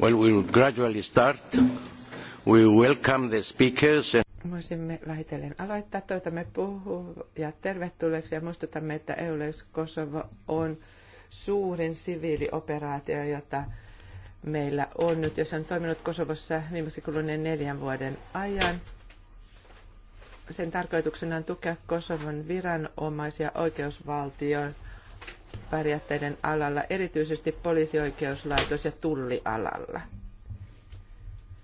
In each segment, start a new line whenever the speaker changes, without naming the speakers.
Well, we will gradually start. We welcome the speakers. Voisimme vähitellen aloittaa. Toivotamme ja tervetulleeksi ja muistutamme, että EULEX Kosovo on suurin siviilioperaatio, jota meillä on nyt ja on toiminut Kosovossa viimeksi kuluneen neljän vuoden ajan. Sen tarkoituksena on tukea Kosovon viranomaisia oikeusvaltion päräjätteiden alalla, erityisesti poliisioikeuslaitos- ja tullialalla.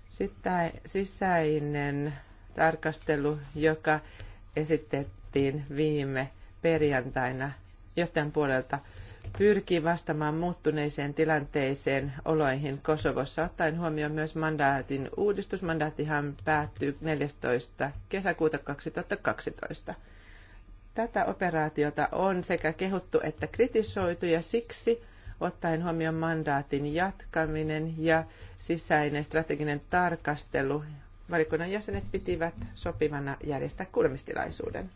Sitten sisäinen tarkastelu, joka esitettiin viime perjantaina johtajan puolelta, pyrkii vastaamaan muuttuneeseen tilanteeseen oloihin Kosovossa, ottaen huomioon myös mandaatin uudistus. Mandaattihan päättyy 14. kesäkuuta 2012. Tätä operaatiota on sekä kehuttu että kritisoitu ja siksi ottaen huomioon mandaatin jatkaminen ja sisäinen strateginen tarkastelu, valikunnan jäsenet pitivät sopivana järjestää kuulemistilaisuuden.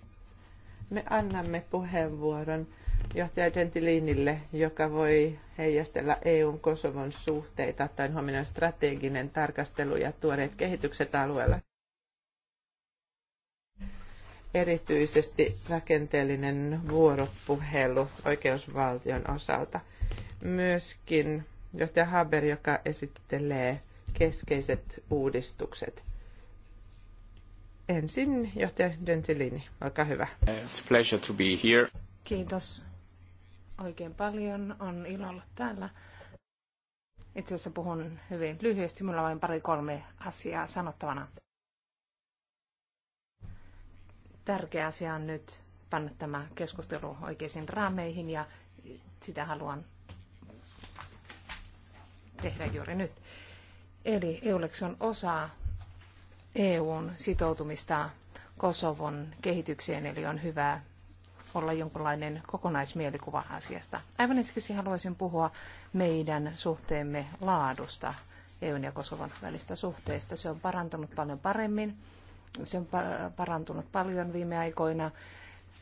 Me annamme puheenvuoron johtaja Gentilinille, joka voi heijastella EUn Kosovon suhteita tai huomioon strateginen tarkastelu ja tuoreet kehitykset alueella erityisesti rakenteellinen vuoropuhelu oikeusvaltion osalta. Myöskin johtaja Haber, joka esittelee keskeiset uudistukset.
Ensin johtaja Gentilini, olkaa hyvä.
It's pleasure to be here.
Kiitos oikein paljon. On ilo olla täällä. Itse asiassa puhun hyvin lyhyesti. Minulla on vain pari kolme asiaa sanottavana tärkeä asia on nyt panna tämä keskustelu oikeisiin raameihin ja sitä haluan tehdä juuri nyt. Eli EULEX on osa EUn sitoutumista Kosovon kehitykseen, eli on hyvä olla jonkinlainen kokonaismielikuva asiasta. Aivan ensiksi haluaisin puhua meidän suhteemme laadusta, EUn ja Kosovon välistä suhteesta. Se on parantunut paljon paremmin se on parantunut paljon viime aikoina.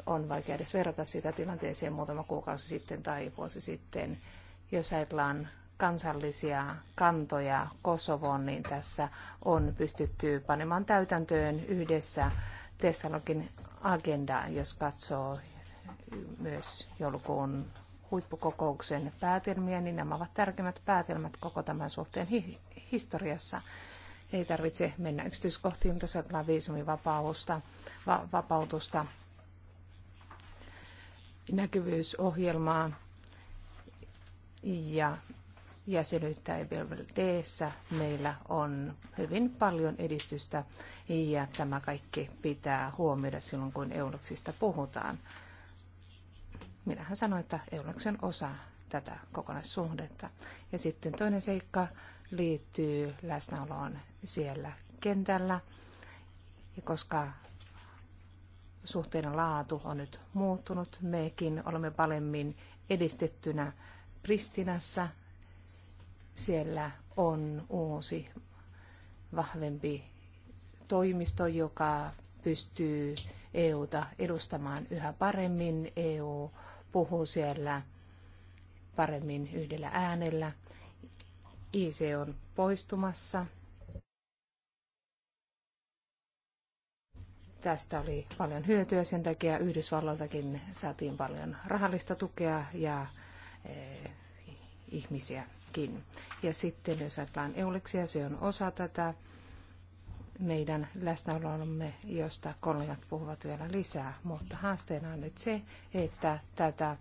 On vaikea edes verrata sitä tilanteeseen muutama kuukausi sitten tai vuosi sitten. Jos ajatellaan kansallisia kantoja Kosovoon, niin tässä on pystytty panemaan täytäntöön yhdessä Tessalonkin agenda, jos katsoo myös joulukuun huippukokouksen päätelmiä, niin nämä ovat tärkeimmät päätelmät koko tämän suhteen historiassa. Ei tarvitse mennä yksityiskohtiin, mutta saadaan viisumivapautusta. Va- vapautusta näkyvyysohjelmaa ja jäsenyyttä EBLDssä meillä on hyvin paljon edistystä ja tämä kaikki pitää huomioida silloin, kun Euloksista puhutaan. Minähän sanoin, että euroksen osa tätä kokonaissuhdetta. Ja sitten toinen seikka liittyy läsnäoloon siellä kentällä. Ja koska suhteiden laatu on nyt muuttunut, mekin olemme paremmin edistettynä Pristinassa. Siellä on uusi, vahvempi toimisto, joka pystyy EUta edustamaan yhä paremmin. EU puhuu siellä paremmin yhdellä äänellä IC on poistumassa. Tästä oli paljon hyötyä, sen takia Yhdysvalloiltakin saatiin paljon rahallista tukea ja e, ihmisiäkin. Ja sitten jos ajatellaan Euleksia, se on osa tätä meidän läsnäolomme, josta kollegat puhuvat vielä lisää, mutta haasteena on nyt se, että tätä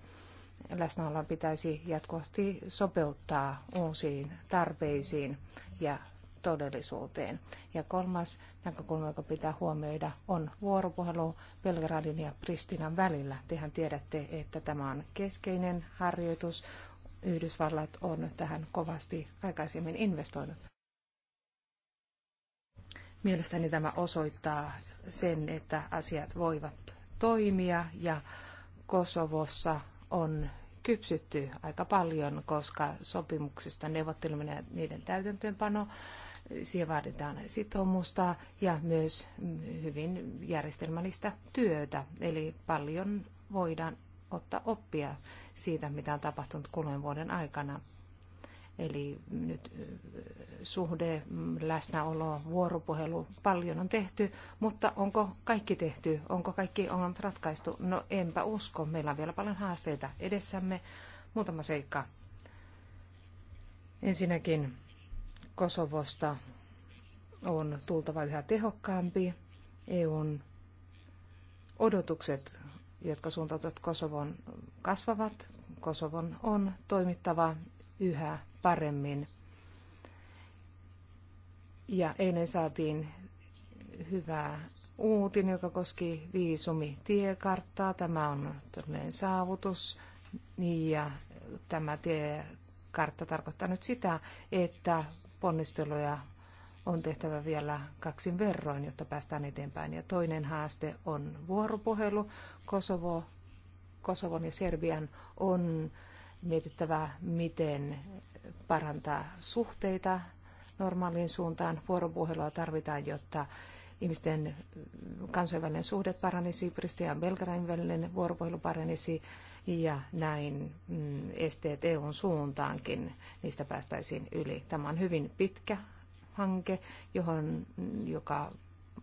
läsnäolon pitäisi jatkuvasti sopeuttaa uusiin tarpeisiin ja todellisuuteen. Ja kolmas näkökulma, joka pitää huomioida, on vuoropuhelu Belgradin ja Pristinan välillä. Tehän tiedätte, että tämä on keskeinen harjoitus. Yhdysvallat on tähän kovasti aikaisemmin investoinut. Mielestäni tämä osoittaa sen, että asiat voivat toimia ja Kosovossa on kypsytty aika paljon, koska sopimuksista neuvotteleminen ja niiden täytäntöönpano, siihen vaaditaan sitoumusta ja myös hyvin järjestelmällistä työtä. Eli paljon voidaan ottaa oppia siitä, mitä on tapahtunut kuluneen vuoden aikana. Eli nyt suhde, läsnäolo, vuoropuhelu, paljon on tehty, mutta onko kaikki tehty, onko kaikki ongelmat ratkaistu? No enpä usko, meillä on vielä paljon haasteita edessämme. Muutama seikka. Ensinnäkin Kosovosta on tultava yhä tehokkaampi. EUn odotukset, jotka suuntautuvat Kosovon, kasvavat. Kosovon on toimittava yhä paremmin. Ja eilen saatiin hyvää uutinen, joka koski viisumitiekarttaa. Tämä on todellinen saavutus ja tämä tiekartta tarkoittaa nyt sitä, että ponnisteluja on tehtävä vielä kaksin verroin, jotta päästään eteenpäin. Ja toinen haaste on vuoropuhelu. Kosovo, Kosovon ja Serbian on mietittävä, miten parantaa suhteita normaaliin suuntaan. Vuoropuhelua tarvitaan, jotta ihmisten kansainvälinen suhde paranisi, Pristian ja välinen vuoropuhelu paranisi ja näin mm, esteet EUn suuntaankin, niistä päästäisiin yli. Tämä on hyvin pitkä hanke, johon, joka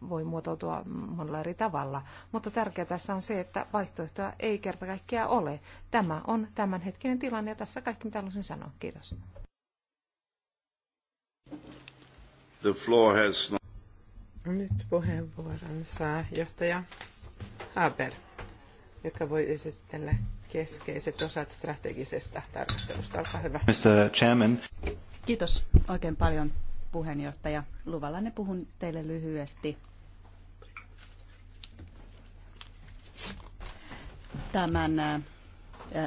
voi muotoutua monella eri tavalla. Mutta tärkeää tässä on se, että vaihtoehtoa ei kerta kaikkiaan ole. Tämä on tämänhetkinen tilanne ja tässä kaikki mitä haluaisin sanoa. Kiitos.
The floor has not...
Nyt puheenvuoron
saa johtaja Haber, joka voi esitellä
keskeiset osat strategisesta tarkastelusta. Olkaa hyvä.
Mr. Chairman.
Kiitos oikein paljon puheenjohtaja. ne puhun teille lyhyesti. tämän äh,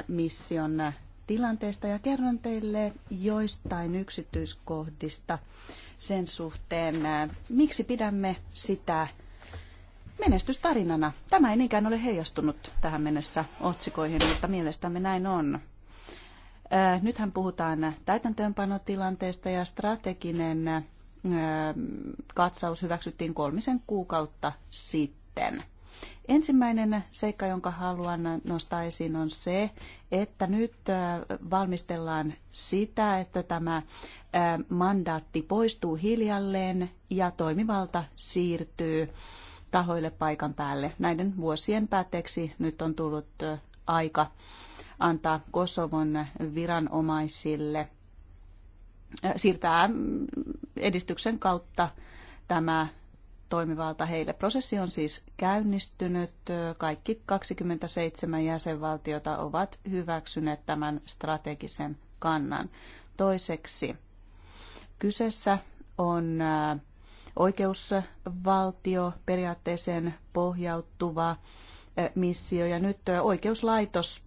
mission äh, tilanteesta ja kerron teille joistain yksityiskohdista sen suhteen, äh, miksi pidämme sitä menestystarinana. Tämä ei niinkään ole heijastunut tähän mennessä otsikoihin, mutta mielestämme näin on. Nythän puhutaan täytäntöönpanotilanteesta ja strateginen katsaus hyväksyttiin kolmisen kuukautta sitten. Ensimmäinen seikka, jonka haluan nostaa esiin, on se, että nyt valmistellaan sitä, että tämä mandaatti poistuu hiljalleen ja toimivalta siirtyy tahoille paikan päälle. Näiden vuosien päätteeksi nyt on tullut aika antaa Kosovon viranomaisille äh, siirtää edistyksen kautta tämä toimivalta heille. Prosessi on siis käynnistynyt. Kaikki 27 jäsenvaltiota ovat hyväksyneet tämän strategisen kannan. Toiseksi kyseessä on äh, oikeusvaltio periaatteeseen pohjautuva äh, missio ja nyt oikeuslaitos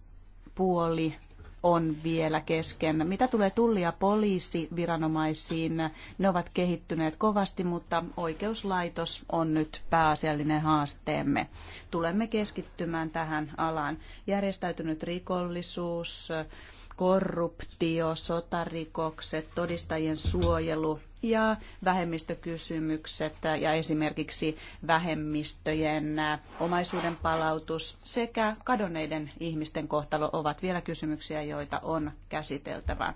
puoli on vielä kesken. Mitä tulee tulli- ja poliisiviranomaisiin, ne ovat kehittyneet kovasti, mutta oikeuslaitos on nyt pääasiallinen haasteemme. Tulemme keskittymään tähän alaan. Järjestäytynyt rikollisuus, korruptio, sotarikokset, todistajien suojelu ja vähemmistökysymykset ja esimerkiksi vähemmistöjen omaisuuden palautus sekä kadonneiden ihmisten kohtalo ovat vielä kysymyksiä, joita on käsiteltävä.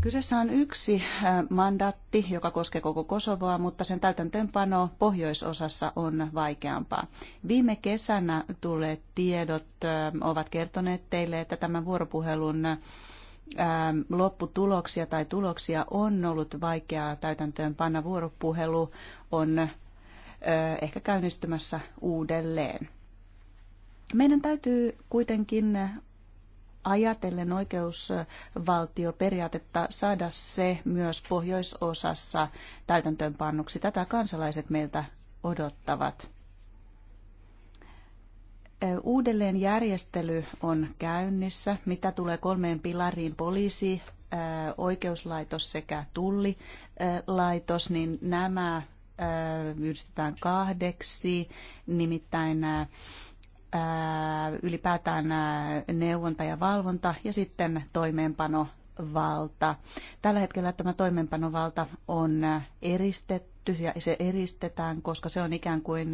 Kyseessä on yksi mandaatti, joka koskee koko Kosovoa, mutta sen täytäntöönpano pohjoisosassa on vaikeampaa. Viime kesänä tulleet tiedot ovat kertoneet teille, että tämän vuoropuhelun lopputuloksia tai tuloksia on ollut vaikeaa täytäntöönpanna. Vuoropuhelu on ehkä käynnistymässä uudelleen. Meidän täytyy kuitenkin ajatellen oikeusvaltioperiaatetta saada se myös pohjoisosassa täytäntöönpannuksi. Tätä kansalaiset meiltä odottavat. Uudelleen järjestely on käynnissä, mitä tulee kolmeen pilariin poliisi, oikeuslaitos sekä tullilaitos, niin nämä yhdistetään kahdeksi, nimittäin ylipäätään neuvonta ja valvonta ja sitten toimeenpanovalta. Tällä hetkellä tämä toimeenpanovalta on eristetty ja se eristetään, koska se on ikään kuin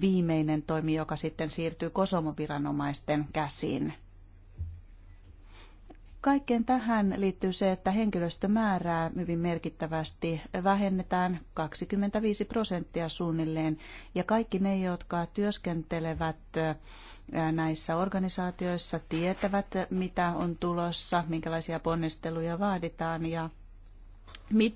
viimeinen toimi, joka sitten siirtyy Kosomoviranomaisten käsiin. Kaikkeen tähän liittyy se, että henkilöstömäärää hyvin merkittävästi vähennetään 25 prosenttia suunnilleen. Ja kaikki ne, jotka työskentelevät näissä organisaatioissa, tietävät, mitä on tulossa, minkälaisia ponnisteluja vaaditaan ja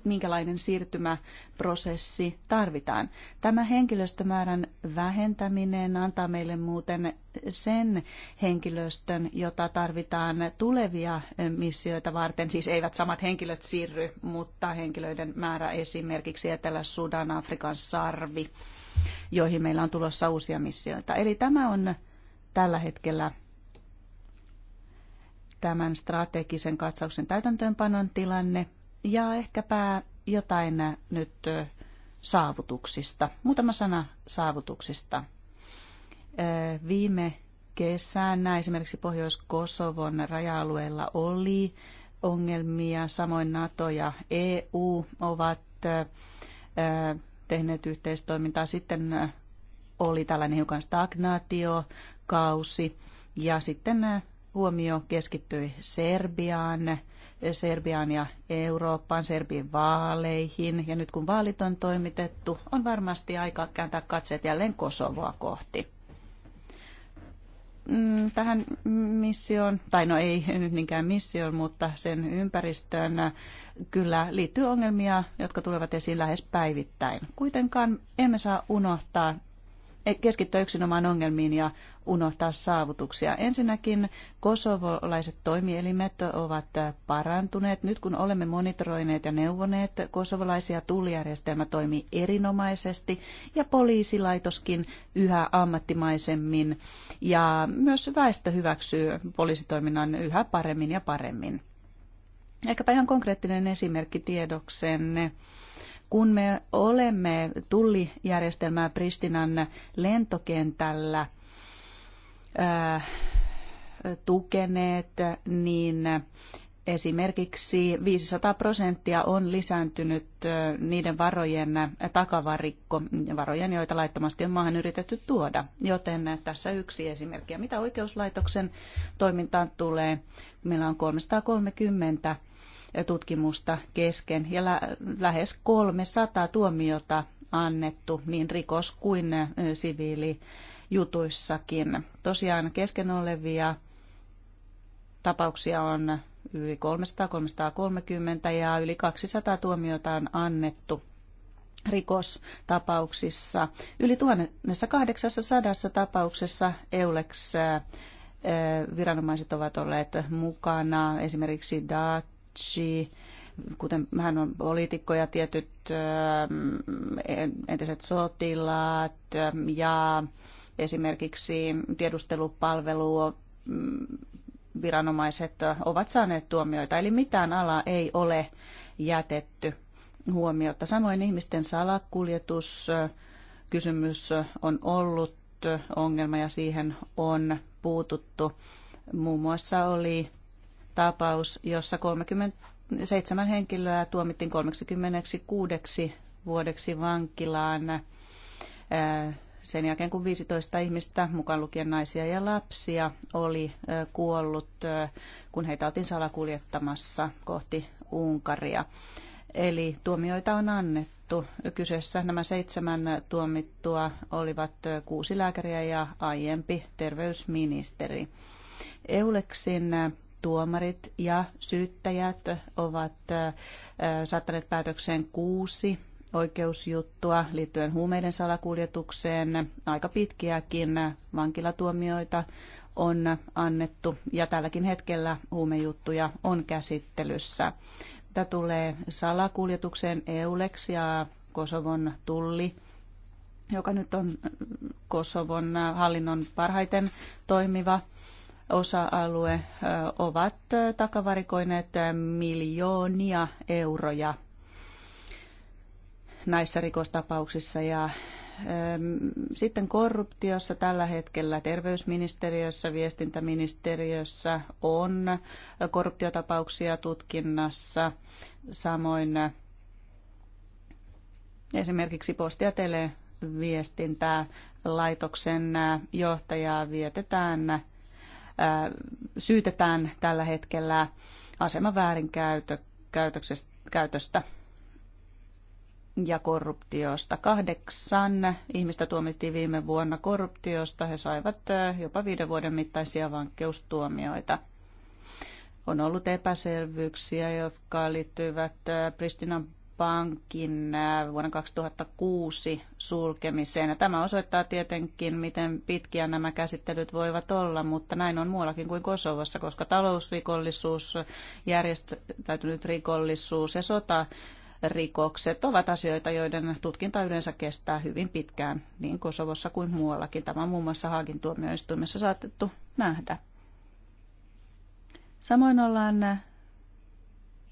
minkälainen siirtymäprosessi tarvitaan. Tämä henkilöstömäärän vähentäminen antaa meille muuten sen henkilöstön, jota tarvitaan tulevia missioita varten. Siis eivät samat henkilöt siirry, mutta henkilöiden määrä esimerkiksi Etelä-Sudan, Afrikan sarvi, joihin meillä on tulossa uusia missioita. Eli tämä on tällä hetkellä tämän strategisen katsauksen täytäntöönpanon tilanne ja ehkäpä jotain nyt saavutuksista. Muutama sana saavutuksista. Viime kesänä esimerkiksi Pohjois-Kosovon raja-alueella oli ongelmia. Samoin NATO ja EU ovat tehneet yhteistoimintaa. Sitten oli tällainen hiukan stagnaatiokausi ja sitten huomio keskittyi Serbiaan Serbiaan ja Eurooppaan, Serbian vaaleihin. Ja nyt kun vaalit on toimitettu, on varmasti aika kääntää katseet jälleen Kosovoa kohti. Mm, tähän missioon, tai no ei nyt niinkään missioon, mutta sen ympäristöön kyllä liittyy ongelmia, jotka tulevat esiin lähes päivittäin. Kuitenkaan emme saa unohtaa keskittyä yksinomaan ongelmiin ja unohtaa saavutuksia. Ensinnäkin kosovolaiset toimielimet ovat parantuneet. Nyt kun olemme monitoroineet ja neuvoneet, kosovolaisia tullijärjestelmä toimii erinomaisesti ja poliisilaitoskin yhä ammattimaisemmin ja myös väestö hyväksyy poliisitoiminnan yhä paremmin ja paremmin. Ehkäpä ihan konkreettinen esimerkki tiedoksenne kun me olemme tullijärjestelmää Pristinan lentokentällä äh, tukeneet, niin esimerkiksi 500 prosenttia on lisääntynyt äh, niiden varojen takavarikko, varojen, joita laittomasti on maahan yritetty tuoda. Joten tässä yksi esimerkki. Ja mitä oikeuslaitoksen toimintaan tulee, meillä on 330 tutkimusta kesken ja lähes 300 tuomiota annettu niin rikos- kuin siviilijutuissakin. Tosiaan kesken olevia tapauksia on yli 300-330 ja yli 200 tuomiota on annettu rikostapauksissa. Yli 1800 tapauksessa EULEX viranomaiset ovat olleet mukana, esimerkiksi DAC, Ricci, kuten hän on poliitikko ja tietyt ähm, entiset sotilaat ähm, ja esimerkiksi tiedustelupalvelu mm, viranomaiset ovat saaneet tuomioita, eli mitään alaa ei ole jätetty huomiota. Samoin ihmisten salakuljetus äh, kysymys on ollut äh, ongelma ja siihen on puututtu. Muun muassa oli tapaus, jossa 37 henkilöä tuomittiin 36 vuodeksi vankilaan sen jälkeen, kun 15 ihmistä, mukaan lukien naisia ja lapsia, oli kuollut, kun heitä oltiin salakuljettamassa kohti Unkaria. Eli tuomioita on annettu. Kyseessä nämä seitsemän tuomittua olivat kuusi lääkäriä ja aiempi terveysministeri. Euleksin tuomarit ja syyttäjät ovat saattaneet päätökseen kuusi oikeusjuttua liittyen huumeiden salakuljetukseen. Aika pitkiäkin vankilatuomioita on annettu ja tälläkin hetkellä huumejuttuja on käsittelyssä. Mitä tulee salakuljetukseen EULEX ja Kosovon tulli, joka nyt on Kosovon hallinnon parhaiten toimiva osa-alue ovat takavarikoineet miljoonia euroja näissä rikostapauksissa ja sitten korruptiossa tällä hetkellä terveysministeriössä, viestintäministeriössä on korruptiotapauksia tutkinnassa, samoin esimerkiksi posti- ja televiestintää laitoksen johtajaa vietetään syytetään tällä hetkellä aseman väärinkäytöstä ja korruptiosta. Kahdeksan ihmistä tuomittiin viime vuonna korruptiosta. He saivat jopa viiden vuoden mittaisia vankeustuomioita. On ollut epäselvyyksiä, jotka liittyvät Pristinan pankin äh, vuonna 2006 sulkemiseen. Ja tämä osoittaa tietenkin, miten pitkiä nämä käsittelyt voivat olla, mutta näin on muuallakin kuin Kosovossa, koska talousrikollisuus, järjestäytynyt rikollisuus ja sota rikokset ovat asioita, joiden tutkinta yleensä kestää hyvin pitkään, niin Kosovossa kuin muuallakin. Tämä on muun muassa Haagin tuomioistuimessa saatettu nähdä. Samoin ollaan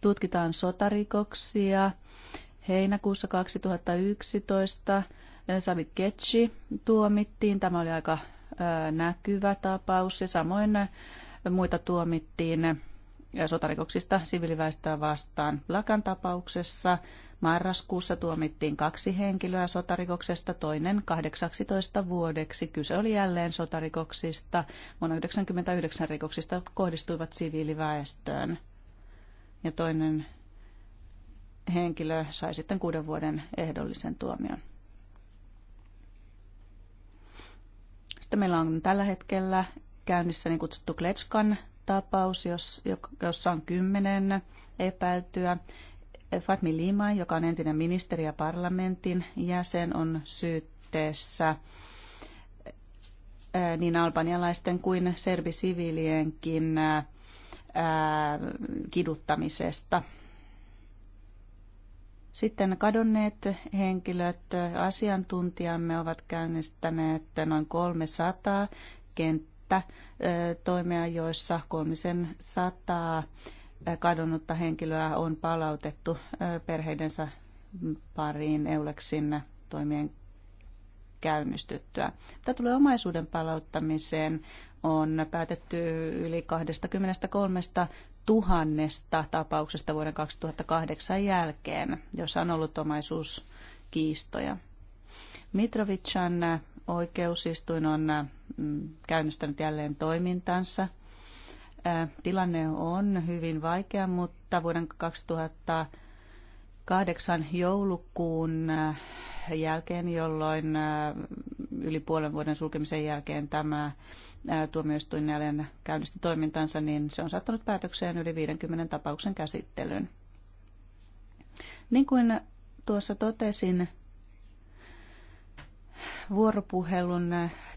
tutkitaan sotarikoksia. Heinäkuussa 2011 Savi Ketsi tuomittiin. Tämä oli aika näkyvä tapaus ja samoin muita tuomittiin sotarikoksista siviiliväestöä vastaan. Lakan tapauksessa marraskuussa tuomittiin kaksi henkilöä sotarikoksesta, toinen 18 vuodeksi. Kyse oli jälleen sotarikoksista, vuonna 1999 rikoksista, kohdistuivat siviiliväestöön ja toinen henkilö sai sitten kuuden vuoden ehdollisen tuomion. Sitten meillä on tällä hetkellä käynnissä niin kutsuttu Kletskan tapaus, jossa on kymmenen epäiltyä. Fatmi Lima, joka on entinen ministeri ja parlamentin jäsen, on syytteessä niin albanialaisten kuin serbisiviilienkin kiduttamisesta. Sitten kadonneet henkilöt, asiantuntijamme ovat käynnistäneet noin 300 kenttä toimia, joissa 300 sataa kadonnutta henkilöä on palautettu perheidensä pariin Euleksin toimien käynnistyttyä. Tämä tulee omaisuuden palauttamiseen, on päätetty yli 23 tuhannesta tapauksesta vuoden 2008 jälkeen, jossa on ollut omaisuuskiistoja. Mitrovicin oikeusistuin on mm, käynnistänyt jälleen toimintansa. Tilanne on hyvin vaikea, mutta vuoden 2008 joulukuun jälkeen, jolloin yli puolen vuoden sulkemisen jälkeen tämä tuomioistuin jälleen käynnisti toimintansa, niin se on saattanut päätökseen yli 50 tapauksen käsittelyyn. Niin kuin tuossa totesin, vuoropuhelun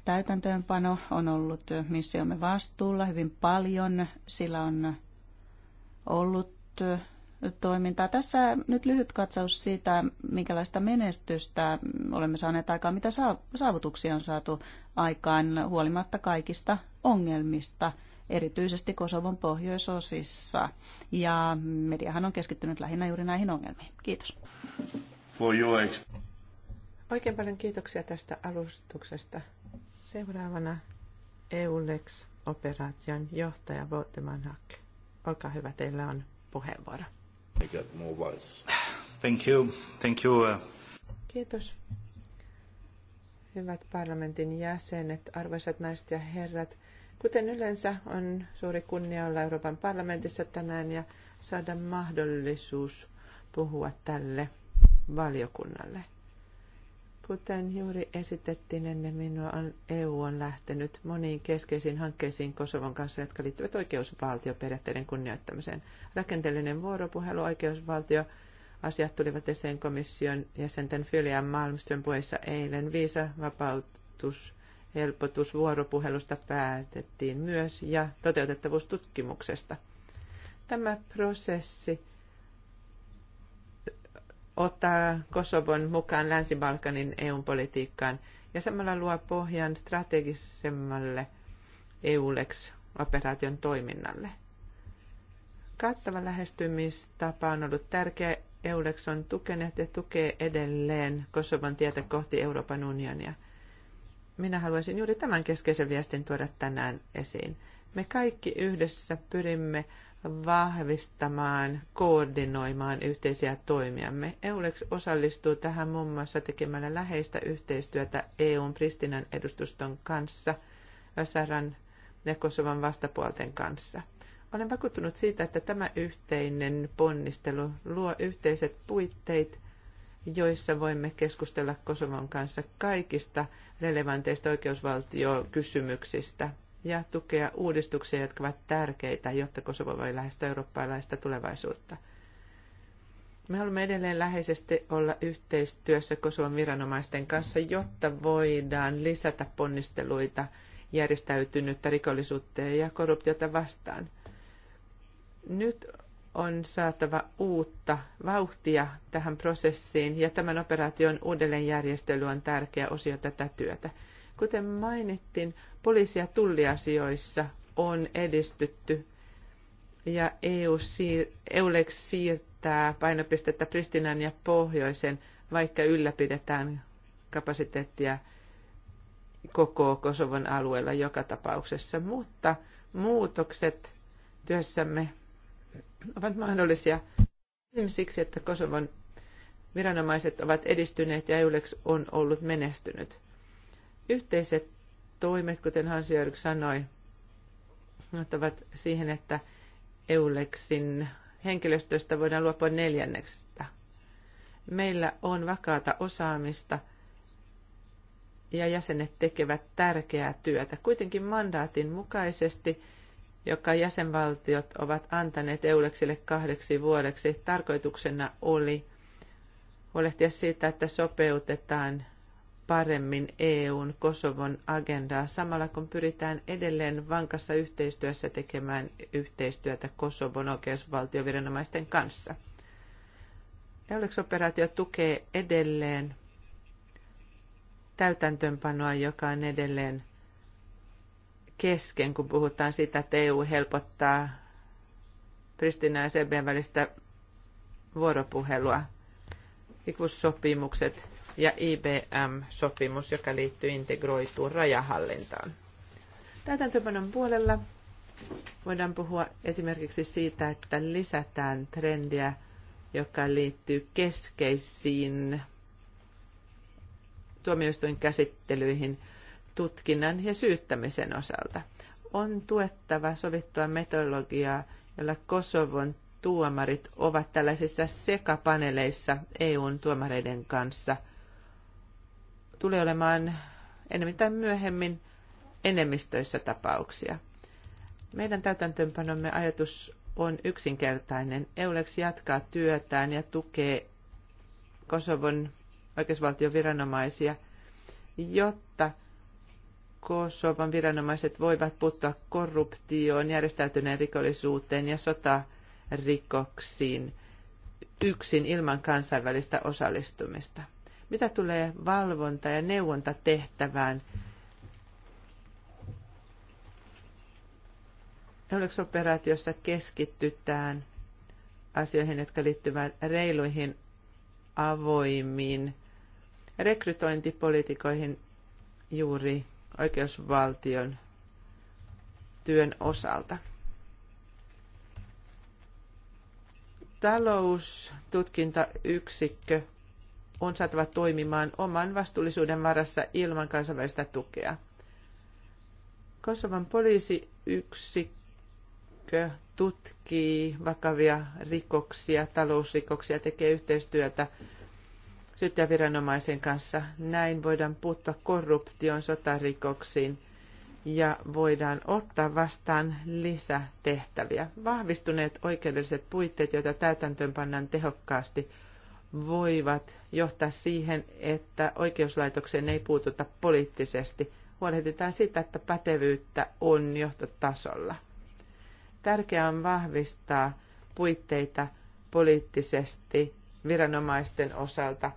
täytäntöönpano on ollut missiomme vastuulla hyvin paljon. Sillä on ollut toimintaa. Tässä nyt lyhyt katsaus siitä, minkälaista menestystä olemme saaneet aikaan, mitä saavutuksia on saatu aikaan huolimatta kaikista ongelmista, erityisesti Kosovon pohjoisosissa. Ja mediahan on keskittynyt lähinnä juuri näihin ongelmiin. Kiitos. Oikein paljon kiitoksia tästä
alustuksesta. Seuraavana EULEX-operaation johtaja Voteman Hakke. Olkaa hyvä, teillä on puheenvuoro.
Thank you. Thank you. Uh,
Kiitos. Hyvät parlamentin jäsenet, arvoisat naiset ja herrat. Kuten yleensä on suuri kunnia olla Euroopan parlamentissa tänään ja saada mahdollisuus puhua tälle valiokunnalle. Kuten juuri esitettiin ennen minua, EU on lähtenyt moniin keskeisiin hankkeisiin Kosovon kanssa, jotka liittyvät oikeusvaltioperiaatteiden kunnioittamiseen. Rakenteellinen vuoropuhelu, oikeusvaltio, asiat tulivat esiin komission jäsenten Fyli Malmström puheessa eilen. Viisa vapautus, helpotus vuoropuhelusta päätettiin myös ja toteutettavuustutkimuksesta. Tämä prosessi ottaa Kosovon mukaan Länsi-Balkanin EU-politiikkaan ja samalla luo pohjan strategisemmalle EULEX-operaation toiminnalle. Kattava lähestymistapa on ollut tärkeä. EULEX on tukenut ja tukee edelleen Kosovon tietä kohti Euroopan unionia. Minä haluaisin juuri tämän keskeisen viestin tuoda tänään esiin. Me kaikki yhdessä pyrimme vahvistamaan, koordinoimaan yhteisiä toimiamme. EULEX osallistuu tähän muun muassa tekemällä läheistä yhteistyötä EUn Pristinan edustuston kanssa, Saran ja Kosovan vastapuolten kanssa. Olen vakuuttunut siitä, että tämä yhteinen ponnistelu luo yhteiset puitteet, joissa voimme keskustella Kosovan kanssa kaikista relevanteista oikeusvaltiokysymyksistä – ja tukea uudistuksia, jotka ovat tärkeitä, jotta Kosovo voi lähestyä eurooppalaista tulevaisuutta. Me haluamme edelleen läheisesti olla yhteistyössä Kosovon viranomaisten kanssa, jotta voidaan lisätä ponnisteluita järjestäytynyttä rikollisuutta ja korruptiota vastaan. Nyt on saatava uutta vauhtia tähän prosessiin ja tämän operaation uudelleenjärjestely on tärkeä osio tätä työtä. Kuten mainittiin, poliisi- ja tulliasioissa on edistytty ja EU siir- EULEX siirtää painopistettä Pristinan ja Pohjoisen, vaikka ylläpidetään kapasiteettia koko Kosovon alueella joka tapauksessa. Mutta muutokset työssämme ovat mahdollisia siksi, että Kosovon viranomaiset ovat edistyneet ja EULEX on ollut menestynyt. Yhteiset toimet, kuten Hans Jörg sanoi, ottavat siihen, että Eulexin henkilöstöstä voidaan luopua neljänneksestä. Meillä on vakaata osaamista ja jäsenet tekevät tärkeää työtä. Kuitenkin mandaatin mukaisesti, joka jäsenvaltiot ovat antaneet Eulexille kahdeksi vuodeksi, tarkoituksena oli huolehtia siitä, että sopeutetaan paremmin EUn Kosovon agendaa samalla kun pyritään edelleen vankassa yhteistyössä tekemään yhteistyötä Kosovon oikeusvaltioviranomaisten kanssa. Eulex-operaatio tukee edelleen täytäntöönpanoa, joka on edelleen kesken, kun puhutaan sitä, että EU helpottaa Pristina ja Serbian välistä vuoropuhelua. sopimukset ja IBM-sopimus, joka liittyy integroituun rajahallintaan. Täytäntöpanon puolella voidaan puhua esimerkiksi siitä, että lisätään trendiä, joka liittyy keskeisiin tuomioistuin käsittelyihin tutkinnan ja syyttämisen osalta. On tuettava sovittua metodologiaa, jolla Kosovon tuomarit ovat tällaisissa sekapaneleissa EUn tuomareiden kanssa – tulee olemaan enemmän tai myöhemmin enemmistöissä tapauksia. Meidän täytäntöönpanomme ajatus on yksinkertainen. Eulex jatkaa työtään ja tukee Kosovon viranomaisia, jotta Kosovan viranomaiset voivat puuttua korruptioon, järjestäytyneen rikollisuuteen ja sotarikoksiin yksin ilman kansainvälistä osallistumista. Mitä tulee valvonta- ja neuvontatehtävään, Eulex-operaatiossa keskitytään asioihin, jotka liittyvät reiluihin avoimiin rekrytointipolitiikoihin juuri oikeusvaltion työn osalta. Taloustutkintayksikkö on saatava toimimaan oman vastuullisuuden varassa ilman kansainvälistä tukea. Kosovan poliisiyksikkö tutkii vakavia rikoksia, talousrikoksia, tekee yhteistyötä syyttäjäviranomaisen kanssa. Näin voidaan puuttua korruptioon, sotarikoksiin ja voidaan ottaa vastaan lisätehtäviä. Vahvistuneet oikeudelliset puitteet, joita täytäntöönpannaan tehokkaasti – voivat johtaa siihen, että oikeuslaitokseen ei puututa poliittisesti. Huolehditaan siitä, että pätevyyttä on johtotasolla. Tärkeää on vahvistaa puitteita poliittisesti viranomaisten osalta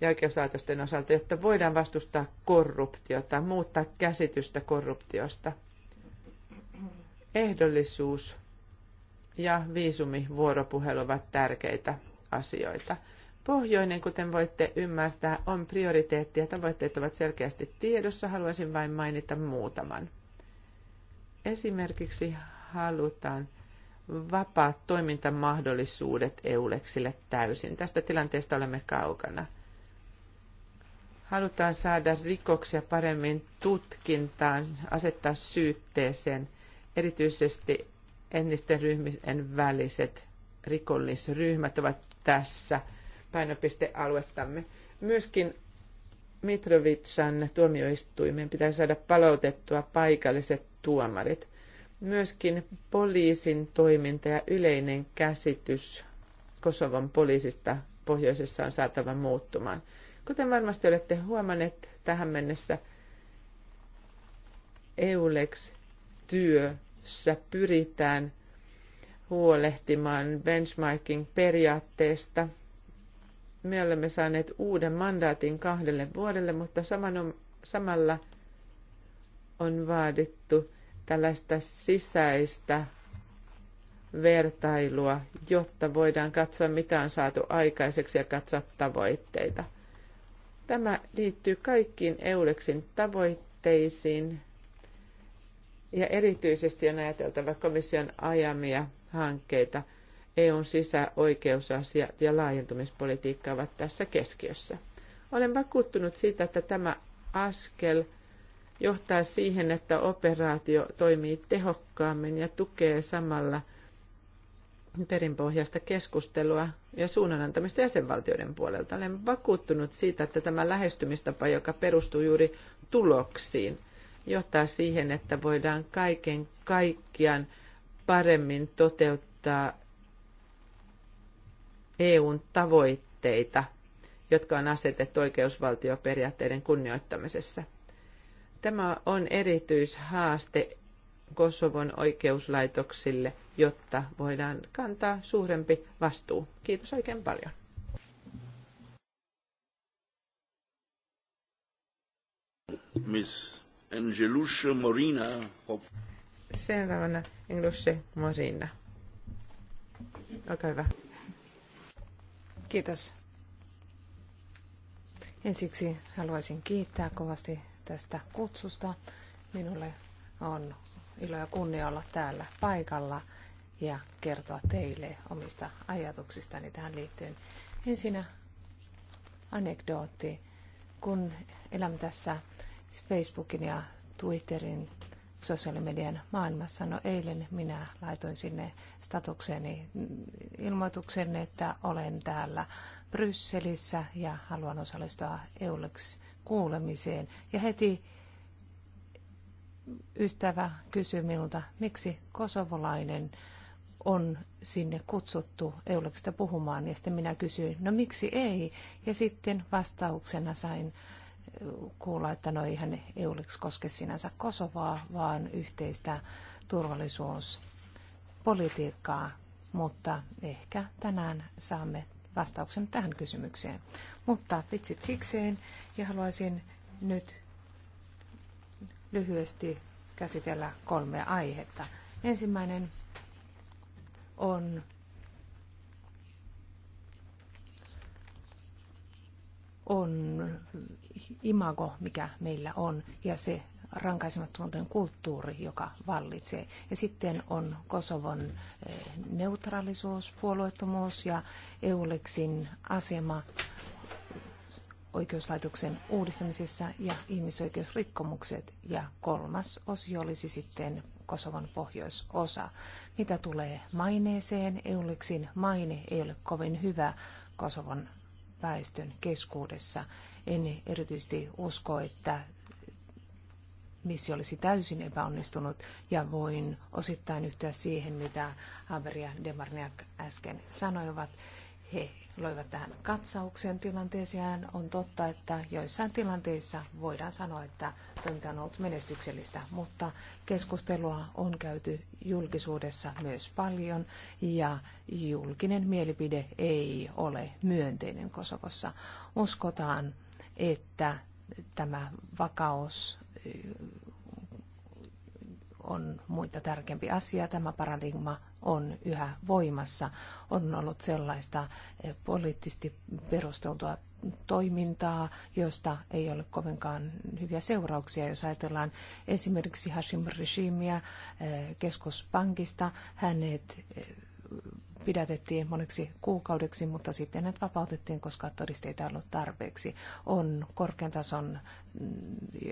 ja oikeuslaitosten osalta, jotta voidaan vastustaa korruptiota, muuttaa käsitystä korruptiosta. Ehdollisuus ja viisumivuoropuhelu ovat tärkeitä asioita. Pohjoinen, kuten voitte ymmärtää, on prioriteetti ja tavoitteet ovat selkeästi tiedossa. Haluaisin vain mainita muutaman. Esimerkiksi halutaan vapaat toimintamahdollisuudet EULEXille täysin. Tästä tilanteesta olemme kaukana. Halutaan saada rikoksia paremmin tutkintaan, asettaa syytteeseen, erityisesti etnisten ryhmien väliset rikollisryhmät ovat tässä – painopistealuettamme. Myöskin Mitrovitsan tuomioistuimeen pitää saada palautettua paikalliset tuomarit. Myöskin poliisin toiminta ja yleinen käsitys Kosovon poliisista pohjoisessa on saatava muuttumaan. Kuten varmasti olette huomanneet tähän mennessä, EULEX-työssä pyritään huolehtimaan benchmarking-periaatteesta – me olemme saaneet uuden mandaatin kahdelle vuodelle, mutta saman samalla on vaadittu tällaista sisäistä vertailua, jotta voidaan katsoa, mitä on saatu aikaiseksi ja katsoa tavoitteita. Tämä liittyy kaikkiin Euleksin tavoitteisiin ja erityisesti on ajateltava komission ajamia hankkeita – EUn sisäoikeusasiat ja laajentumispolitiikka ovat tässä keskiössä. Olen vakuuttunut siitä, että tämä askel johtaa siihen, että operaatio toimii tehokkaammin ja tukee samalla perinpohjaista keskustelua ja suunnanantamista jäsenvaltioiden puolelta. Olen vakuuttunut siitä, että tämä lähestymistapa, joka perustuu juuri tuloksiin, johtaa siihen, että voidaan kaiken kaikkiaan paremmin toteuttaa EUn tavoitteita, jotka on asetettu oikeusvaltioperiaatteiden kunnioittamisessa. Tämä on erityishaaste Kosovon oikeuslaitoksille, jotta voidaan kantaa suurempi vastuu. Kiitos oikein paljon.
Miss Angelusha Morina.
Seuraavana Angelusha
Morina. Olkaa hyvä. Kiitos. Ensiksi haluaisin kiittää kovasti tästä kutsusta. Minulle on ilo ja kunnia olla täällä paikalla ja kertoa teille omista ajatuksistani tähän liittyen. Ensinnä anekdootti. Kun elämme tässä Facebookin ja Twitterin sosiaalimedian maailmassa. No eilen minä laitoin sinne statukseni ilmoituksen, että olen täällä Brysselissä ja haluan osallistua EULEX-kuulemiseen. Ja heti ystävä kysyi minulta, miksi kosovolainen on sinne kutsuttu EULEXista puhumaan. Ja sitten minä kysyin, no miksi ei? Ja sitten vastauksena sain kuulla, että no eihän EULIX koske sinänsä Kosovaa, vaan yhteistä turvallisuuspolitiikkaa, mutta ehkä tänään saamme vastauksen tähän kysymykseen. Mutta vitsit sikseen ja haluaisin nyt lyhyesti käsitellä kolmea aihetta. Ensimmäinen on on imago, mikä meillä on, ja se rankaisemattomuuden kulttuuri, joka vallitsee. Ja sitten on Kosovon eh, neutraalisuus, puolueettomuus ja Euleksin asema oikeuslaitoksen uudistamisessa ja ihmisoikeusrikkomukset. Ja kolmas osio olisi sitten Kosovon pohjoisosa. Mitä tulee maineeseen, Euleksin maine ei ole kovin hyvä Kosovon väestön keskuudessa. En erityisesti usko, että missio olisi täysin epäonnistunut ja voin osittain yhtyä siihen, mitä Haber ja Demarniak äsken sanoivat. He loivat tähän katsauksen tilanteeseen. On totta, että joissain tilanteissa voidaan sanoa, että toiminta on ollut menestyksellistä, mutta keskustelua on käyty julkisuudessa myös paljon ja julkinen mielipide ei ole myönteinen Kosovossa. Uskotaan, että tämä vakaus on muita tärkeämpi asia. Tämä paradigma on yhä voimassa. On ollut sellaista eh, poliittisesti perusteltua toimintaa, josta ei ole kovinkaan hyviä seurauksia. Jos ajatellaan esimerkiksi Hashim Rishimiä eh, keskuspankista, hänet eh, pidätettiin moneksi kuukaudeksi, mutta sitten hänet vapautettiin, koska todisteita ei ollut tarpeeksi. On korkean tason mm,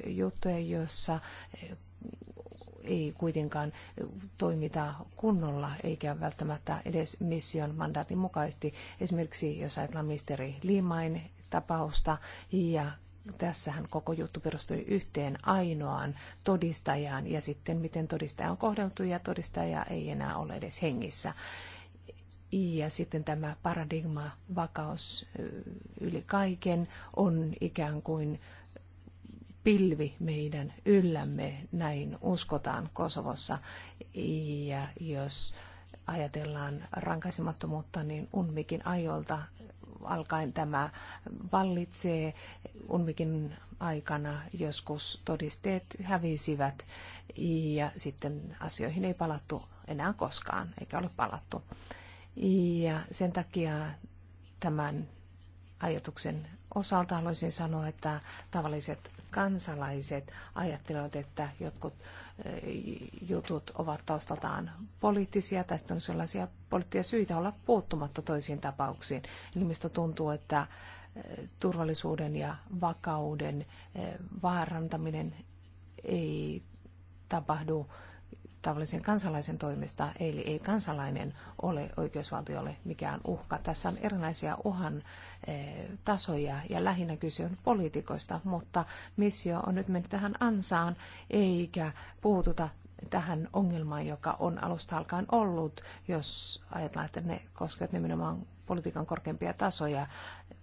juttuja, joissa ei kuitenkaan toimita kunnolla eikä välttämättä edes mission mandaatin mukaisesti. Esimerkiksi jos ajatellaan ministeri Liimain tapausta ja tässähän koko juttu perustui yhteen ainoaan todistajaan ja sitten miten todistaja on kohdeltu ja todistaja ei enää ole edes hengissä. Ja sitten tämä paradigma, vakaus yli kaiken, on ikään kuin pilvi meidän yllämme, näin uskotaan Kosovossa. Ja jos ajatellaan rankaisemattomuutta, niin Unmikin ajoilta alkaen tämä vallitsee. Unmikin aikana joskus todisteet hävisivät ja sitten asioihin ei palattu enää koskaan, eikä ole palattu. Ja sen takia tämän ajatuksen osalta haluaisin sanoa, että tavalliset kansalaiset ajattelevat, että jotkut eh, jutut ovat taustaltaan poliittisia, tai on sellaisia poliittisia syitä olla puuttumatta toisiin tapauksiin. Eli mistä tuntuu, että eh, turvallisuuden ja vakauden eh, vaarantaminen ei tapahdu tavallisen kansalaisen toimesta, eli ei kansalainen ole oikeusvaltiolle mikään uhka. Tässä on erilaisia uhan eh, tasoja ja lähinnä kyse on poliitikoista, mutta missio on nyt mennyt tähän ansaan, eikä puututa tähän ongelmaan, joka on alusta alkaen ollut, jos ajatellaan, että ne koskevat nimenomaan politiikan korkeimpia tasoja,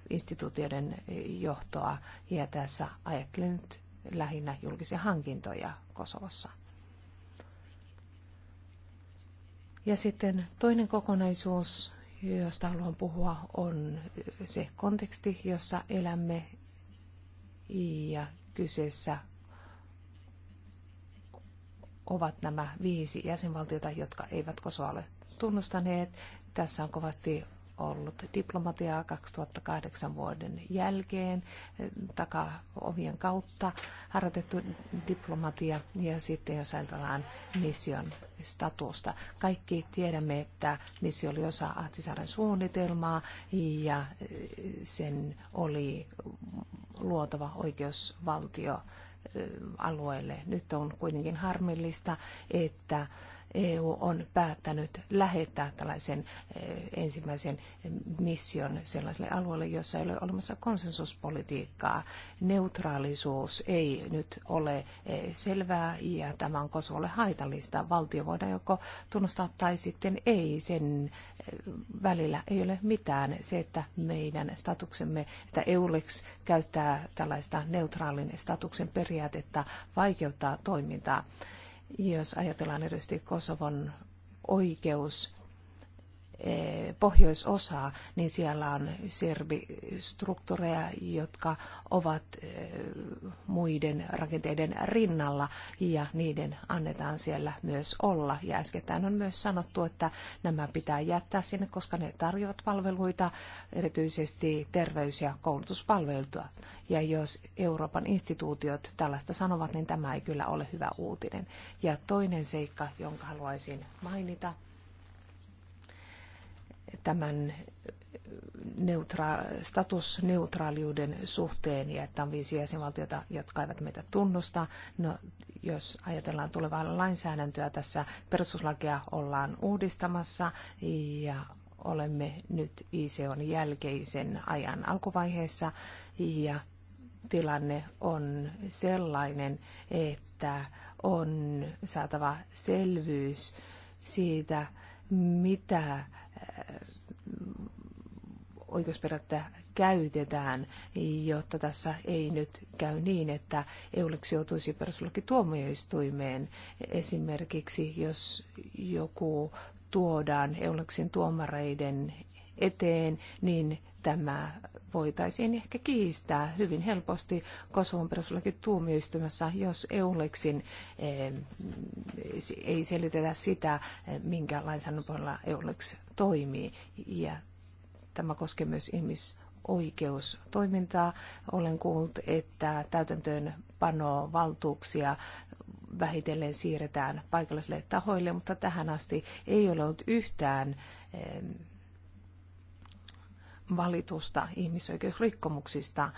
instituutioiden johtoa, ja tässä ajattelen nyt lähinnä julkisia hankintoja Kosovossa. Ja sitten toinen kokonaisuus, josta haluan puhua, on se konteksti, jossa elämme ja kyseessä ovat nämä viisi jäsenvaltiota, jotka eivät ole tunnustaneet. Tässä on kovasti ollut diplomatiaa 2008 vuoden jälkeen takaovien kautta harjoitettu diplomatia ja sitten jos ajatellaan mission statusta. Kaikki tiedämme, että missio oli osa Ahtisaaren suunnitelmaa ja sen oli luotava oikeusvaltio alueelle. Nyt on kuitenkin harmillista, että EU on päättänyt lähettää tällaisen eh, ensimmäisen mission sellaiselle alueelle, jossa ei ole olemassa konsensuspolitiikkaa. Neutraalisuus ei nyt ole eh, selvää ja tämä on Kosovolle haitallista. Valtio voidaan joko tunnustaa tai sitten ei. Sen välillä ei ole mitään. Se, että meidän statuksemme, että EULEX käyttää tällaista neutraalin statuksen periaatetta, vaikeuttaa toimintaa. Jos ajatellaan erityisesti Kosovon oikeus Eh, pohjoisosaa, niin siellä on serbistruktureja, jotka ovat eh, muiden rakenteiden rinnalla ja niiden annetaan siellä myös olla. Ja äskettäin on myös sanottu, että nämä pitää jättää sinne, koska ne tarjoavat palveluita, erityisesti terveys- ja koulutuspalveluita. Ja jos Euroopan instituutiot tällaista sanovat, niin tämä ei kyllä ole hyvä uutinen. Ja toinen seikka, jonka haluaisin mainita, tämän neutra- statusneutraaliuden suhteen ja että on viisi jäsenvaltiota, jotka eivät meitä tunnusta. No, jos ajatellaan tulevaa lainsäädäntöä, tässä perustuslakia ollaan uudistamassa ja olemme nyt ICOn jälkeisen ajan alkuvaiheessa ja tilanne on sellainen, että on saatava selvyys siitä, mitä oikeusperättä käytetään, jotta tässä ei nyt käy niin, että EULEX joutuisi perustuslakituomioistuimeen. Esimerkiksi jos joku tuodaan EULEXin tuomareiden eteen, niin tämä voitaisiin ehkä kiistää hyvin helposti Kosovon tuomioistumassa, jos EULEXin ei selitetä sitä, minkä lainsäädännön puolella EULEX toimii. Ja tämä koskee myös ihmisoikeustoimintaa. Olen kuullut, että täytäntöönpano valtuuksia vähitellen siirretään paikallisille tahoille, mutta tähän asti ei ole ollut yhtään valitusta ihmisoikeusrikkomuksista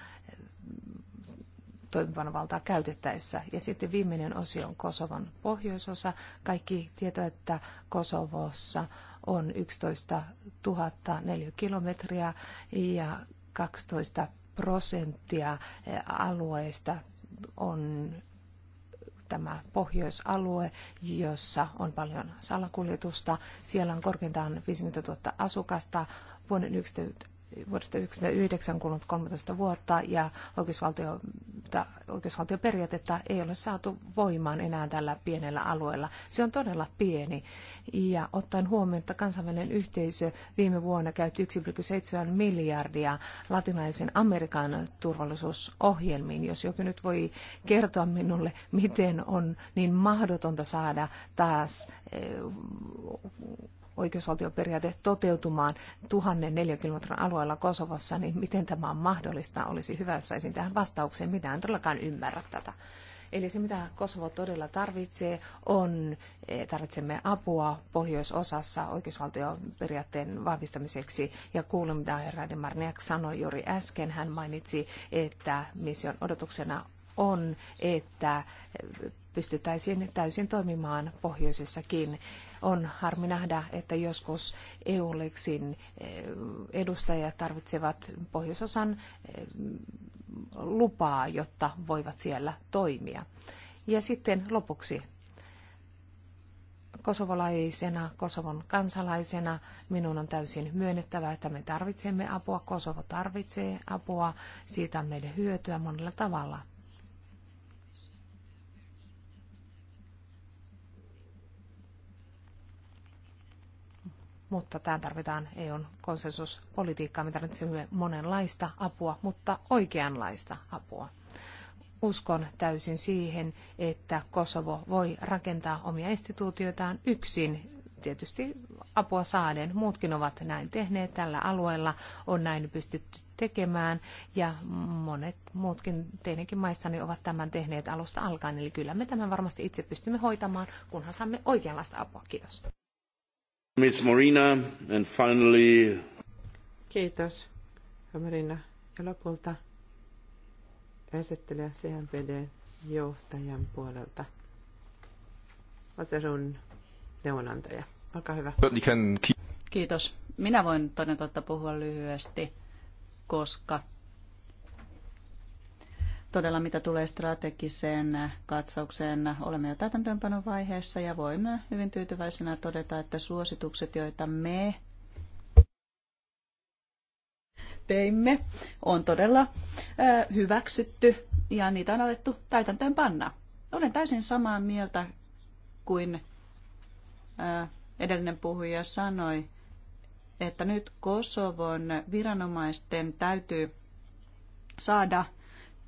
valtaa käytettäessä. Ja sitten viimeinen osio on Kosovon pohjoisosa. Kaikki tietävät, että Kosovossa on 11 000 neliökilometriä ja 12 prosenttia eh, alueesta on tämä pohjoisalue, jossa on paljon salakuljetusta. Siellä on korkeintaan 50 000 asukasta. Vuoden vuodesta 1999 vuotta ja oikeusvaltio, oikeusvaltioperiaatetta ei ole saatu voimaan enää tällä pienellä alueella. Se on todella pieni ja ottaen huomioon, että kansainvälinen yhteisö viime vuonna käytti 1,7 miljardia latinalaisen Amerikan turvallisuusohjelmiin. Jos joku nyt voi kertoa minulle, miten on niin mahdotonta saada taas eh, oikeusvaltioperiaate toteutumaan tuhannen neliökilometrin alueella Kosovossa, niin miten tämä on mahdollista? Olisi hyvä, jos saisin tähän vastaukseen. Minä en todellakaan ymmärrä tätä. Eli se, mitä Kosovo todella tarvitsee, on, eh, tarvitsemme apua pohjoisosassa oikeusvaltioperiaatteen vahvistamiseksi. Ja kuulin, mitä herra de Marniak sanoi juuri äsken. Hän mainitsi, että mission odotuksena on, että eh, pystyttäisiin täysin toimimaan pohjoisessakin on harmi nähdä, että joskus EULEXin eh, edustajat tarvitsevat pohjoisosan eh, lupaa, jotta voivat siellä toimia. Ja sitten lopuksi kosovolaisena, Kosovon kansalaisena minun on täysin myönnettävä, että me tarvitsemme apua. Kosovo tarvitsee apua. Siitä on meille hyötyä monella tavalla. mutta tähän tarvitaan EUn konsensuspolitiikkaa. Me tarvitsemme monenlaista apua, mutta oikeanlaista apua. Uskon täysin siihen, että Kosovo voi rakentaa omia instituutioitaan yksin tietysti apua saaden. Muutkin ovat näin tehneet tällä alueella, on näin pystytty tekemään ja monet muutkin teidänkin maissani ovat tämän tehneet alusta alkaen. Eli kyllä me tämän varmasti itse pystymme hoitamaan, kunhan saamme oikeanlaista apua. Kiitos. Miss Morina, and finally... Kiitos, Marina.
Ja lopulta esittelijä CNPD johtajan
puolelta. Vaterun neuvonantaja. Olkaa hyvä. Kiitos. Minä voin toden totta puhua lyhyesti, koska todella mitä tulee strategiseen katsaukseen, olemme jo täytäntöönpanon vaiheessa ja voimme hyvin tyytyväisenä todeta, että suositukset, joita me teimme, on todella hyväksytty ja niitä on alettu täytäntöönpanna. Olen täysin samaa mieltä kuin edellinen puhuja sanoi, että nyt Kosovon viranomaisten täytyy saada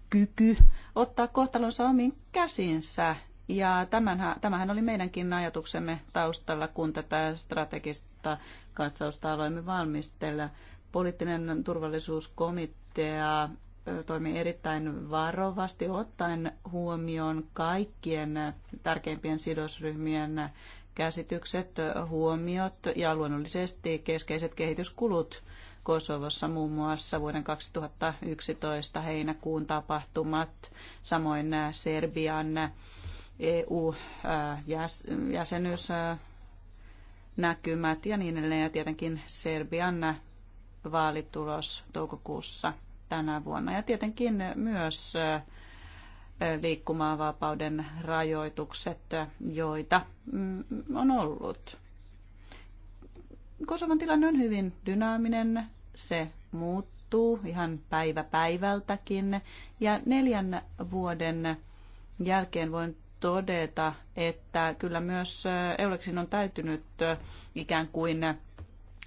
kyky ottaa kohtalonsa omiin käsinsä. Ja tämänhän, tämähän oli meidänkin ajatuksemme taustalla, kun tätä strategista katsausta aloimme valmistella. Poliittinen turvallisuuskomitea toimi erittäin varovasti ottaen huomioon kaikkien tärkeimpien sidosryhmien käsitykset, huomiot ja luonnollisesti keskeiset kehityskulut Kosovossa muun muassa vuoden 2011 heinäkuun tapahtumat, samoin äh, Serbian äh, EU-jäsenyysnäkymät äh, ja niin edelleen. Ja tietenkin Serbian vaalitulos toukokuussa tänä vuonna. Ja tietenkin myös liikkumaanvapauden rajoitukset, joita mm, on ollut. Kosovan tilanne on hyvin dynaaminen, se muuttuu ihan päivä päivältäkin. Ja neljän vuoden jälkeen voin todeta, että kyllä myös Euleksin on täytynyt ikään kuin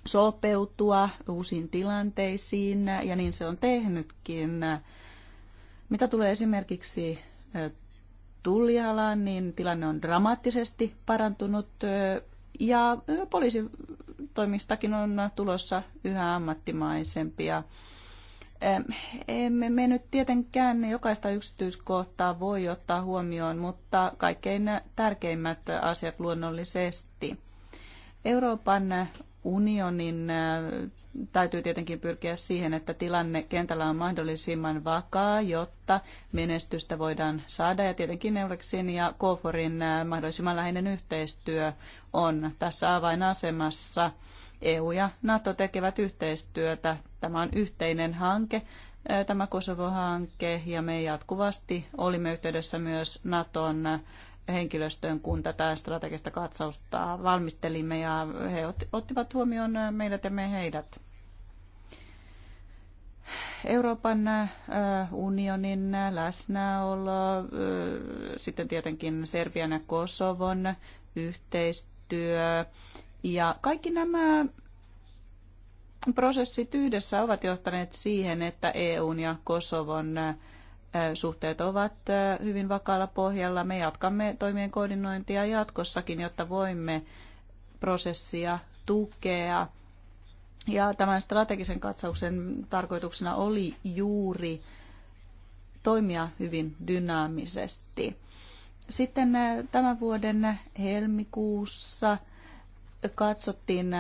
sopeutua uusiin tilanteisiin, ja niin se on tehnytkin. Mitä tulee esimerkiksi tullialaan, niin tilanne on dramaattisesti parantunut, ja poliisi toimistakin on tulossa yhä ammattimaisempia. Emme me nyt tietenkään jokaista yksityiskohtaa voi ottaa huomioon, mutta kaikkein tärkeimmät asiat luonnollisesti. Euroopan unionin äh, täytyy tietenkin pyrkiä siihen, että tilanne kentällä on mahdollisimman vakaa, jotta menestystä voidaan saada. Ja tietenkin Neurexin ja KFORin äh, mahdollisimman läheinen yhteistyö on tässä avainasemassa. EU ja NATO tekevät yhteistyötä. Tämä on yhteinen hanke, äh, tämä Kosovo-hanke, ja me jatkuvasti olimme yhteydessä myös Naton henkilöstöön, kun tätä strategista katsausta valmistelimme ja he ottivat huomioon meidät ja me heidät. Euroopan unionin läsnäolo, sitten tietenkin Serbian ja Kosovon yhteistyö ja kaikki nämä prosessit yhdessä ovat johtaneet siihen, että EUn ja Kosovon suhteet ovat hyvin vakaalla pohjalla. Me jatkamme toimien koordinointia jatkossakin, jotta voimme prosessia tukea. Ja tämän strategisen katsauksen tarkoituksena oli juuri toimia hyvin dynaamisesti. Sitten tämän vuoden helmikuussa katsottiin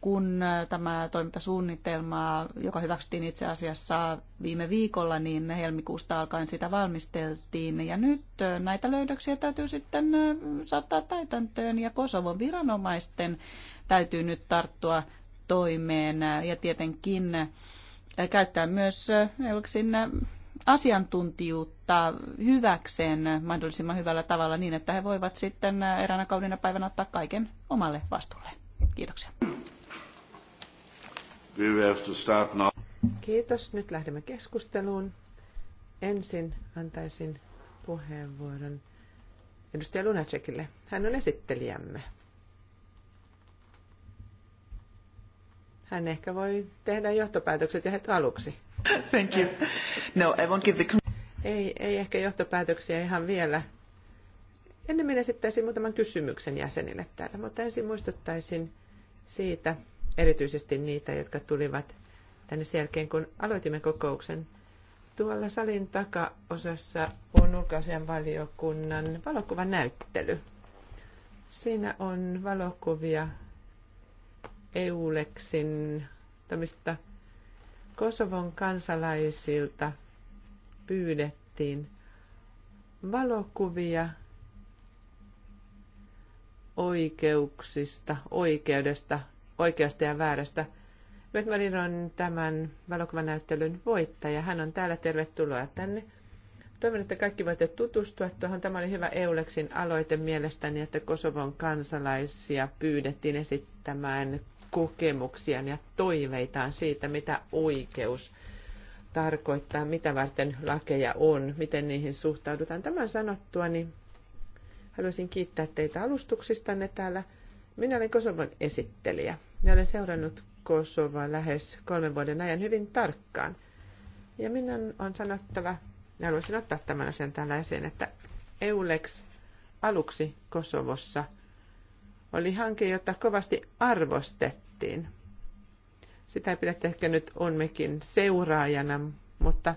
kun äh, tämä toimintasuunnitelma, joka hyväksyttiin itse asiassa viime viikolla, niin helmikuusta alkaen sitä valmisteltiin. Ja nyt äh, näitä löydöksiä täytyy sitten äh, saattaa täytäntöön ja Kosovon viranomaisten täytyy nyt tarttua toimeen ja tietenkin käyttää myös Euloksin asiantuntijuutta hyväkseen mahdollisimman hyvällä tavalla niin, että he voivat sitten eräänä kaudina päivänä ottaa kaiken omalle vastuulleen. Kiitoksia.
We have to start now. Kiitos. Nyt lähdemme keskusteluun. Ensin antaisin puheenvuoron edustaja Lunacekille. Hän on esittelijämme. Hän ehkä voi tehdä johtopäätökset jo heti aluksi. Thank you. No, I won't give the... Ei, ei ehkä johtopäätöksiä ihan vielä. Ennen minä esittäisin muutaman kysymyksen jäsenille täällä, mutta ensin muistuttaisin siitä, erityisesti niitä, jotka tulivat tänne sen jälkeen, kun aloitimme kokouksen. Tuolla salin takaosassa on ulkoasian valiokunnan valokuvanäyttely. Siinä on valokuvia EU-leksin Kosovon kansalaisilta pyydettiin valokuvia oikeuksista, oikeudesta oikeasta ja väärästä. Brett Marin on tämän valokuvanäyttelyn voittaja. Hän on täällä. Tervetuloa tänne. Toivon, että kaikki voitte tutustua tuohon. Tämä oli hyvä Euleksin aloite mielestäni, että Kosovon kansalaisia pyydettiin esittämään kokemuksiaan ja toiveitaan siitä, mitä oikeus tarkoittaa, mitä varten lakeja on, miten niihin suhtaudutaan. Tämän sanottua, niin haluaisin kiittää teitä alustuksistanne täällä. Minä olen Kosovan esittelijä Minä olen seurannut Kosovaa lähes kolmen vuoden ajan hyvin tarkkaan. Ja minä on sanottava, ja haluaisin ottaa tämän asian täällä esiin, että EULEX aluksi Kosovossa oli hanke, jota kovasti arvostettiin. Sitä ei pidetä ehkä nyt Unmikin seuraajana, mutta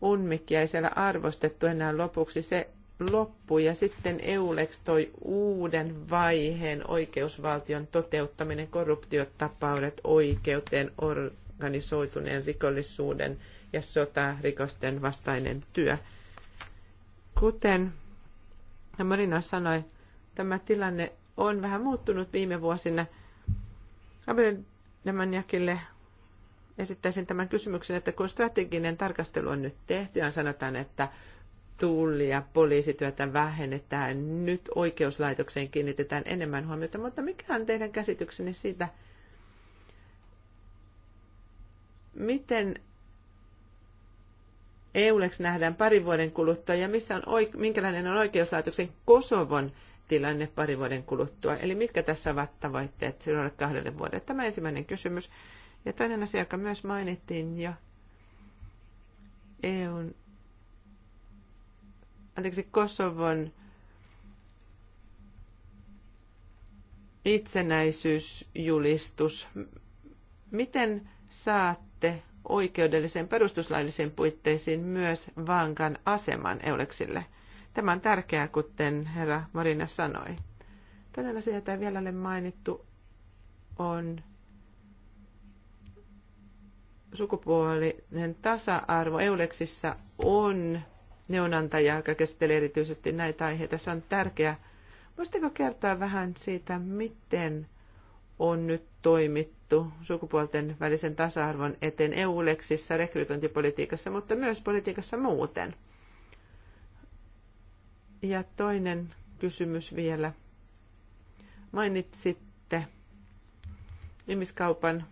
Unmikki ei siellä arvostettu enää lopuksi. Se loppui ja sitten EULEX toi uuden vaiheen oikeusvaltion toteuttaminen, korruptiotapaudet oikeuteen, organisoituneen rikollisuuden ja sotarikosten vastainen työ. Kuten Marina sanoi, tämä tilanne on vähän muuttunut viime vuosina. Abedemaniakille esittäisin tämän kysymyksen, että kun strateginen tarkastelu on nyt tehty ja sanotaan, että tulli- ja poliisityötä vähennetään, nyt oikeuslaitokseen kiinnitetään enemmän huomiota, mutta mikä on teidän käsityksenne siitä, miten EULEX nähdään parin vuoden kuluttua ja missä on, minkälainen on oikeuslaitoksen Kosovon tilanne parin vuoden kuluttua. Eli mitkä tässä ovat tavoitteet sinulle kahdelle vuodelle? Tämä ensimmäinen kysymys. Ja toinen asia, joka myös mainittiin jo, EUn anteeksi, Kosovon itsenäisyysjulistus. Miten saatte oikeudellisen perustuslaillisiin puitteisiin myös vankan aseman Euleksille? Tämä on tärkeää, kuten herra Marina sanoi. Toinen asia, jota vielä ole mainittu, on sukupuolinen tasa-arvo. Euleksissa on neuvonantajaa, joka käsittelee erityisesti näitä aiheita. Se on tärkeää. Voisitteko kertoa vähän siitä, miten on nyt toimittu sukupuolten välisen tasa-arvon eteen EU-leksissä, rekrytointipolitiikassa, mutta myös politiikassa muuten? Ja toinen kysymys vielä. Mainitsitte ihmiskaupan.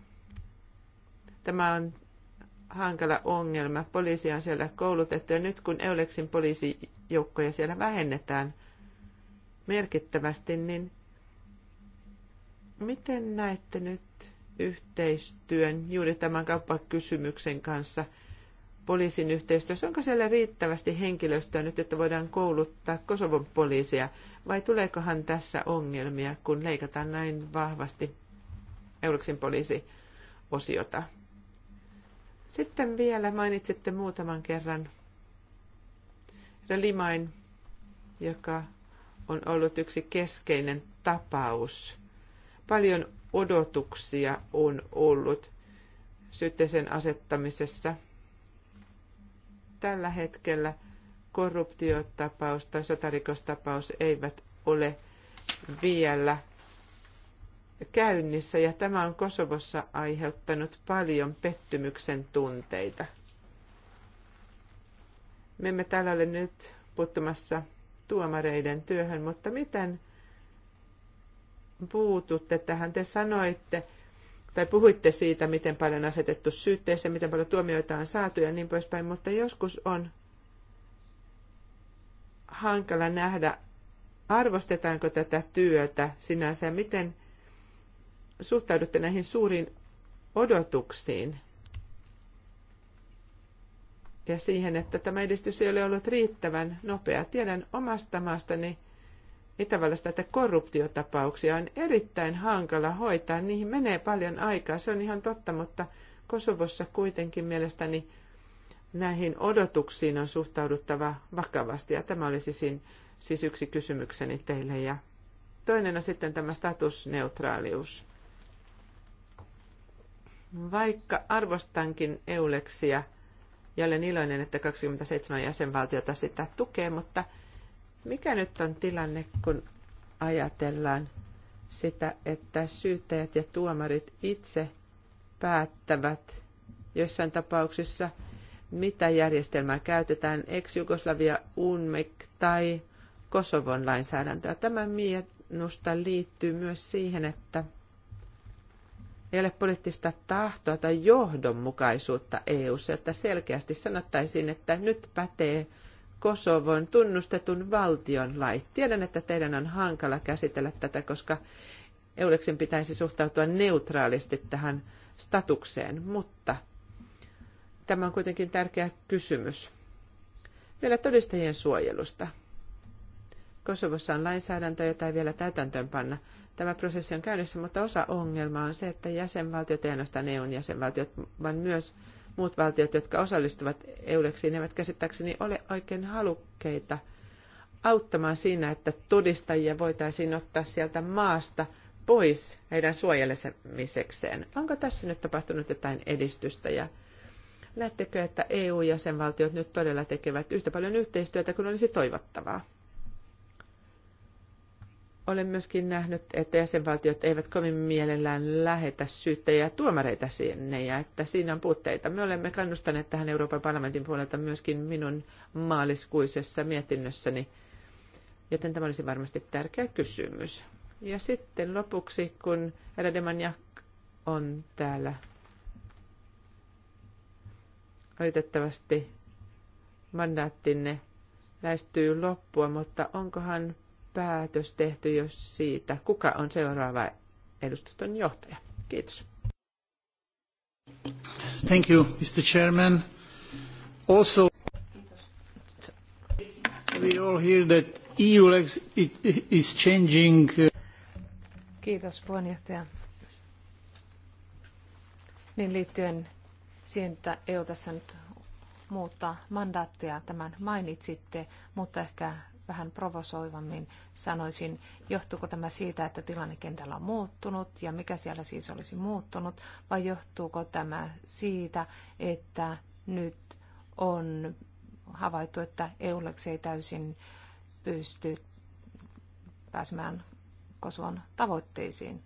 Tämä on hankala ongelma. Poliisia on siellä koulutettu ja nyt kun Euleksin poliisijoukkoja siellä vähennetään merkittävästi, niin miten näette nyt yhteistyön juuri tämän kauppakysymyksen kanssa poliisin yhteistyössä? Onko siellä riittävästi henkilöstöä nyt, että voidaan kouluttaa Kosovon poliisia vai tuleekohan tässä ongelmia, kun leikataan näin vahvasti Euleksin osiota sitten vielä mainitsitte muutaman kerran Relimain, joka on ollut yksi keskeinen tapaus. Paljon odotuksia on ollut syytteeseen asettamisessa. Tällä hetkellä korruptiotapaus tai sotarikostapaus eivät ole vielä käynnissä ja tämä on Kosovossa aiheuttanut paljon pettymyksen tunteita. Me emme täällä ole nyt puuttumassa tuomareiden työhön, mutta miten puututte tähän? Te sanoitte, tai puhuitte siitä, miten paljon asetettu syytteeseen, miten paljon tuomioita on saatu ja niin poispäin, mutta joskus on hankala nähdä, arvostetaanko tätä työtä sinänsä, miten suhtaudutte näihin suuriin odotuksiin ja siihen, että tämä edistys ei ole ollut riittävän nopea. Tiedän omasta maastani Itävallasta, että korruptiotapauksia on erittäin hankala hoitaa. Niihin menee paljon aikaa, se on ihan totta, mutta Kosovossa kuitenkin mielestäni näihin odotuksiin on suhtauduttava vakavasti. Ja tämä olisi siis, siis yksi kysymykseni teille. Ja toinen on sitten tämä statusneutraalius. Vaikka arvostankin Euleksia ja olen iloinen, että 27 jäsenvaltiota sitä tukee, mutta mikä nyt on tilanne, kun ajatellaan sitä, että syyttäjät ja tuomarit itse päättävät joissain tapauksissa, mitä järjestelmää käytetään, ex-Jugoslavia, UNMEC tai Kosovon lainsäädäntöä. Tämä minusta liittyy myös siihen, että ei ole poliittista tahtoa tai johdonmukaisuutta EU:ssa, että selkeästi sanottaisiin, että nyt pätee Kosovon tunnustetun valtion lait. Tiedän, että teidän on hankala käsitellä tätä, koska Euleksin pitäisi suhtautua neutraalisti tähän statukseen, mutta tämä on kuitenkin tärkeä kysymys. Vielä todistajien suojelusta. Kosovossa on lainsäädäntö, jota ei vielä täytäntöönpanna tämä prosessi on käynnissä, mutta osa ongelmaa on se, että jäsenvaltiot, ei ainoastaan EUn jäsenvaltiot, vaan myös muut valtiot, jotka osallistuvat EULEXiin, eivät käsittääkseni ole oikein halukkeita auttamaan siinä, että todistajia voitaisiin ottaa sieltä maasta pois heidän suojelemisekseen. Onko tässä nyt tapahtunut jotain edistystä ja näettekö, että EU-jäsenvaltiot nyt todella tekevät yhtä paljon yhteistyötä kuin olisi toivottavaa? Olen myöskin nähnyt, että jäsenvaltiot eivät kovin mielellään lähetä syyttäjiä ja tuomareita sinne ja että siinä on puutteita. Me olemme kannustaneet tähän Euroopan parlamentin puolelta myöskin minun maaliskuisessa mietinnössäni, joten tämä olisi varmasti tärkeä kysymys. Ja sitten lopuksi, kun Rademania on täällä valitettavasti mandaattinne lähestyy loppua, mutta onkohan päätös tehty jo siitä, kuka on seuraava edustuston
johtaja. Kiitos. Thank you, Mr. Chairman. Also, we all hear that EU is changing. Uh,
Kiitos puheenjohtaja. Niin liittyen siihen, että EU tässä nyt muuttaa mandaattia, tämän mainitsitte, mutta ehkä vähän provosoivammin sanoisin, johtuuko tämä siitä, että tilanne kentällä on muuttunut ja mikä siellä siis olisi muuttunut, vai johtuuko tämä siitä, että nyt on havaittu, että eu ei täysin pysty pääsemään Kosovan tavoitteisiin.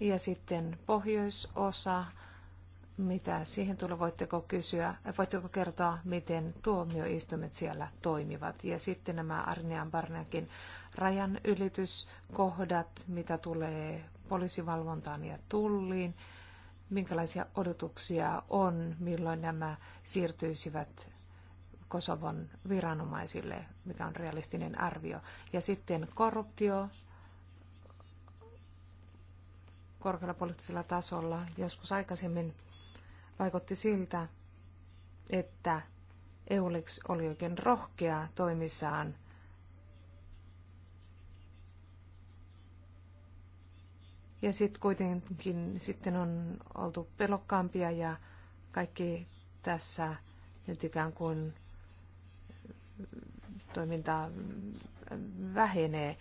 Ja sitten pohjoisosa mitä siihen tulee? Voitteko kysyä, voitteko kertoa, miten tuomioistuimet siellä toimivat? Ja sitten nämä Arnean Barnakin rajan ylityskohdat, mitä tulee poliisivalvontaan ja tulliin. Minkälaisia odotuksia on, milloin nämä siirtyisivät Kosovon viranomaisille, mikä on realistinen arvio. Ja sitten korruptio, korkealla poliittisella tasolla. Joskus aikaisemmin vaikutti siltä, että Eulex oli oikein rohkea toimissaan. Ja sitten kuitenkin sitten on oltu pelokkaampia ja kaikki tässä nyt ikään kuin toiminta vähenee.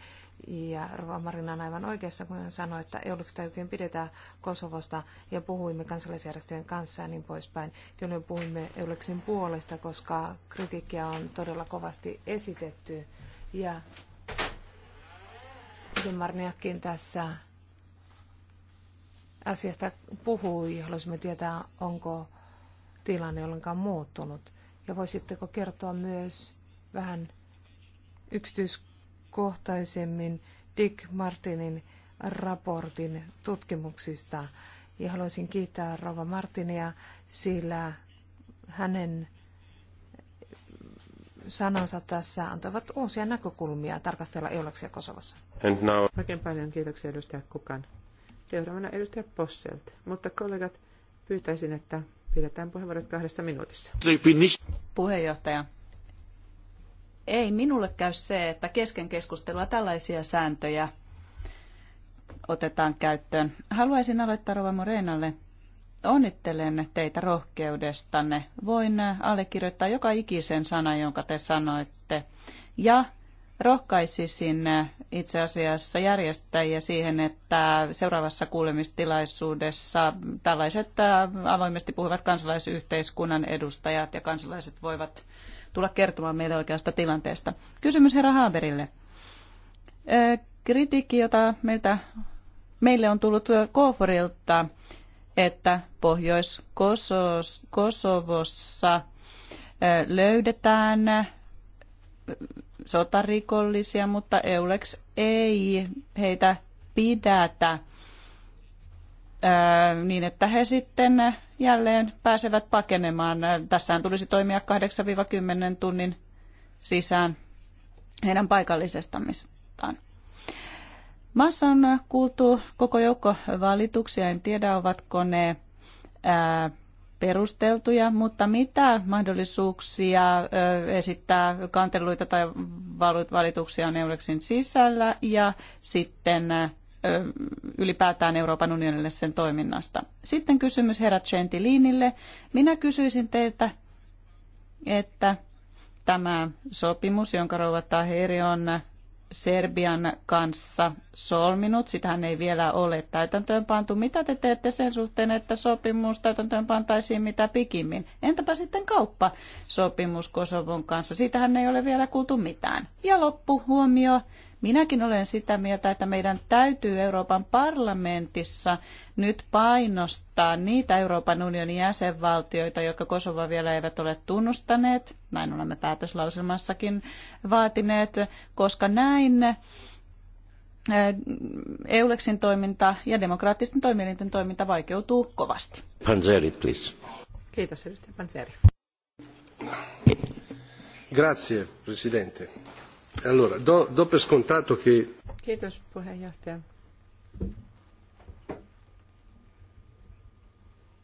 Ja Rova Marina on aivan oikeassa, kun hän sanoi, että EULEX-tä oikein pidetään Kosovosta ja puhuimme kansallisjärjestöjen kanssa ja niin poispäin. Kyllä me puhuimme EULEXin puolesta, koska kritiikkiä on todella kovasti esitetty. Ja Marniakin tässä asiasta puhui. Haluaisimme tietää, onko tilanne ollenkaan muuttunut. Ja voisitteko kertoa myös vähän yksityiskohtaisesti, kohtaisemmin Dick Martinin raportin tutkimuksista. Ja haluaisin kiittää Rova Martinia, sillä hänen sanansa tässä antavat uusia näkökulmia tarkastella eulaksia Kosovassa. And now... Oikein paljon kiitoksia edustaja Kukan. Seuraavana
edustaja Posselt. Mutta kollegat, pyytäisin, että pidetään puheenvuorot kahdessa minuutissa.
Puheenjohtaja, ei minulle käy se, että kesken keskustelua tällaisia sääntöjä otetaan käyttöön. Haluaisin aloittaa Rova Morenalle. Onnittelen teitä rohkeudestanne. Voin allekirjoittaa joka ikisen sanan, jonka te sanoitte. Ja rohkaisisin itse asiassa järjestäjiä siihen, että seuraavassa kuulemistilaisuudessa tällaiset avoimesti puhuvat kansalaisyhteiskunnan edustajat ja kansalaiset voivat tulla kertomaan meille oikeasta tilanteesta. Kysymys herra Haaberille. Kritiikki, jota meiltä, meille on tullut Kooforilta, että Pohjois-Kosovossa löydetään sotarikollisia, mutta Eulex ei heitä pidätä niin, että he sitten jälleen pääsevät pakenemaan. Tässähän tulisi toimia 8-10 tunnin sisään heidän paikallisestamistaan. Maassa on kuultu koko joukko valituksia, en tiedä ovatko ne ää, perusteltuja, mutta mitä mahdollisuuksia ää, esittää kanteluita tai valituksia Neuleksin sisällä ja sitten ylipäätään Euroopan unionille sen toiminnasta. Sitten kysymys herra Gentilinille. Minä kysyisin teiltä, että tämä sopimus, jonka rouva Taheri on Serbian kanssa solminut. Sitähän ei vielä ole täytäntöön pantu. Mitä te teette sen suhteen, että sopimus täytäntöön pantaisiin mitä pikimmin? Entäpä sitten kauppasopimus Kosovon kanssa? Siitähän ei ole vielä kuultu mitään. Ja loppu huomio. Minäkin olen sitä mieltä, että meidän täytyy Euroopan parlamentissa nyt painostaa niitä Euroopan unionin jäsenvaltioita, jotka Kosovoa vielä eivät ole tunnustaneet. Näin olemme päätöslauselmassakin vaatineet, koska näin eh, EULEXin toiminta ja demokraattisten toimielinten toiminta vaikeutuu kovasti.
Panzeri, please.
Kiitos, edustaja Panzeri. Grazie, presidente. Allora, do, do per scontato che...
Kiitos puheenjohtaja.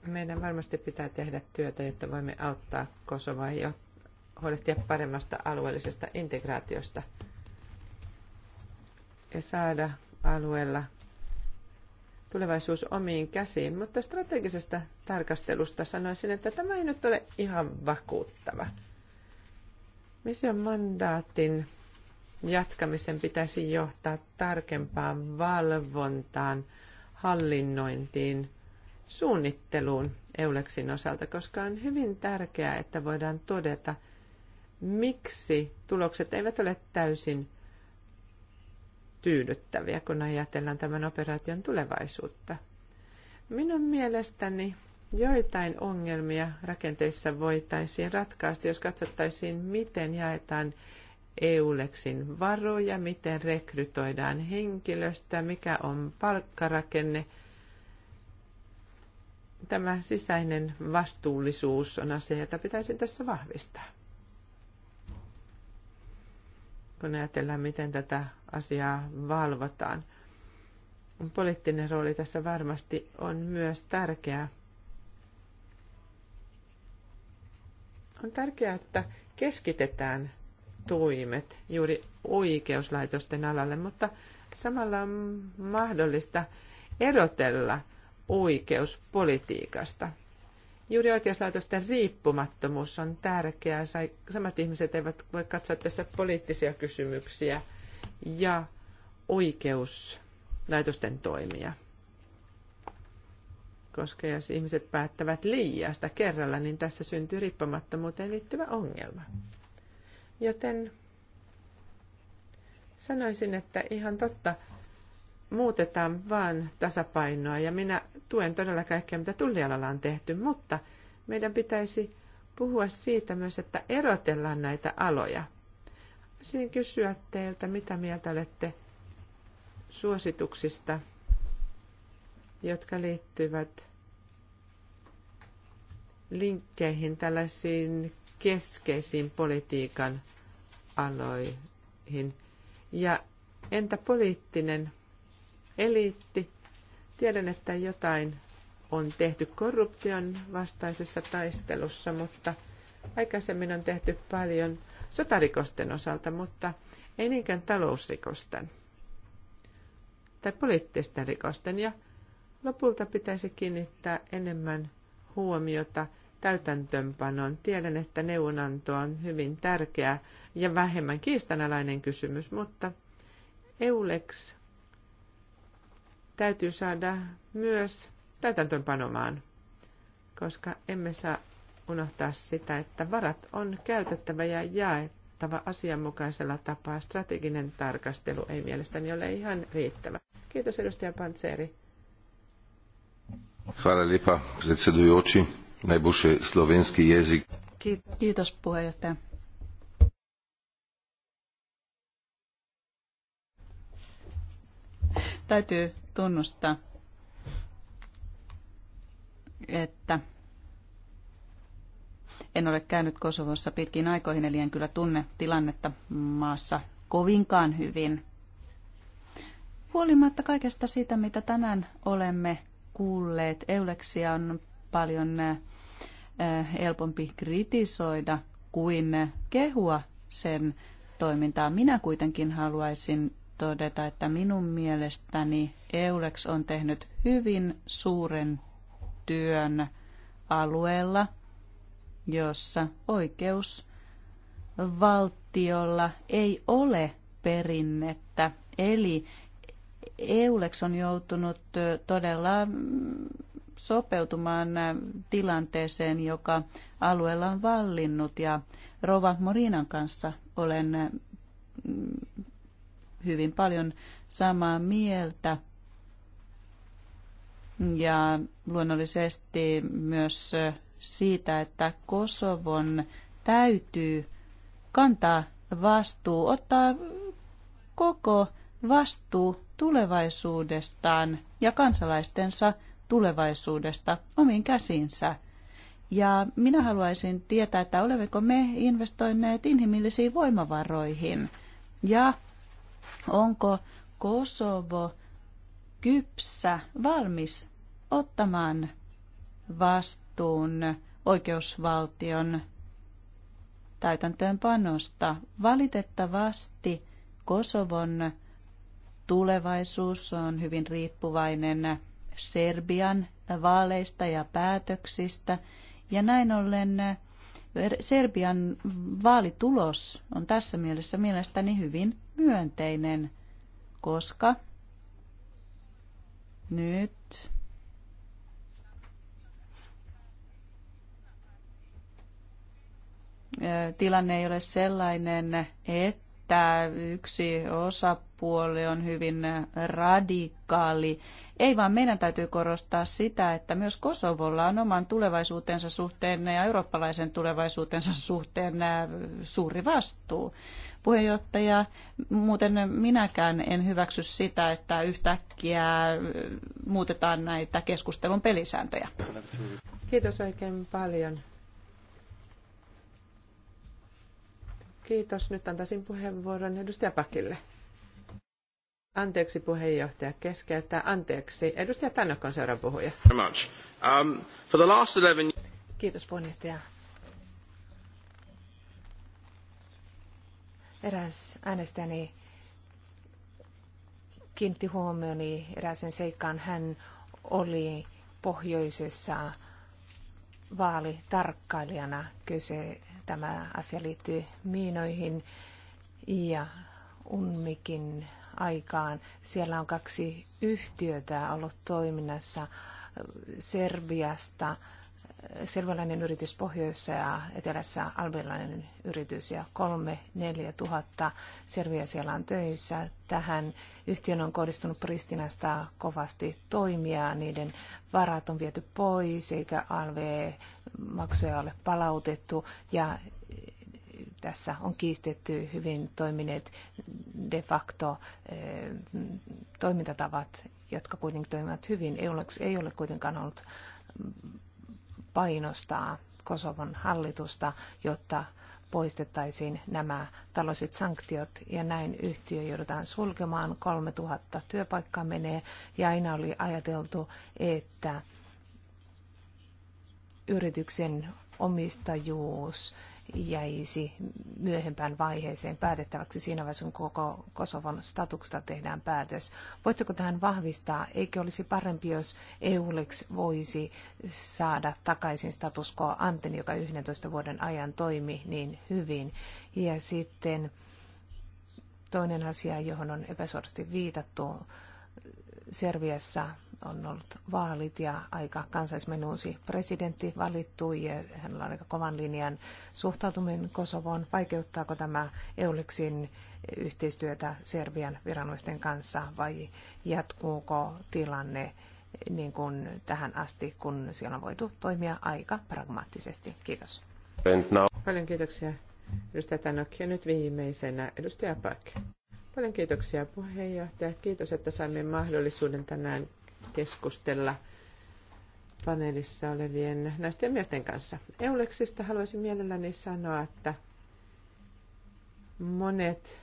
Meidän varmasti pitää tehdä työtä, jotta voimme auttaa Kosovaa ja huolehtia paremmasta alueellisesta integraatiosta ja saada alueella tulevaisuus omiin käsiin, mutta strategisesta tarkastelusta sanoisin, että tämä ei nyt ole ihan vakuuttava. Mission mandaatin jatkamisen pitäisi johtaa tarkempaan valvontaan, hallinnointiin, suunnitteluun Euleksin osalta, koska on hyvin tärkeää, että voidaan todeta, miksi tulokset eivät ole täysin tyydyttäviä, kun ajatellaan tämän operaation tulevaisuutta. Minun mielestäni joitain ongelmia rakenteissa voitaisiin ratkaista, jos katsottaisiin, miten jaetaan EU-leksin varoja, miten rekrytoidaan henkilöstä, mikä on palkkarakenne. Tämä sisäinen vastuullisuus on asia, jota pitäisi tässä vahvistaa. Kun ajatellaan, miten tätä asiaa valvotaan. Poliittinen rooli tässä varmasti on myös tärkeä. On tärkeää, että keskitetään toimet juuri oikeuslaitosten alalle, mutta samalla on mahdollista erotella oikeuspolitiikasta. Juuri oikeuslaitosten riippumattomuus on tärkeää. Samat ihmiset eivät voi katsoa tässä poliittisia kysymyksiä ja oikeuslaitosten toimia. Koska jos ihmiset päättävät liiasta kerralla, niin tässä syntyy riippumattomuuteen liittyvä ongelma. Joten sanoisin, että ihan totta, muutetaan vaan tasapainoa ja minä tuen todella kaikkea, mitä tullialalla on tehty, mutta meidän pitäisi puhua siitä myös, että erotellaan näitä aloja. Siinä kysyä teiltä, mitä mieltä olette suosituksista, jotka liittyvät linkkeihin, tällaisiin keskeisiin politiikan aloihin. Ja entä poliittinen eliitti? Tiedän, että jotain on tehty korruption vastaisessa taistelussa, mutta aikaisemmin on tehty paljon sotarikosten osalta, mutta ei niinkään talousrikosten tai poliittisten rikosten. Ja lopulta pitäisi kiinnittää enemmän huomiota – täytäntöönpanoon. Tiedän, että neuvonanto on hyvin tärkeä ja vähemmän kiistanalainen kysymys, mutta EULEX täytyy saada myös täytäntöönpanomaan, koska emme saa unohtaa sitä, että varat on käytettävä ja jaettava asianmukaisella tapaa. Strateginen tarkastelu ei mielestäni ole ihan riittävä. Kiitos edustaja Pantseri.
Hvala lijepa, predsjedujući slovenski jezik. Kiitos puheenjohtaja. Täytyy tunnustaa, että en ole käynyt Kosovossa pitkiin aikoihin, eli en kyllä tunne tilannetta maassa kovinkaan hyvin. Huolimatta kaikesta siitä, mitä tänään olemme kuulleet, Euleksia on paljon Eh, helpompi kritisoida kuin kehua sen toimintaa. Minä kuitenkin haluaisin todeta, että minun mielestäni EULEX on tehnyt hyvin suuren työn alueella, jossa oikeusvaltiolla ei ole perinnettä. Eli EULEX on joutunut todella mm, sopeutumaan äh, tilanteeseen, joka alueella on vallinnut. Ja Rova Morinan kanssa olen äh, mm, hyvin paljon samaa mieltä. Ja luonnollisesti myös äh, siitä, että Kosovon täytyy kantaa vastuu, ottaa koko vastuu tulevaisuudestaan ja kansalaistensa tulevaisuudesta omiin käsinsä. Ja minä haluaisin tietää, että olemmeko me investoineet inhimillisiin voimavaroihin ja onko Kosovo kypsä, valmis ottamaan vastuun oikeusvaltion täytäntöönpanosta. Valitettavasti Kosovon tulevaisuus on hyvin riippuvainen Serbian vaaleista ja päätöksistä. Ja näin ollen eh, Serbian vaalitulos on tässä mielessä mielestäni hyvin myönteinen, koska nyt eh, tilanne ei ole sellainen, että yksi osapuoli on hyvin radikaali ei vaan meidän täytyy korostaa sitä, että myös Kosovolla on oman tulevaisuutensa suhteen ja eurooppalaisen tulevaisuutensa suhteen äh, suuri vastuu. Puheenjohtaja, muuten minäkään en hyväksy sitä, että yhtäkkiä äh, muutetaan näitä keskustelun pelisääntöjä. Kiitos oikein paljon.
Kiitos. Nyt antaisin puheenvuoron edustaja Pakille. Anteeksi puheenjohtaja keskeyttää. Anteeksi. Edustaja Tannok on seuraava puhuja. Um,
Kiitos puheenjohtaja. Eräs äänestäni kiinnitti huomioni erääseen seikkaan. Hän oli pohjoisessa vaalitarkkailijana. Kyse tämä asia liittyy miinoihin ja Unmikin aikaan. Siellä on kaksi yhtiötä ollut toiminnassa Serbiasta, serbialainen yritys pohjoisessa ja etelässä albanialainen yritys ja kolme, neljä tuhatta serbia siellä on töissä. Tähän yhtiön on kohdistunut Pristinasta kovasti toimia, niiden varat on viety pois eikä alv maksuja ole palautettu ja tässä on kiistetty hyvin toimineet de facto eh, toimintatavat, jotka kuitenkin toimivat hyvin. ole, ei ole kuitenkaan ollut painostaa Kosovon hallitusta, jotta poistettaisiin nämä taloudelliset sanktiot ja näin yhtiö joudutaan sulkemaan. 3000 työpaikkaa menee ja aina oli ajateltu, että yrityksen omistajuus jäisi myöhempään vaiheeseen päätettäväksi siinä vaiheessa, kun koko Kosovon statuksesta tehdään päätös. Voitteko tähän vahvistaa? Eikö olisi parempi, jos EULEX voisi saada takaisin status quo anten, joka 11 vuoden ajan toimi niin hyvin? Ja sitten toinen asia, johon on epäsuorasti viitattu, Serbiassa on ollut vaalit ja aika kansaismenuusi presidentti valittui ja hänellä on aika kovan linjan suhtautuminen Kosovoon. Vaikeuttaako tämä Euleksin yhteistyötä Serbian viranomaisten kanssa vai jatkuuko tilanne niin kuin tähän asti, kun siellä on voitu toimia aika pragmaattisesti? Kiitos. Paljon kiitoksia edustaja Tanok ja nyt viimeisenä edustaja Pak. Paljon
kiitoksia puheenjohtaja. Kiitos, että saimme mahdollisuuden tänään keskustella paneelissa olevien naisten ja miesten kanssa. Euleksista haluaisin mielelläni sanoa, että monet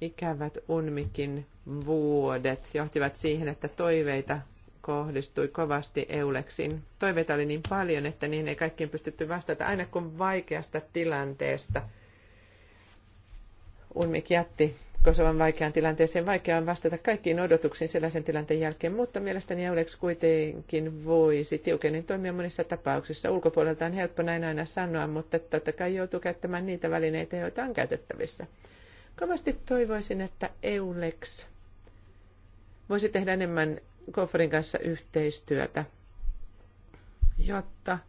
ikävät unmikin vuodet johtivat siihen, että toiveita kohdistui kovasti Euleksin. Toiveita oli niin paljon, että niihin ei kaikkiin pystytty vastata, aina kun vaikeasta tilanteesta Unmik jätti Kosovan vaikeaan tilanteeseen. Vaikea on vastata kaikkiin odotuksiin sellaisen tilanteen jälkeen, mutta mielestäni Eulex kuitenkin voisi tiukemmin toimia monissa tapauksissa. Ulkopuolelta on helppo näin aina sanoa, mutta totta kai joutuu käyttämään niitä välineitä, joita on käytettävissä. Kovasti toivoisin, että Eulex voisi tehdä enemmän Kofferin kanssa yhteistyötä, jotta –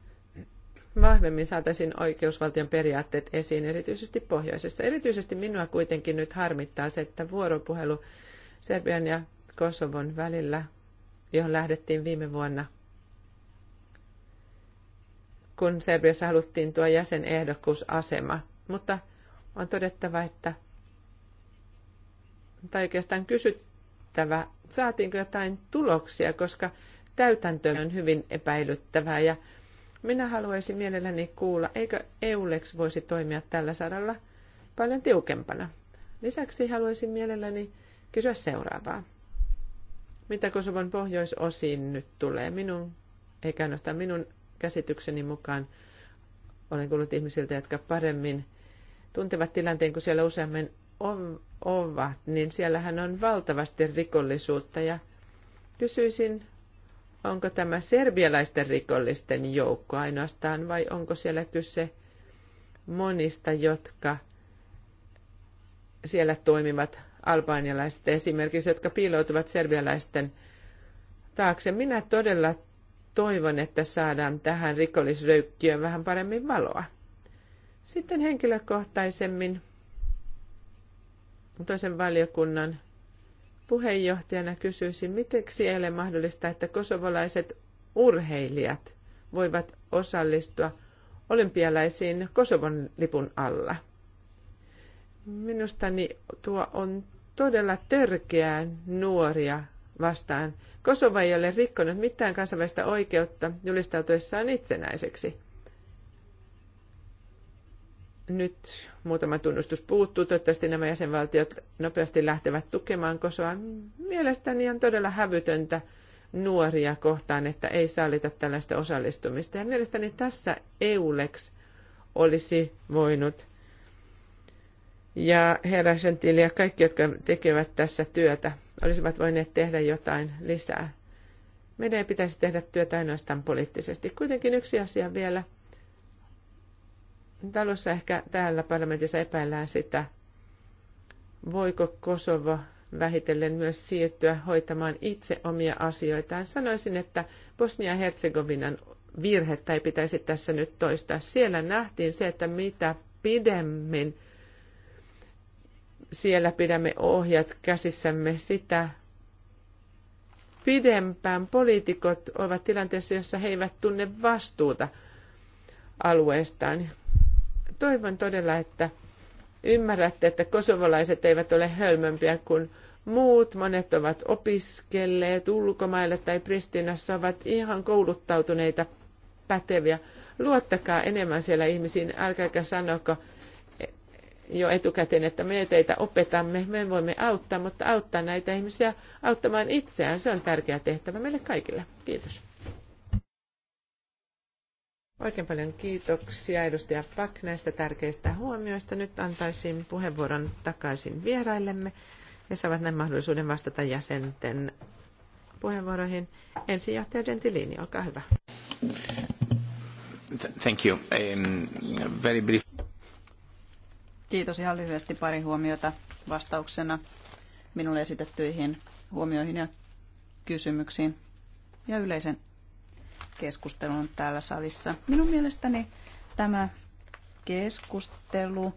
vahvemmin saataisiin oikeusvaltion periaatteet esiin, erityisesti pohjoisessa. Erityisesti minua kuitenkin nyt harmittaa se, että vuoropuhelu Serbian ja Kosovon välillä, johon lähdettiin viime vuonna, kun Serbiassa haluttiin tuo jäsenehdokkuusasema. Mutta on todettava, että tai oikeastaan kysyttävä, saatiinko jotain tuloksia, koska täytäntö on hyvin epäilyttävää ja minä haluaisin mielelläni kuulla, eikö EULEX voisi toimia tällä saralla paljon tiukempana. Lisäksi haluaisin mielelläni kysyä seuraavaa. Mitä Kosovon pohjoisosiin nyt tulee? Minun, eikä ainoastaan minun käsitykseni mukaan, olen kuullut ihmisiltä, jotka paremmin tuntevat tilanteen, kun siellä useammin ovat, niin siellähän on valtavasti rikollisuutta ja kysyisin, Onko tämä serbialaisten rikollisten joukko ainoastaan vai onko siellä kyse monista, jotka siellä toimivat albanialaiset esimerkiksi, jotka piiloutuvat serbialaisten taakse. Minä todella toivon, että saadaan tähän rikollisryykkiön vähän paremmin valoa. Sitten henkilökohtaisemmin toisen valiokunnan puheenjohtajana kysyisin, miteksi ei ole mahdollista, että kosovolaiset urheilijat voivat osallistua olympialaisiin Kosovon lipun alla. Minustani tuo on todella törkeää nuoria vastaan. Kosova ei ole rikkonut mitään kansainvälistä oikeutta julistautuessaan itsenäiseksi nyt muutama tunnustus puuttuu. Toivottavasti nämä jäsenvaltiot nopeasti lähtevät tukemaan Kosoa. Mielestäni on todella hävytöntä nuoria kohtaan, että ei sallita tällaista osallistumista. Ja mielestäni tässä EULEX olisi voinut ja herra Gentili ja kaikki, jotka tekevät tässä työtä, olisivat voineet tehdä jotain lisää. Meidän ei pitäisi tehdä työtä ainoastaan poliittisesti. Kuitenkin yksi asia vielä – talossa ehkä täällä parlamentissa epäillään sitä, voiko Kosovo vähitellen myös siirtyä hoitamaan itse omia asioitaan. Sanoisin, että Bosnia-Herzegovinan virhettä ei pitäisi tässä nyt toistaa. Siellä nähtiin se, että mitä pidemmin siellä pidämme ohjat käsissämme, sitä pidempään poliitikot ovat tilanteessa, jossa he eivät tunne vastuuta alueestaan. Toivon todella, että ymmärrätte, että kosovolaiset eivät ole hölmömpiä kuin muut. Monet ovat opiskelleet ulkomaille tai Pristinassa, ovat ihan kouluttautuneita, päteviä. Luottakaa enemmän siellä ihmisiin, älkääkä sanoko jo etukäteen, että me teitä opetamme, me voimme auttaa, mutta auttaa näitä ihmisiä auttamaan itseään. Se on tärkeä tehtävä meille kaikille. Kiitos. Oikein paljon kiitoksia edustaja Pak näistä tärkeistä huomioista. Nyt antaisin puheenvuoron takaisin vieraillemme. ja saavat näin mahdollisuuden vastata jäsenten puheenvuoroihin. Ensin johtaja Gentilini,
olkaa hyvä.
Thank you. Um, very brief.
Kiitos ihan lyhyesti pari huomiota vastauksena minulle esitettyihin huomioihin ja kysymyksiin ja yleisen keskustelun täällä salissa. Minun mielestäni tämä keskustelu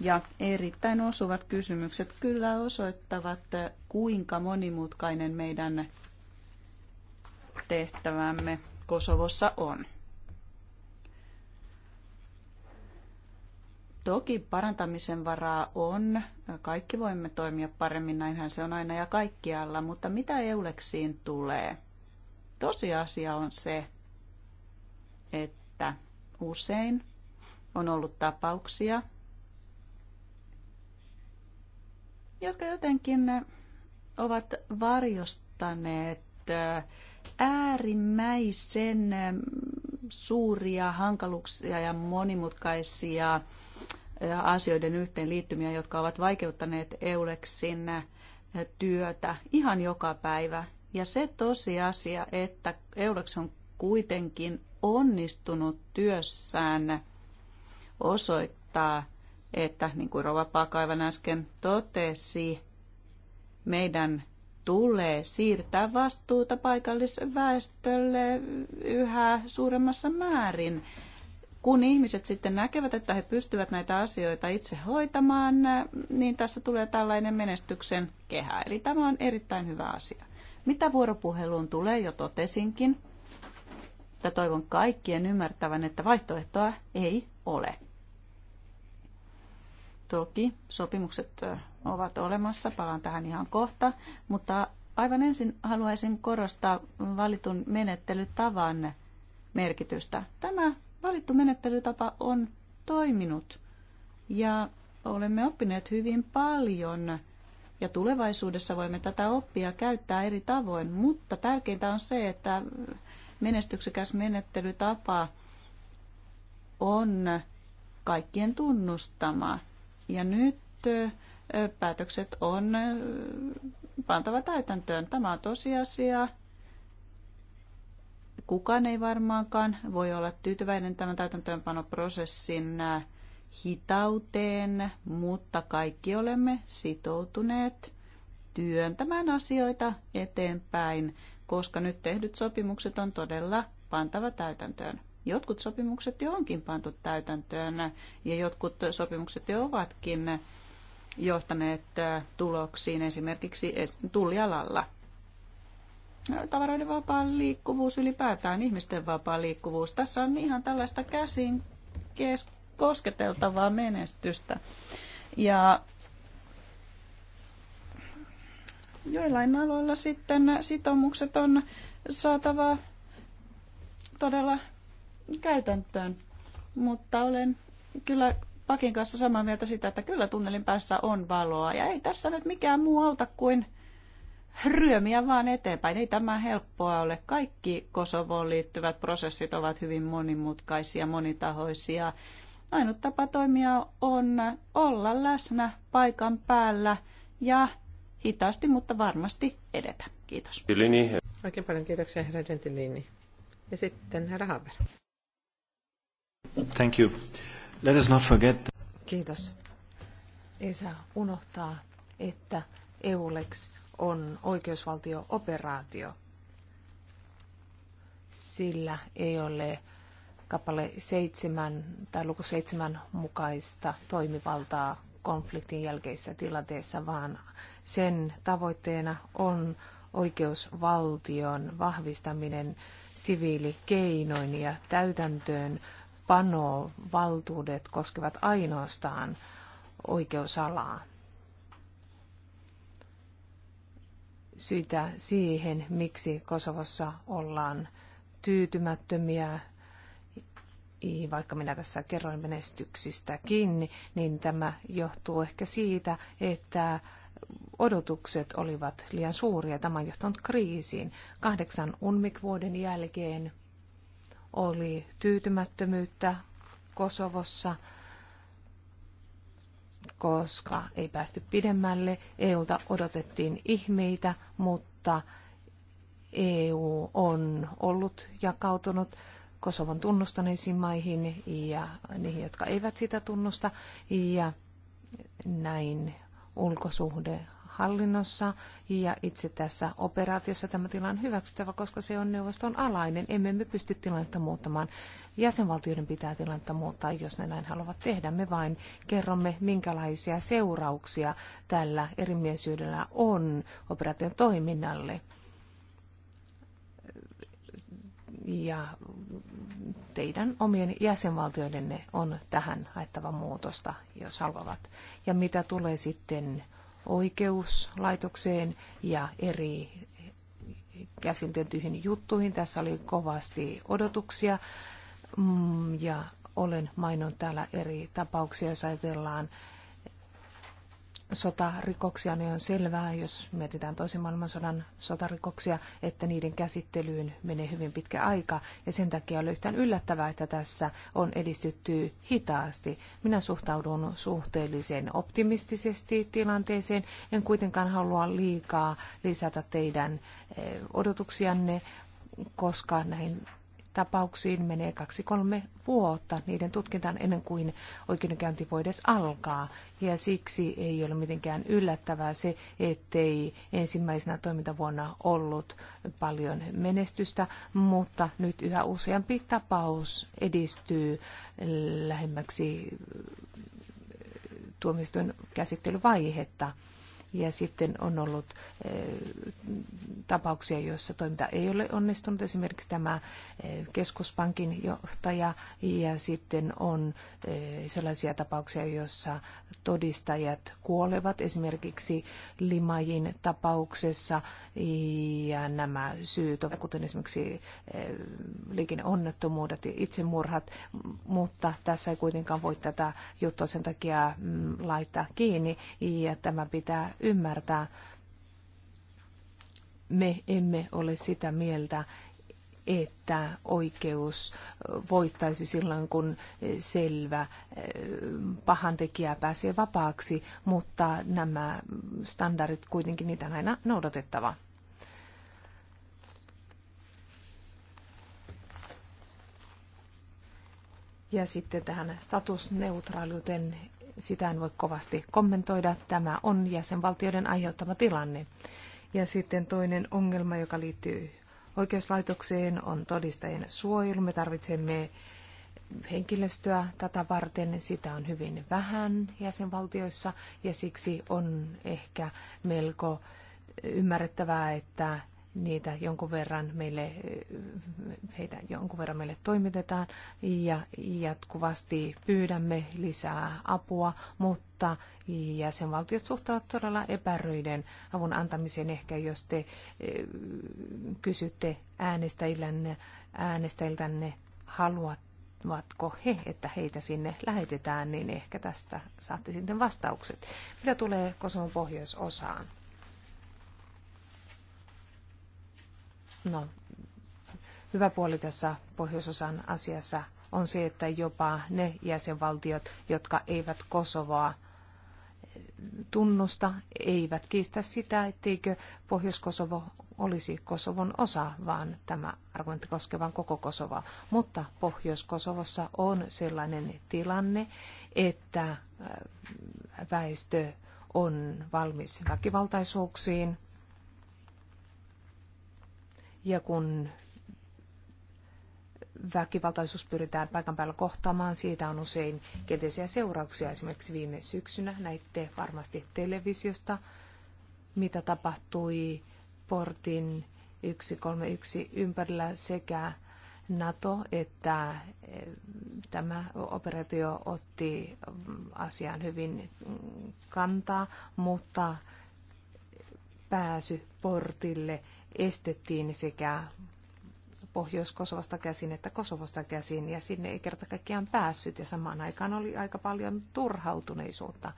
ja erittäin osuvat kysymykset kyllä osoittavat, kuinka monimutkainen meidän tehtävämme Kosovossa on. Toki parantamisen varaa on. Kaikki voimme toimia paremmin, näinhän se on aina ja kaikkialla. Mutta mitä EULEksiin tulee? Tosiasia on se, että usein on ollut tapauksia, jotka jotenkin ovat varjostaneet äärimmäisen suuria hankaluuksia ja monimutkaisia asioiden yhteenliittymiä, jotka ovat vaikeuttaneet Eulexin työtä ihan joka päivä. Ja se tosiasia, että Eulex on kuitenkin onnistunut työssään osoittaa, että niin kuin Rova Pakaivan äsken totesi, meidän tulee siirtää vastuuta paikallisväestölle yhä suuremmassa määrin. Kun ihmiset sitten näkevät, että he pystyvät näitä asioita itse hoitamaan, niin tässä tulee tällainen menestyksen kehä. Eli tämä on erittäin hyvä asia. Mitä vuoropuheluun tulee, jo totesinkin, mutta toivon kaikkien ymmärtävän, että vaihtoehtoa ei ole. Toki sopimukset ovat olemassa, palaan tähän ihan kohta, mutta aivan ensin haluaisin korostaa valitun menettelytavan merkitystä. Tämä valittu menettelytapa on toiminut ja olemme oppineet hyvin paljon ja tulevaisuudessa voimme tätä oppia käyttää eri tavoin, mutta tärkeintä on se, että menestyksekäs menettelytapa on kaikkien tunnustama. Ja nyt päätökset on pantava täytäntöön. Tämä on tosiasia. Kukaan ei varmaankaan voi olla tyytyväinen tämän täytäntöönpanoprosessin hitauteen, mutta kaikki olemme sitoutuneet työntämään asioita eteenpäin koska nyt tehdyt sopimukset on todella pantava täytäntöön. Jotkut sopimukset jo onkin pantu täytäntöön ja jotkut sopimukset jo ovatkin johtaneet äh, tuloksiin esimerkiksi tullialalla. Tavaroiden vapaa liikkuvuus ylipäätään, ihmisten vapaa liikkuvuus. Tässä on ihan tällaista käsin kosketeltavaa menestystä. Ja joillain aloilla sitten sitoumukset on saatava todella käytäntöön. Mutta olen kyllä Pakin kanssa samaa mieltä sitä, että kyllä tunnelin päässä on valoa. Ja ei tässä nyt mikään muu auta kuin ryömiä vaan eteenpäin. Ei tämä helppoa ole. Kaikki Kosovoon liittyvät prosessit ovat hyvin monimutkaisia, monitahoisia. Ainut tapa toimia on olla läsnä paikan päällä ja hitaasti, mutta varmasti edetä. Kiitos. Oikein paljon kiitoksia, herra Gentilini. Ja sitten herra Haber.
Thank you. Let us not
forget... Kiitos. Ei saa unohtaa, että EULEX on oikeusvaltio-operaatio. Sillä ei ole kappale 7 tai luku 7 mukaista toimivaltaa konfliktin jälkeisessä tilanteessa, vaan sen tavoitteena on oikeusvaltion vahvistaminen siviilikeinoin ja täytäntöön panovaltuudet koskevat ainoastaan oikeusalaa. Syitä siihen, miksi Kosovossa ollaan tyytymättömiä, vaikka minä tässä kerroin menestyksistäkin, niin tämä johtuu ehkä siitä, että odotukset olivat liian suuria. Tämä on johtanut kriisiin. Kahdeksan unmikvuoden jälkeen oli tyytymättömyyttä Kosovossa, koska ei päästy pidemmälle. EUlta odotettiin ihmeitä, mutta EU on ollut jakautunut Kosovon tunnustaneisiin maihin ja niihin, jotka eivät sitä tunnusta. Ja näin ulkosuhdehallinnossa ja itse tässä operaatiossa tämä tila on hyväksyttävä, koska se on neuvoston alainen. Emme me pysty tilannetta muuttamaan. Jäsenvaltioiden pitää tilannetta muuttaa, jos ne näin haluavat tehdä. Me vain kerromme, minkälaisia seurauksia tällä erimiesyydellä on operaation toiminnalle. ja teidän omien jäsenvaltioidenne on tähän haettava muutosta, jos haluavat. Ja mitä tulee sitten oikeuslaitokseen ja eri käsiteltyihin juttuihin, tässä oli kovasti odotuksia mm, ja olen maininnut täällä eri tapauksia, jos ajatellaan sotarikoksia, niin on selvää, jos mietitään toisen maailmansodan sotarikoksia, että niiden käsittelyyn menee hyvin pitkä aika. Ja sen takia on yhtään yllättävää, että tässä on edistytty hitaasti. Minä suhtaudun suhteellisen optimistisesti tilanteeseen. En kuitenkaan halua liikaa lisätä teidän eh, odotuksianne, koska näin tapauksiin menee kaksi kolme vuotta niiden tutkintaan ennen kuin oikeudenkäynti voi edes alkaa. Ja siksi ei ole mitenkään yllättävää se, ettei ensimmäisenä toimintavuonna ollut paljon menestystä, mutta nyt yhä useampi tapaus edistyy lähemmäksi tuomioistuin käsittelyvaihetta. Ja sitten on ollut eh, tapauksia, joissa toiminta ei ole onnistunut. Esimerkiksi tämä eh, keskuspankin johtaja ja sitten on eh, sellaisia tapauksia, joissa todistajat kuolevat. Esimerkiksi Limajin tapauksessa ja nämä syyt, ovat kuten esimerkiksi liikenneonnettomuudet ja itsemurhat, mutta tässä ei kuitenkaan voi tätä juttua sen takia mm, laittaa kiinni ja tämä pitää ymmärtää. Me emme ole sitä mieltä, että oikeus voittaisi silloin, kun selvä eh, pahantekijä pääsee vapaaksi, mutta nämä standardit kuitenkin niitä on aina noudatettava. Ja sitten tähän statusneutraaliuteen sitä en voi kovasti kommentoida. Tämä on jäsenvaltioiden aiheuttama tilanne. Ja sitten toinen ongelma, joka liittyy oikeuslaitokseen, on todistajien suojelu. Me tarvitsemme henkilöstöä tätä varten. Sitä on hyvin vähän jäsenvaltioissa ja siksi on ehkä melko ymmärrettävää, että niitä jonkun verran meille, heitä jonkun verran meille toimitetaan ja jatkuvasti pyydämme lisää apua, mutta jäsenvaltiot suhtautuvat todella epäröiden avun antamiseen. Ehkä jos te eh, kysytte äänestäjiltänne, äänestäjiltänne haluavatko he, että heitä sinne lähetetään, niin ehkä tästä saatte sitten vastaukset. Mitä tulee Kosovon pohjoisosaan? No, hyvä puoli tässä pohjoisosan asiassa on se, että jopa ne jäsenvaltiot, jotka eivät Kosovoa tunnusta, eivät kiistä sitä, etteikö Pohjois-Kosovo olisi Kosovon osa, vaan tämä argumentti koskevan koko Kosovaa. Mutta Pohjois-Kosovossa on sellainen tilanne, että väestö on valmis väkivaltaisuuksiin, ja kun väkivaltaisuus pyritään paikan päällä kohtaamaan, siitä on usein kielteisiä seurauksia. Esimerkiksi viime syksynä näitte varmasti televisiosta, mitä tapahtui portin 131 ympärillä sekä NATO että eh, tämä operaatio otti asiaan hyvin kantaa, mutta pääsy portille estettiin sekä Pohjois-Kosovasta käsin että Kosovosta käsin, ja sinne ei kerta kaikkiaan päässyt, ja samaan aikaan oli aika paljon turhautuneisuutta.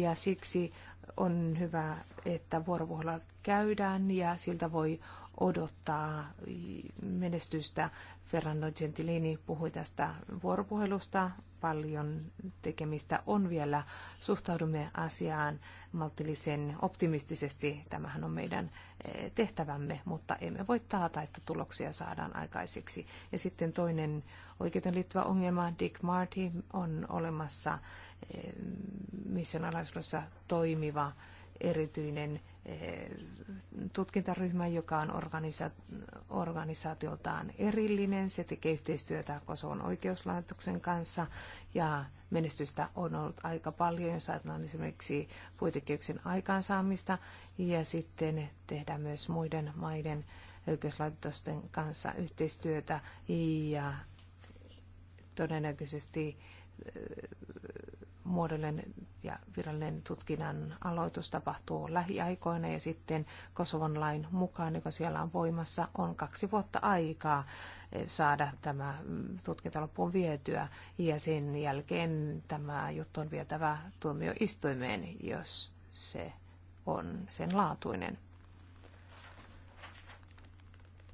Ja siksi on hyvä, että vuoropuhelua käydään, ja siltä voi odottaa menestystä. Fernando Gentilini puhui tästä vuoropuhelusta. Paljon tekemistä on vielä. Suhtaudumme asiaan maltillisen optimistisesti. Tämähän on meidän Eh, tehtävämme, mutta emme voi taata, että tuloksia saadaan aikaiseksi. Ja sitten toinen oikeuteen liittyvä ongelma, Dick Marty, on olemassa eh, missionalaisuudessa toimiva erityinen eh, tutkintaryhmä, joka on organisa- organisaatioltaan erillinen. Se tekee yhteistyötä Kosovon oikeuslaitoksen kanssa ja menestystä on ollut aika paljon, jos ajatellaan esimerkiksi puitekehyksen aikaansaamista ja sitten tehdään myös muiden maiden oikeuslaitosten kanssa yhteistyötä ja todennäköisesti eh, muodollinen ja virallinen tutkinnan aloitus tapahtuu lähiaikoina ja sitten Kosovon lain mukaan, joka siellä on voimassa, on kaksi vuotta aikaa eh, saada tämä mm, tutkinta loppuun vietyä ja sen jälkeen tämä juttu on vietävä tuomioistuimeen, jos se on sen laatuinen.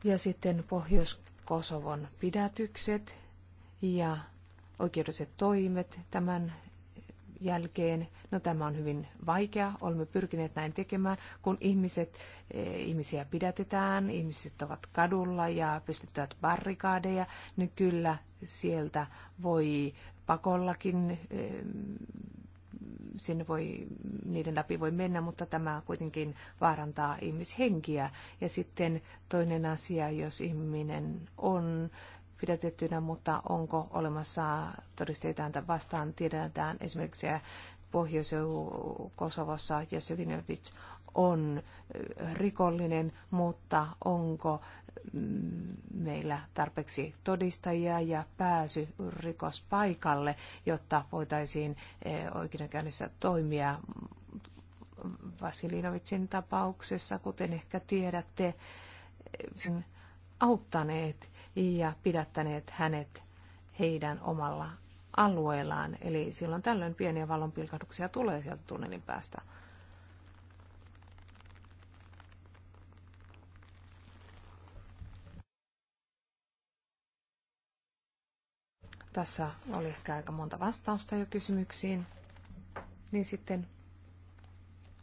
Ja sitten Pohjois-Kosovon pidätykset ja oikeudelliset toimet tämän jälkeen. No tämä on hyvin vaikea, olemme pyrkineet näin tekemään, kun ihmiset, eh, ihmisiä pidätetään, ihmiset ovat kadulla ja pystyttävät barrikaadeja, niin kyllä sieltä voi pakollakin eh, sinne voi, niiden läpi voi mennä, mutta tämä kuitenkin vaarantaa ihmishenkiä. Ja sitten toinen asia, jos ihminen on pidätettynä, mutta onko olemassa todisteita häntä vastaan? Tiedetään esimerkiksi pohjois Kosovossa Jesevinovic on rikollinen, mutta onko mm, meillä tarpeeksi todistajia ja pääsy rikospaikalle, jotta voitaisiin oikeudenkäynnissä toimia Vasilinovitsin tapauksessa, kuten ehkä tiedätte, auttaneet ja pidättäneet hänet heidän omalla alueellaan. Eli silloin tällöin pieniä valonpilkahduksia tulee sieltä tunnelin päästä. Tässä oli ehkä aika monta vastausta jo kysymyksiin. Niin sitten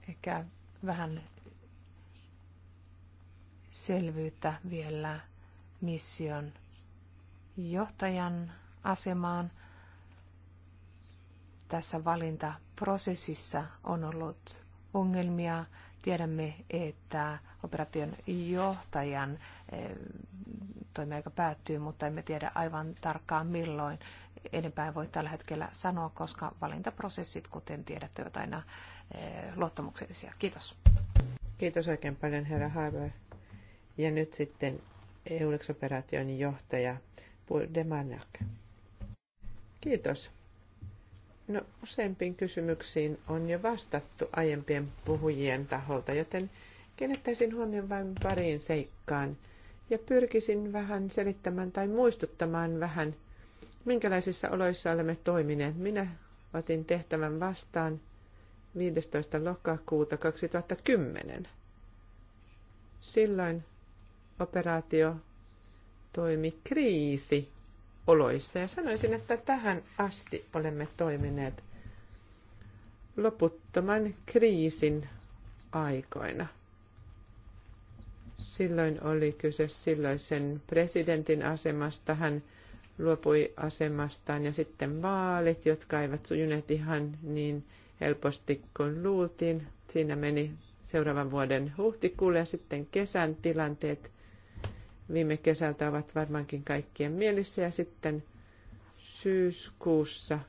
ehkä vähän selvyyttä vielä mission johtajan asemaan. Tässä valintaprosessissa on ollut ongelmia. Tiedämme, että operaation johtajan eh, toimiaika päättyy, mutta emme tiedä aivan tarkkaan milloin. Enempää voi tällä hetkellä sanoa, koska valintaprosessit, kuten tiedätte, ovat aina eh, luottamuksellisia. Kiitos. Kiitos oikein paljon, herra Haber. Ja nyt sitten EULEX-operaation
johtaja Paul Demanak. Kiitos. No, useimpiin kysymyksiin on jo vastattu aiempien puhujien taholta, joten kiinnittäisin huomioon vain pariin seikkaan ja pyrkisin vähän selittämään tai muistuttamaan vähän, minkälaisissa oloissa olemme toimineet. Minä otin tehtävän vastaan 15. lokakuuta 2010. Silloin operaatio toimi kriisi oloissa. Ja sanoisin, että tähän asti olemme toimineet loputtoman kriisin aikoina. Silloin oli kyse silloisen presidentin asemasta. Hän luopui asemastaan ja sitten vaalit, jotka eivät sujuneet ihan niin helposti kuin luultiin. Siinä meni seuraavan vuoden huhtikuulle ja sitten kesän tilanteet – viime kesältä ovat varmaankin kaikkien mielissä ja sitten syyskuussa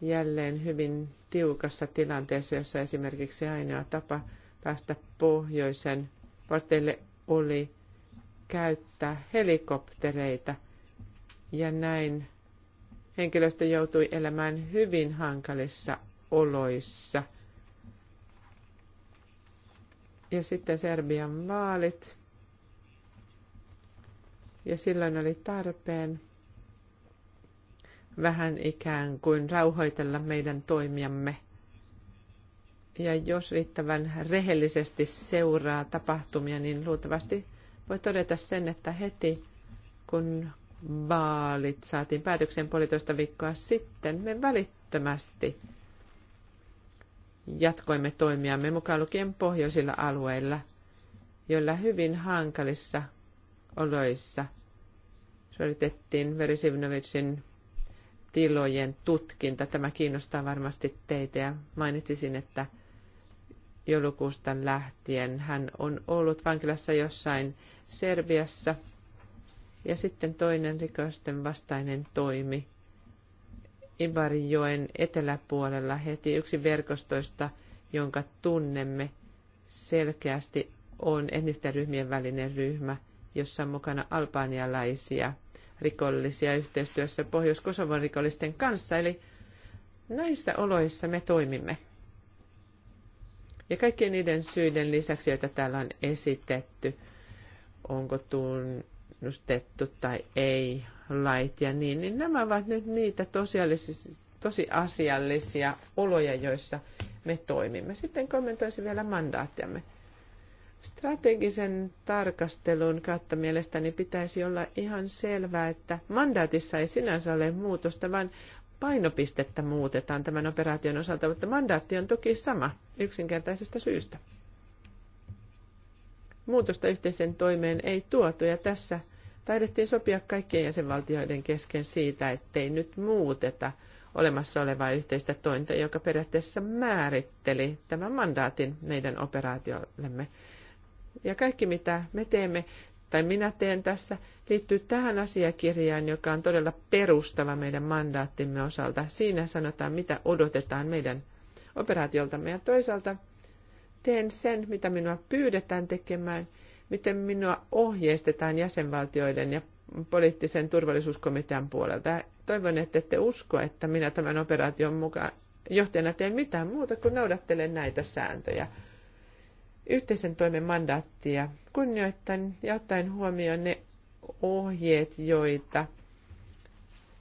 jälleen hyvin tiukassa tilanteessa, jossa esimerkiksi ainoa tapa päästä pohjoisen varteille oli käyttää helikoptereita ja näin henkilöstö joutui elämään hyvin hankalissa oloissa. Ja sitten Serbian vaalit ja silloin oli tarpeen vähän ikään kuin rauhoitella meidän toimiamme. Ja jos riittävän rehellisesti seuraa tapahtumia, niin luultavasti voi todeta sen, että heti kun vaalit saatiin päätökseen puolitoista viikkoa sitten, me välittömästi jatkoimme toimiamme mukaan lukien pohjoisilla alueilla, joilla hyvin hankalissa oloissa suoritettiin Verisivnovicin tilojen tutkinta. Tämä kiinnostaa varmasti teitä ja mainitsisin, että joulukuusta lähtien hän on ollut vankilassa jossain Serbiassa. Ja sitten toinen rikosten vastainen toimi Ibarjoen eteläpuolella heti yksi verkostoista, jonka tunnemme selkeästi on etnisten ryhmien välinen ryhmä – jossa on mukana albanialaisia rikollisia yhteistyössä Pohjois-Kosovon rikollisten kanssa. Eli näissä oloissa me toimimme. Ja kaikkien niiden syiden lisäksi, joita täällä on esitetty, onko tunnustettu tai ei lait ja niin, niin nämä ovat nyt niitä tosiasiallisia oloja, joissa me toimimme. Sitten kommentoisin vielä mandaattiamme. Strategisen tarkastelun kautta mielestäni pitäisi olla ihan selvää, että mandaatissa ei sinänsä ole muutosta, vaan painopistettä muutetaan tämän operaation osalta, mutta mandaatti on toki sama yksinkertaisesta syystä. Muutosta yhteisen toimeen ei tuotu ja tässä taidettiin sopia kaikkien jäsenvaltioiden kesken siitä, ettei nyt muuteta olemassa olevaa yhteistä tointa, joka periaatteessa määritteli tämän mandaatin meidän operaatiollemme. Ja kaikki mitä me teemme, tai minä teen tässä, liittyy tähän asiakirjaan, joka on todella perustava meidän mandaattimme osalta. Siinä sanotaan, mitä odotetaan meidän operaatioltamme. Ja toisaalta teen sen, mitä minua pyydetään tekemään, miten minua ohjeistetaan jäsenvaltioiden ja poliittisen turvallisuuskomitean puolelta. Toivon, että ette usko, että minä tämän operaation mukaan johtajana teen mitään muuta kuin noudattelen näitä sääntöjä yhteisen toimen mandaattia kunnioittain ja ottaen huomioon ne ohjeet, joita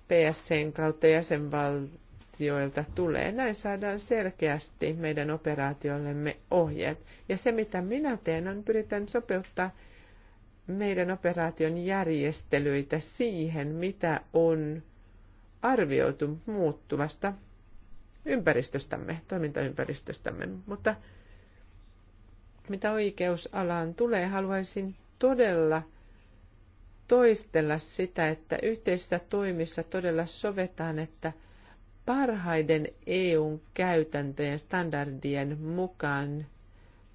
PSCn kautta jäsenvaltioilta tulee. Näin saadaan selkeästi meidän operaatiollemme ohjeet. Ja se, mitä minä teen, on pyritään sopeuttaa meidän operaation järjestelyitä siihen, mitä on arvioitu muuttuvasta ympäristöstämme, toimintaympäristöstämme. Mutta mitä oikeusalaan tulee, haluaisin todella toistella sitä, että yhteisissä toimissa todella sovetaan, että parhaiden EUn käytäntöjen standardien mukaan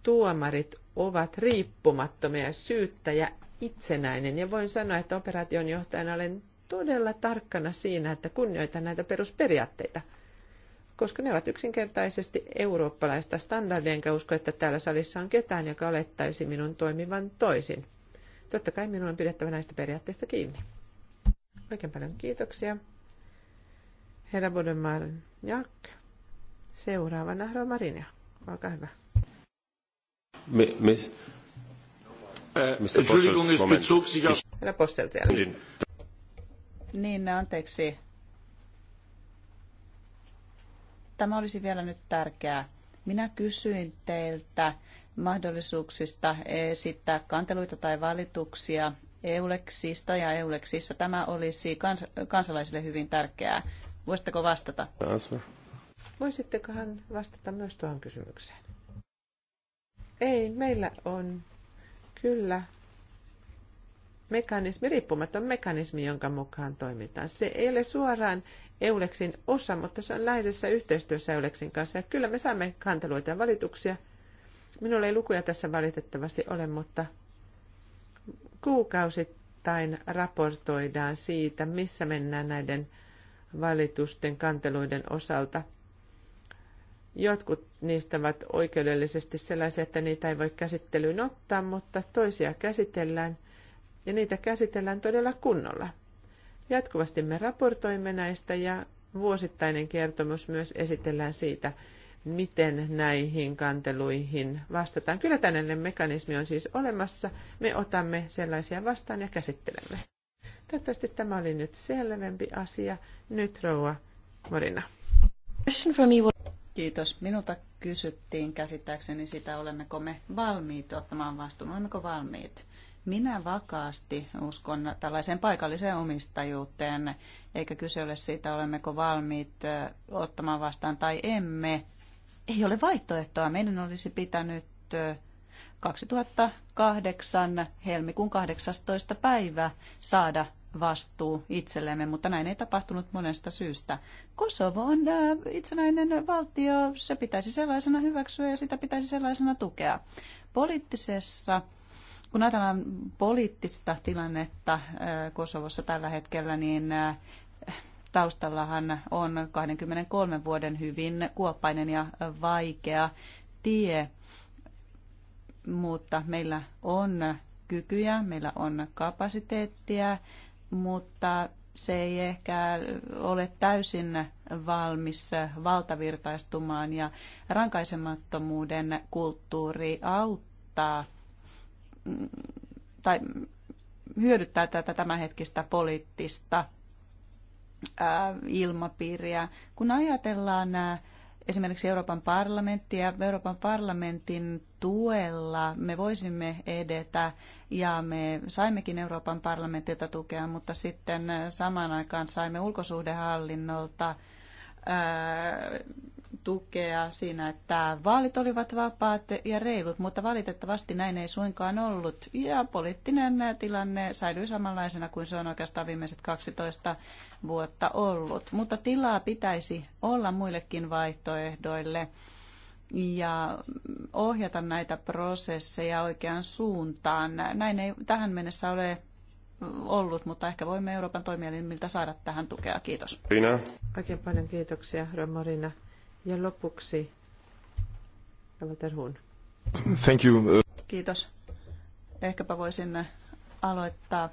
tuomarit ovat riippumattomia ja syyttäjä itsenäinen. Ja voin sanoa, että operaation johtajana olen todella tarkkana siinä, että kunnioitan näitä perusperiaatteita – koska ne ovat yksinkertaisesti eurooppalaista standardia, enkä usko, että täällä salissa on ketään, joka olettaisi minun toimivan toisin. Totta kai minun on pidettävä näistä periaatteista kiinni. Oikein paljon kiitoksia. Herra Bodemar Jack. Seuraavana Herra Marinia. Olkaa hyvä.
Me, me, äh, Herra Posselt vielä.
Niin, anteeksi. Tämä olisi vielä nyt tärkeää. Minä kysyin teiltä mahdollisuuksista esittää kanteluita tai valituksia EULEXista ja EULEXissa. Tämä olisi kans- kansalaisille hyvin tärkeää. Voisitteko vastata? Voisittekohan
vastata myös tuohon kysymykseen? Ei, meillä on kyllä mekanismi, riippumaton mekanismi, jonka mukaan toimitaan. Se ei ole suoraan Euleksin osa, mutta se on läheisessä yhteistyössä Euleksin kanssa. Ja kyllä me saamme kanteluita ja valituksia. Minulla ei lukuja tässä valitettavasti ole, mutta kuukausittain raportoidaan siitä, missä mennään näiden valitusten, kanteluiden osalta. Jotkut niistä ovat oikeudellisesti sellaisia, että niitä ei voi käsittelyyn ottaa, mutta toisia käsitellään ja niitä käsitellään todella kunnolla. Jatkuvasti me raportoimme näistä ja vuosittainen kertomus myös esitellään siitä, miten näihin kanteluihin vastataan. Kyllä tällainen mekanismi on siis olemassa. Me otamme sellaisia vastaan ja käsittelemme.
Toivottavasti tämä oli nyt selvempi asia. Nyt rouva Morina. Kiitos. Minulta kysyttiin käsittääkseni sitä, olemmeko me valmiit ottamaan vastuun, olemmeko valmiit. Minä vakaasti uskon tällaiseen paikalliseen omistajuuteen, eikä kyse ole siitä, olemmeko valmiit ottamaan vastaan tai emme. Ei ole vaihtoehtoa. Meidän olisi pitänyt 2008 helmikuun 18. päivä saada vastuu itsellemme, mutta näin ei tapahtunut monesta syystä. Kosovo on itsenäinen valtio, se pitäisi sellaisena hyväksyä ja sitä pitäisi sellaisena tukea. Poliittisessa kun ajatellaan poliittista tilannetta äh, Kosovossa tällä hetkellä, niin äh, taustallahan on 23 vuoden hyvin kuoppainen ja vaikea tie, mutta meillä on kykyjä, meillä on kapasiteettia, mutta se ei ehkä ole täysin valmis valtavirtaistumaan ja rankaisemattomuuden kulttuuri auttaa tai hyödyttää tätä tämänhetkistä poliittista ilmapiiriä. Kun ajatellaan nämä esimerkiksi Euroopan parlamenttia. Euroopan parlamentin tuella me voisimme edetä ja me saimmekin Euroopan parlamentilta tukea, mutta sitten samaan aikaan saimme ulkosuhdehallinnolta tukea siinä, että vaalit olivat vapaat ja reilut, mutta valitettavasti näin ei suinkaan ollut. Ja poliittinen tilanne säilyi samanlaisena kuin se on oikeastaan viimeiset 12 vuotta ollut. Mutta tilaa pitäisi olla muillekin vaihtoehdoille ja ohjata näitä prosesseja oikeaan suuntaan. Näin ei tähän mennessä ole ollut, mutta ehkä voimme Euroopan toimielimiltä saada tähän tukea. Kiitos. Marina. Oikein paljon kiitoksia, Romorina. Ja lopuksi Huhn. Thank you. Kiitos. Ehkäpä voisin aloittaa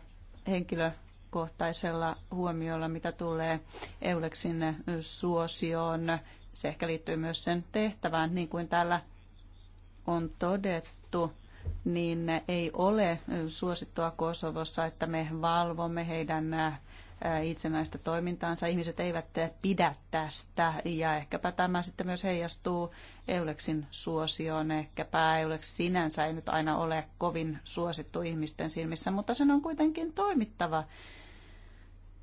henkilökohtaisella huomiolla, mitä tulee Eulexin suosioon. Se ehkä liittyy myös sen tehtävään, niin kuin täällä on todettu niin ei ole suosittua Kosovossa, että me valvomme heidän itsenäistä toimintaansa. Ihmiset eivät pidä tästä ja ehkäpä tämä sitten myös heijastuu Euleksin suosioon. Ehkäpä Euleks sinänsä ei nyt aina ole kovin suosittu ihmisten silmissä, mutta sen on kuitenkin toimittava,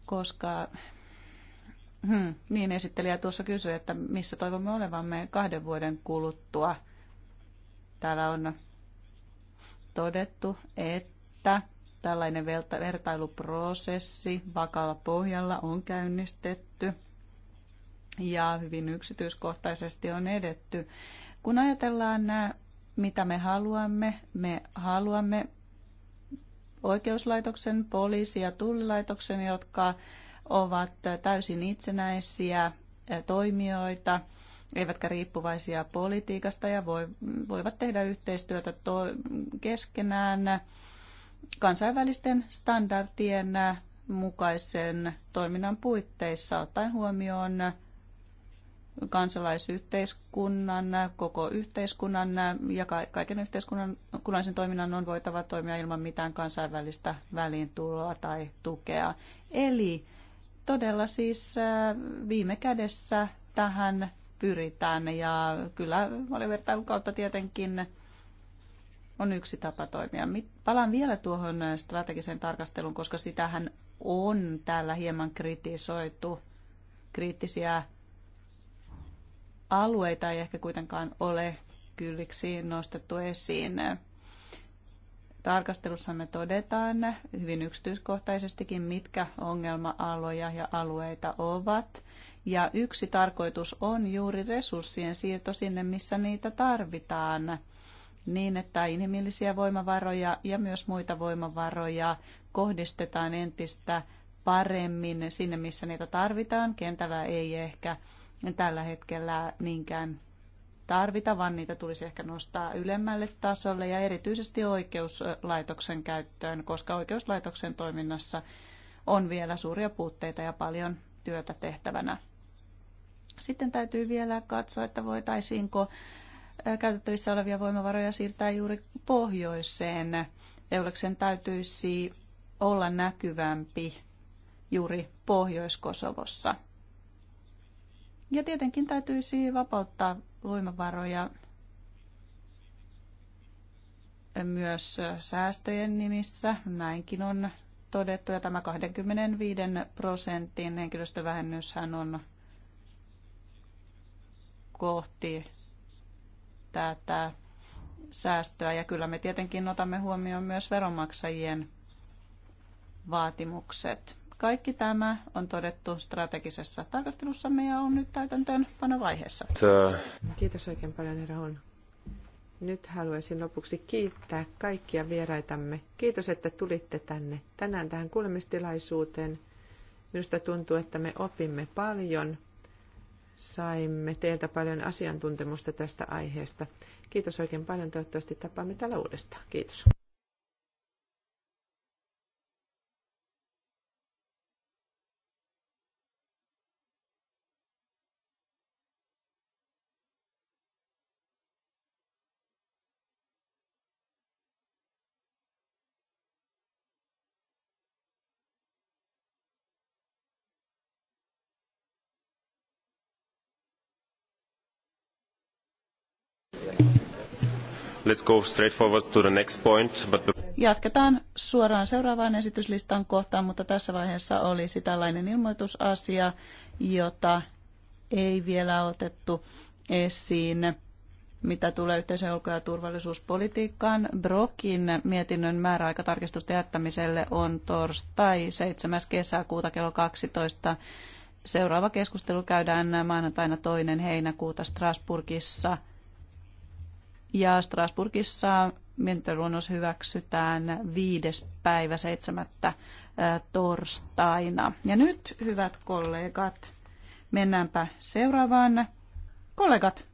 koska hmm, niin esittelijä tuossa kysyi, että missä toivomme olevamme kahden vuoden kuluttua. Täällä on todettu, että tällainen vertailuprosessi vakalla pohjalla on käynnistetty ja hyvin yksityiskohtaisesti on edetty. Kun ajatellaan, äh, mitä me haluamme, me haluamme oikeuslaitoksen, poliisi- ja tullilaitoksen, jotka ovat täysin itsenäisiä äh, toimijoita – eivätkä riippuvaisia politiikasta ja voi, voivat tehdä yhteistyötä to, keskenään kansainvälisten standardien mukaisen toiminnan puitteissa ottaen huomioon kansalaisyhteiskunnan, koko yhteiskunnan ja kaiken yhteiskunnan kunnallisen toiminnan on voitava toimia ilman mitään kansainvälistä väliintuloa tai tukea. Eli todella siis äh, viime kädessä tähän pyritään. Ja kyllä valivertailun kautta tietenkin on yksi tapa toimia. Palaan vielä tuohon strategiseen tarkasteluun, koska sitähän on täällä hieman kritisoitu. Kriittisiä alueita ei ehkä kuitenkaan ole kylliksi nostettu esiin. Tarkastelussa me todetaan hyvin yksityiskohtaisestikin, mitkä ongelma-aloja ja alueita ovat. Ja yksi tarkoitus on juuri resurssien siirto sinne, missä niitä tarvitaan, niin että inhimillisiä voimavaroja ja myös muita voimavaroja kohdistetaan entistä paremmin sinne, missä niitä tarvitaan. Kentällä ei ehkä tällä hetkellä niinkään tarvita, vaan niitä tulisi ehkä nostaa ylemmälle tasolle ja erityisesti oikeuslaitoksen käyttöön, koska oikeuslaitoksen toiminnassa on vielä suuria puutteita ja paljon työtä tehtävänä. Sitten täytyy vielä katsoa, että voitaisiinko käytettävissä olevia voimavaroja siirtää juuri pohjoiseen. Euleksen täytyisi olla näkyvämpi juuri Pohjois-Kosovossa. Ja tietenkin täytyisi vapauttaa voimavaroja myös säästöjen nimissä. Näinkin on todettu, ja tämä 25 prosentin henkilöstövähennyshän on kohti tätä säästöä. Ja kyllä me tietenkin otamme huomioon myös veronmaksajien vaatimukset. Kaikki tämä on todettu strategisessa tarkastelussamme ja on nyt täytäntöön vaiheessa. Kiitos oikein paljon, herra Holm.
Nyt haluaisin lopuksi kiittää kaikkia vieraitamme. Kiitos, että tulitte tänne tänään tähän kuulemistilaisuuteen. Minusta tuntuu, että me opimme paljon saimme teiltä paljon asiantuntemusta tästä aiheesta. Kiitos oikein paljon. Toivottavasti tapaamme
täällä uudestaan. Kiitos. Let's go straight forward to the next point. But... Jatketaan suoraan seuraavaan esityslistan kohtaan, mutta tässä vaiheessa olisi tällainen ilmoitusasia, jota ei vielä otettu esiin mitä tulee yhteisen ulko- ja turvallisuuspolitiikkaan. Brokin mietinnön määräaikatarkistusten jättämiselle on torstai 7. kesäkuuta kello 12. Seuraava keskustelu käydään maanantaina 2. heinäkuuta Strasburgissa ja Strasburgissa mietintöluonnos hyväksytään 5. päivä 7. torstaina. Ja nyt, hyvät kollegat, mennäänpä seuraavaan. Kollegat,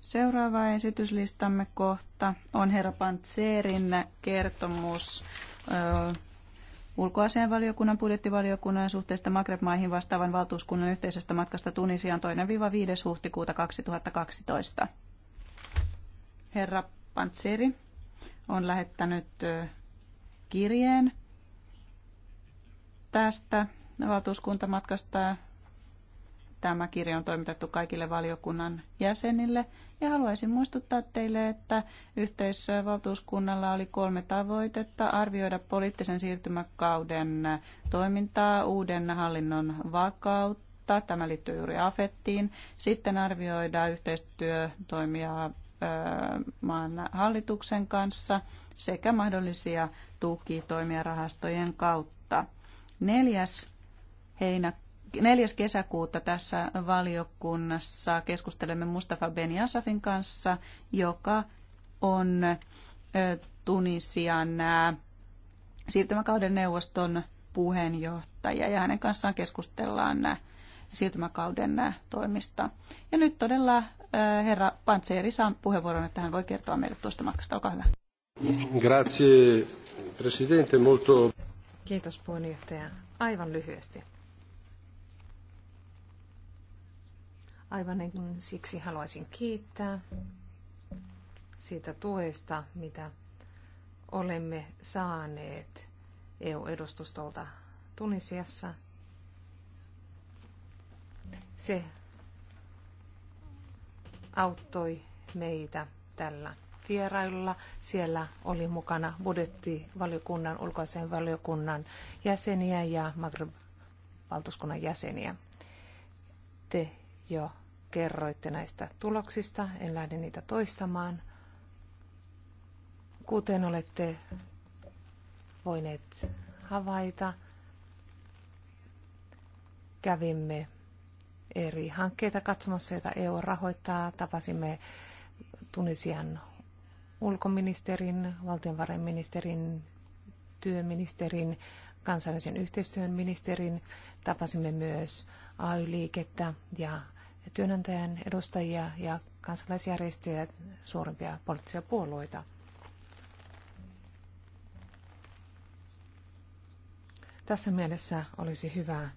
Seuraava esityslistamme kohta on herra Pantseerin kertomus ulkoasianvaliokunnan budjettivaliokunnan suhteesta Magreb-maihin vastaavan valtuuskunnan yhteisestä matkasta Tunisiaan 2-5. huhtikuuta 2012. Herra Pantseri on lähettänyt kirjeen tästä valtuuskuntamatkasta Tämä kirja on toimitettu kaikille valiokunnan jäsenille ja haluaisin muistuttaa teille, että yhteisvaltuuskunnalla oli kolme tavoitetta. Arvioida poliittisen siirtymäkauden toimintaa, uuden hallinnon vakautta, tämä liittyy juuri AFETtiin. Sitten arvioida yhteistyötoimia maan hallituksen kanssa sekä mahdollisia tukitoimia rahastojen kautta. Neljäs heinä 4. kesäkuuta tässä valiokunnassa keskustelemme Mustafa Ben Yassafin kanssa, joka on Tunisian siirtymäkauden neuvoston puheenjohtaja ja hänen kanssaan keskustellaan siirtymäkauden toimista. Ja nyt todella herra Pantseeri saa puheenvuoron, että hän voi kertoa meille tuosta matkasta. Olkaa hyvä. Grazie, presidente, molto...
Kiitos puheenjohtaja. Aivan lyhyesti. Aivan niin siksi haluaisin kiittää siitä tuesta, mitä olemme saaneet EU-edustustolta Tunisiassa. Se auttoi meitä tällä vierailulla. Siellä oli mukana budjettivaliokunnan, ulkoisen valiokunnan jäseniä ja Magreb valtuuskunnan jäseniä. Te jo kerroitte näistä tuloksista. En lähde niitä toistamaan. Kuten olette voineet havaita, kävimme eri hankkeita katsomassa, joita EU rahoittaa. Tapasimme Tunisian ulkoministerin, valtionvarainministerin, työministerin, kansainvälisen yhteistyön ministerin. Tapasimme myös AY-liikettä ja työnantajan edustajia ja kansalaisjärjestöjä, suurimpia poliittisia puolueita. Tässä mielessä olisi hyvä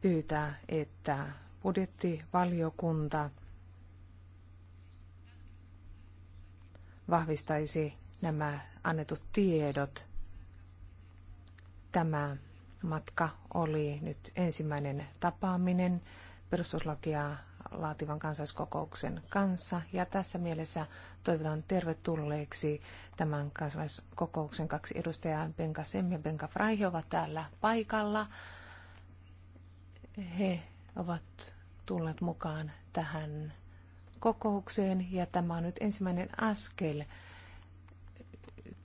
pyytää, että budjettivaliokunta vahvistaisi nämä annetut tiedot. Tämä matka oli nyt ensimmäinen tapaaminen perustuslakia laativan kansalaiskokouksen kanssa. Ja tässä mielessä toivotan tervetulleeksi tämän kansalaiskokouksen kaksi edustajaa, Benka Semmi ja Benka he ovat täällä paikalla. He ovat tulleet mukaan tähän kokoukseen ja tämä on nyt ensimmäinen askel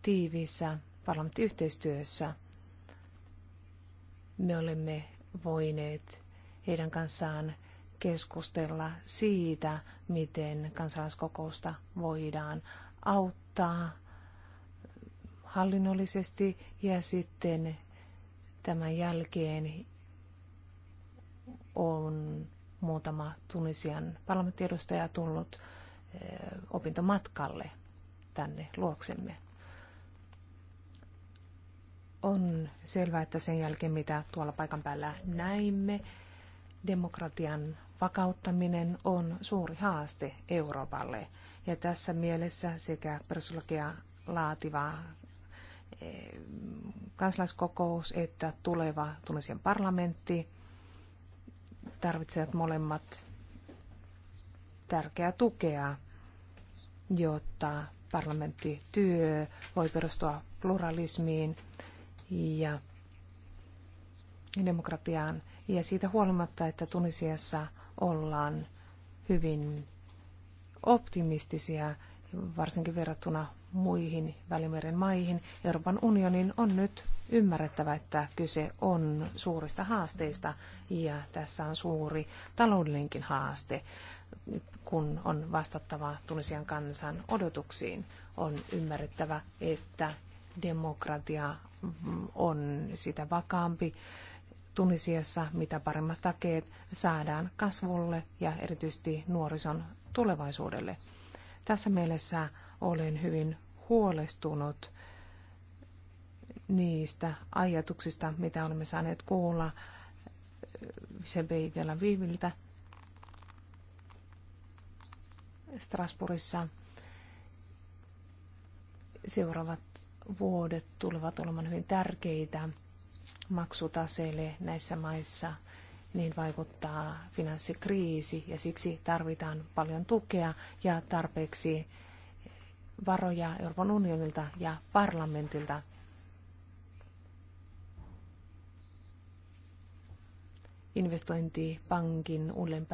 tiiviissä parlamenttiyhteistyössä. Me olemme voineet heidän kanssaan keskustella siitä, miten kansalaiskokousta voidaan auttaa hallinnollisesti ja sitten tämän jälkeen on muutama Tunisian parlamenttiedustaja tullut eh, opintomatkalle tänne luoksemme. On selvää, että sen jälkeen mitä tuolla paikan päällä näimme, demokratian vakauttaminen on suuri haaste Euroopalle. Ja tässä mielessä sekä perustuslakia laativa eh, kansalaiskokous että tuleva Tunisian parlamentti tarvitsevat molemmat tärkeää tukea, jotta parlamenttityö voi perustua pluralismiin ja demokratiaan. Ja siitä huolimatta, että Tunisiassa ollaan hyvin optimistisia, varsinkin verrattuna muihin Välimeren maihin, Euroopan unionin on nyt ymmärrettävä, että kyse on suurista haasteista ja tässä on suuri taloudellinenkin haaste, kun on vastattava Tunisian kansan odotuksiin. On ymmärrettävä, että demokratia on sitä vakaampi Tunisiassa, mitä paremmat takeet saadaan kasvulle ja erityisesti nuorison tulevaisuudelle. Tässä mielessä olen hyvin huolestunut niistä ajatuksista, mitä olemme saaneet kuulla Sebeidellä viiviltä Strasbourgissa. Seuraavat vuodet tulevat olemaan hyvin tärkeitä maksutaseelle näissä maissa, niin vaikuttaa finanssikriisi ja siksi tarvitaan paljon tukea ja tarpeeksi varoja Euroopan unionilta ja parlamentilta. Investointipankin uuden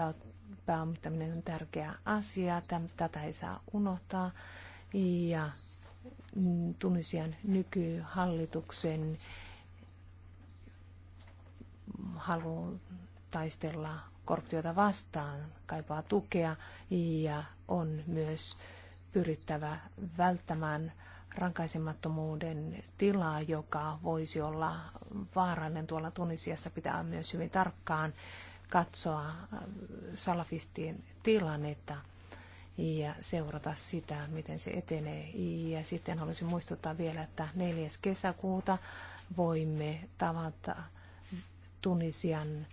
pääomittaminen on tärkeä asia. Tätä ei saa unohtaa. Ja mm, Tunisian nykyhallituksen halu taistella korruptiota vastaan, kaipaa tukea ja on myös pyrittävä välttämään rankaisemattomuuden tilaa, joka voisi olla vaarallinen tuolla Tunisiassa. Pitää myös hyvin tarkkaan katsoa äh, salafistien tilannetta ja seurata sitä, miten se etenee. Ja sitten haluaisin muistuttaa vielä, että 4. kesäkuuta voimme tavata Tunisian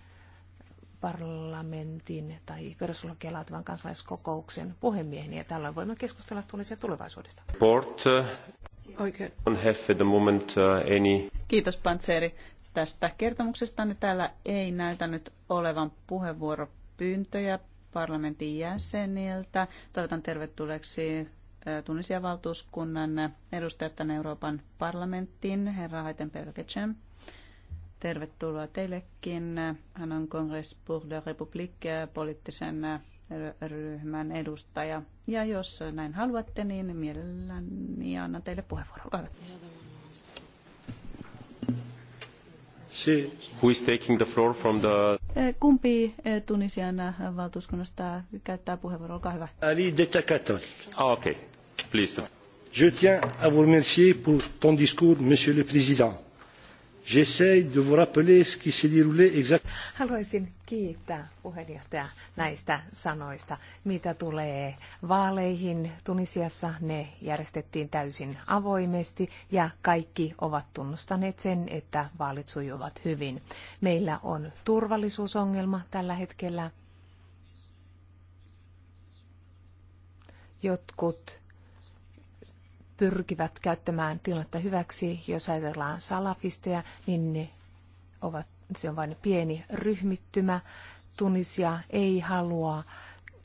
parlamentin tai perustuslakia laativan kansalaiskokouksen puhemiehen ja tällöin voimme keskustella Tunisian tulevaisuudesta.
Port, uh, Oikein. moment, uh, any...
Kiitos Pantseri tästä kertomuksesta. Täällä ei näytä nyt olevan puheenvuoropyyntöjä parlamentin jäseniltä. Toivotan tervetulleeksi uh, Tunisian valtuuskunnan edustajat tänne Euroopan parlamenttiin, herra haitenberg Pelkecem. Tervetuloa teillekin. Hän on Congress pour la République poliittisen ryhmän edustaja. Ja jos näin haluatte, niin mielelläni annan teille puheenvuoron. Olkaa hyvä. the Kumpi Tunisian valtuuskunnasta käyttää puheenvuoron? Olkaa hyvä.
Ali Detakaton. Ah, okay. Please. Je tiens à vous remercier pour ton discours, monsieur le président
de vous rappeler ce qui s'est déroulé exactement. Haluaisin kiittää puheenjohtaja näistä sanoista. Mitä tulee vaaleihin Tunisiassa, ne järjestettiin täysin avoimesti ja kaikki ovat tunnustaneet sen, että vaalit sujuvat hyvin. Meillä on turvallisuusongelma tällä hetkellä. Jotkut pyrkivät käyttämään tilannetta hyväksi. Jos ajatellaan salafisteja, niin ne ovat, se on vain pieni ryhmittymä. Tunisia ei halua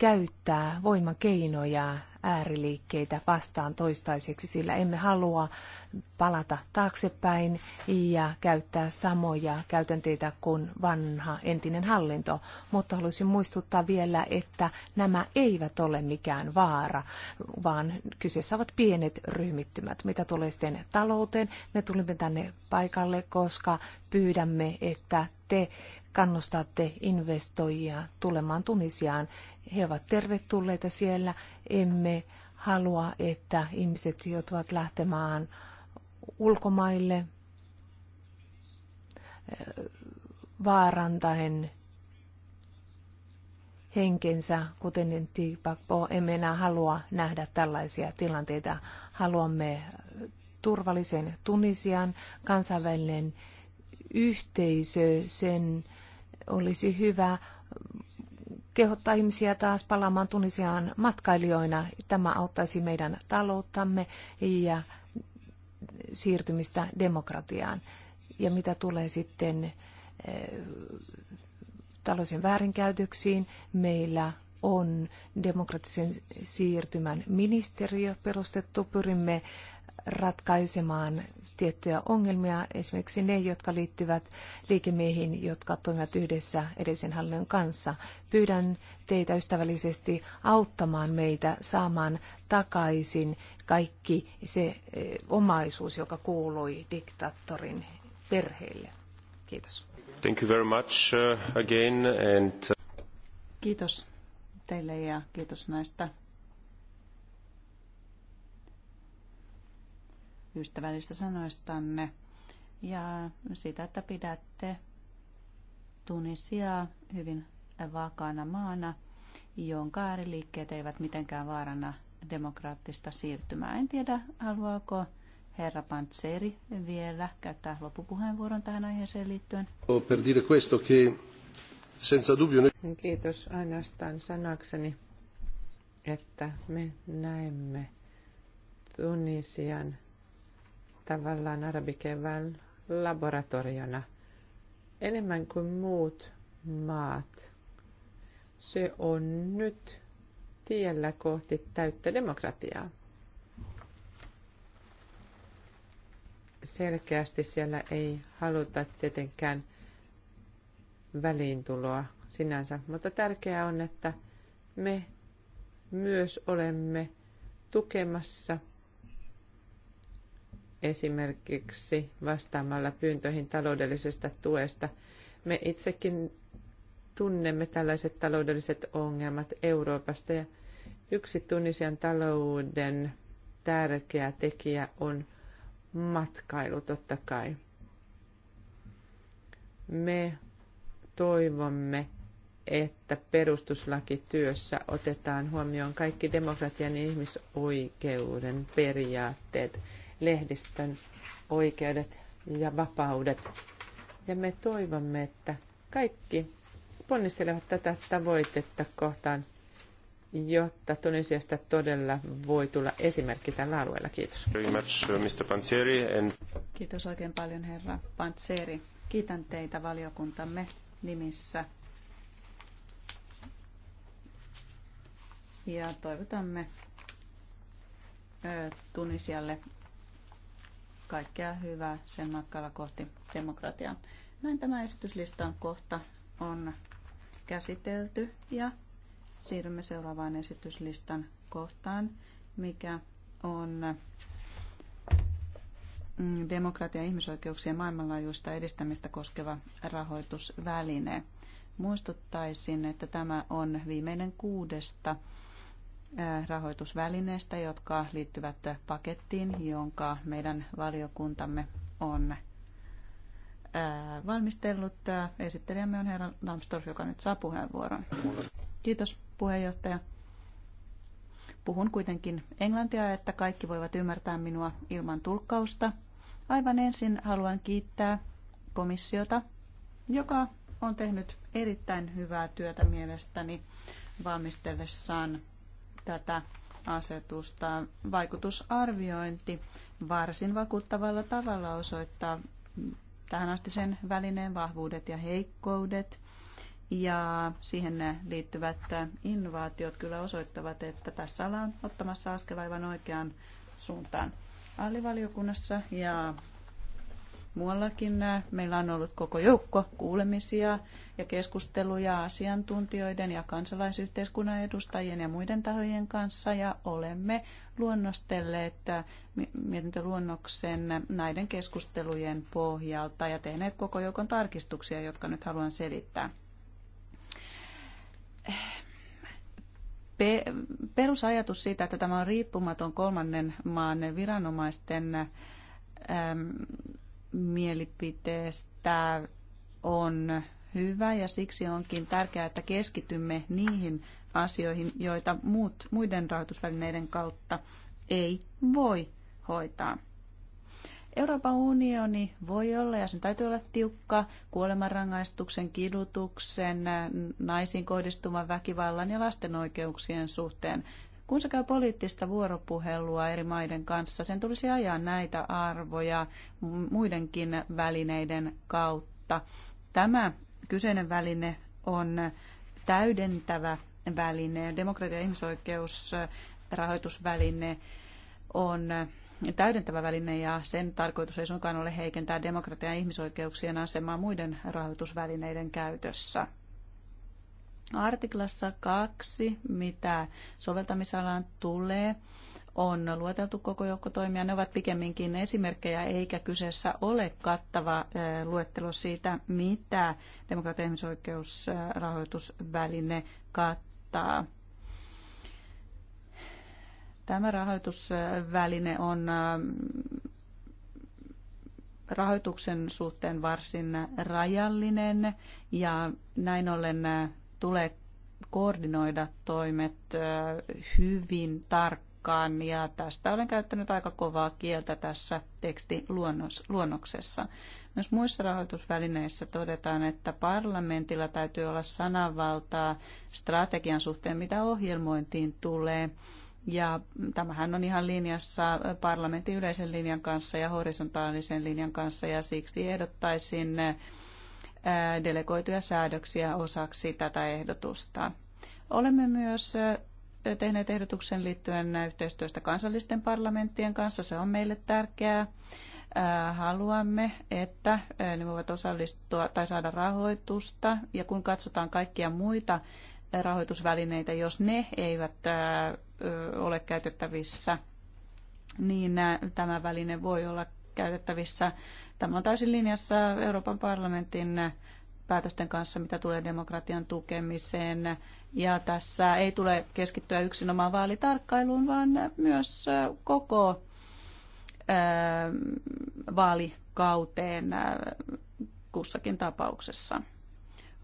käyttää voimakeinoja ääriliikkeitä vastaan toistaiseksi, sillä emme halua palata taaksepäin ja käyttää samoja käytänteitä kuin vanha entinen hallinto. Mutta haluaisin muistuttaa vielä, että nämä eivät ole mikään vaara, vaan kyseessä ovat pienet ryhmittymät. Mitä tulee sitten talouteen, me tulimme tänne paikalle, koska pyydämme, että te kannustatte investoijia tulemaan Tunisiaan. He ovat tervetulleita siellä. Emme halua, että ihmiset joutuvat lähtemään ulkomaille eh, vaarantaen henkensä, kuten Tipakpo. Emme enää halua nähdä tällaisia tilanteita. Haluamme turvallisen Tunisian, kansainvälinen yhteisö, sen olisi hyvä kehottaa ihmisiä taas palaamaan Tunisiaan matkailijoina. Tämä auttaisi meidän talouttamme ja siirtymistä demokratiaan. Ja mitä tulee sitten eh, talouden väärinkäytöksiin, meillä on demokratisen siirtymän ministeriö perustettu. Pyrimme ratkaisemaan tiettyjä ongelmia, esimerkiksi ne, jotka liittyvät liikemiehiin, jotka toimivat yhdessä edellisen hallinnon kanssa. Pyydän teitä ystävällisesti auttamaan meitä saamaan takaisin kaikki se eh, omaisuus, joka kuului diktaattorin perheelle.
Kiitos. Thank you very much uh, again and... Uh, kiitos teille ja kiitos näistä ystävällistä sanoistanne ja sitä, että pidätte Tunisia hyvin vakaana maana, jonka ääriliikkeet eivät mitenkään vaarana demokraattista siirtymää. En tiedä, haluaako herra Pantseri vielä käyttää loppupuheenvuoron tähän aiheeseen liittyen. Per dire questo che senza dubbio...
Kiitos ainoastaan sanakseni, että me näemme Tunisian tavallaan arabikevään laboratoriona enemmän kuin muut maat. Se on nyt tiellä kohti täyttä demokratiaa. Selkeästi siellä ei haluta tietenkään väliintuloa sinänsä, mutta tärkeää on, että me myös olemme tukemassa – esimerkiksi vastaamalla pyyntöihin taloudellisesta tuesta. Me itsekin tunnemme tällaiset taloudelliset ongelmat Euroopasta ja yksi Tunisian talouden tärkeä tekijä on matkailu totta kai. Me toivomme, että perustuslakityössä otetaan huomioon kaikki demokratian ja ihmisoikeuden periaatteet lehdistön oikeudet ja vapaudet. Ja me toivomme, että kaikki ponnistelevat tätä tavoitetta kohtaan, jotta Tunisiasta todella voi tulla esimerkki tällä alueella. Kiitos. Uh,
Kiitos oikein paljon herra Pantseri. Kiitän teitä valiokuntamme nimissä. Ja toivotamme Tunisialle kaikkea hyvää sen matkalla kohti demokratiaa. Näin tämä esityslistan kohta on käsitelty ja siirrymme seuraavaan esityslistan kohtaan, mikä on mm, demokratia- ja ihmisoikeuksien maailmanlaajuista edistämistä koskeva rahoitusväline. Muistuttaisin, että tämä on viimeinen kuudesta rahoitusvälineistä, jotka liittyvät pakettiin, jonka meidän valiokuntamme on valmistellut. Esittelijämme on herra Lambsdorff, joka nyt saa puheenvuoron. Kiitos puheenjohtaja. Puhun kuitenkin englantia, että kaikki voivat ymmärtää minua ilman tulkkausta. Aivan ensin haluan kiittää komissiota, joka on tehnyt erittäin hyvää työtä mielestäni valmistellessaan tätä asetusta. Vaikutusarviointi varsin vakuuttavalla tavalla osoittaa tähän asti sen välineen vahvuudet ja heikkoudet. Ja siihen liittyvät innovaatiot kyllä osoittavat, että tässä ollaan ottamassa askel aivan oikeaan suuntaan. Alivaliokunnassa ja muuallakin. Äh, meillä on ollut koko joukko kuulemisia ja keskusteluja asiantuntijoiden ja kansalaisyhteiskunnan edustajien ja muiden tahojen kanssa ja olemme luonnostelleet äh, mietintöluonnoksen näiden keskustelujen pohjalta ja tehneet koko joukon tarkistuksia, jotka nyt haluan selittää. Perusajatus siitä, että tämä on riippumaton kolmannen maan viranomaisten mielipiteestä on hyvä ja siksi onkin tärkeää, että keskitymme niihin asioihin, joita muut, muiden rahoitusvälineiden kautta ei voi hoitaa. Euroopan unioni voi olla ja sen täytyy olla tiukka kuolemanrangaistuksen, kidutuksen, naisiin kohdistuvan väkivallan ja lasten oikeuksien suhteen. Kun se käy poliittista vuoropuhelua eri maiden kanssa, sen tulisi ajaa näitä arvoja muidenkin välineiden kautta. Tämä kyseinen väline on täydentävä väline, demokratia- ja ihmisoikeusrahoitusväline on täydentävä väline ja sen tarkoitus ei suinkaan ole heikentää demokratia- ja ihmisoikeuksien asemaa muiden rahoitusvälineiden käytössä. Artiklassa kaksi, mitä soveltamisalaan tulee, on lueteltu koko joukko toimia. Ne ovat pikemminkin esimerkkejä, eikä kyseessä ole kattava eh, luettelo siitä, mitä demokratia- ja ihmisoikeusrahoitusväline kattaa. Tämä rahoitusväline on eh, rahoituksen suhteen varsin rajallinen ja näin ollen eh, tulee koordinoida toimet hyvin tarkkaan ja tästä olen käyttänyt aika kovaa kieltä tässä tekstiluonnoksessa. Myös muissa rahoitusvälineissä todetaan, että parlamentilla täytyy olla sananvaltaa strategian suhteen, mitä ohjelmointiin tulee. Ja tämähän on ihan linjassa parlamentin yleisen linjan kanssa ja horisontaalisen linjan kanssa ja siksi ehdottaisin delegoituja säädöksiä osaksi tätä ehdotusta. Olemme myös tehneet ehdotuksen liittyen yhteistyöstä kansallisten parlamenttien kanssa. Se on meille tärkeää. Haluamme, että ne voivat osallistua tai saada rahoitusta. Ja kun katsotaan kaikkia muita rahoitusvälineitä, jos ne eivät ole käytettävissä, niin tämä väline voi olla käytettävissä Tämä on täysin linjassa Euroopan parlamentin päätösten kanssa, mitä tulee demokratian tukemiseen. Ja tässä ei tule keskittyä yksinomaan vaalitarkkailuun, vaan myös koko ähm, vaalikauteen äh, kussakin tapauksessa.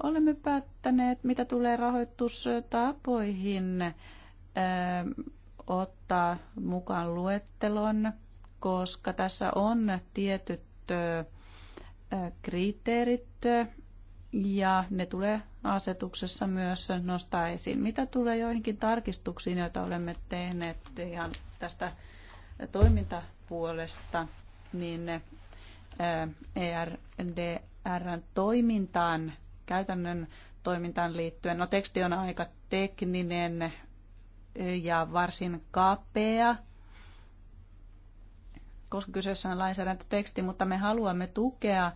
Olemme päättäneet, mitä tulee rahoitustapoihin, ähm, ottaa mukaan luettelon, koska tässä on tietyt kriteerit ja ne tulee asetuksessa myös nostaa esiin. Mitä tulee joihinkin tarkistuksiin, joita olemme tehneet ihan tästä toimintapuolesta, niin ne ERDRn toimintaan, käytännön toimintaan liittyen. No teksti on aika tekninen ja varsin kapea koska kyseessä on lainsäädäntöteksti, mutta me haluamme tukea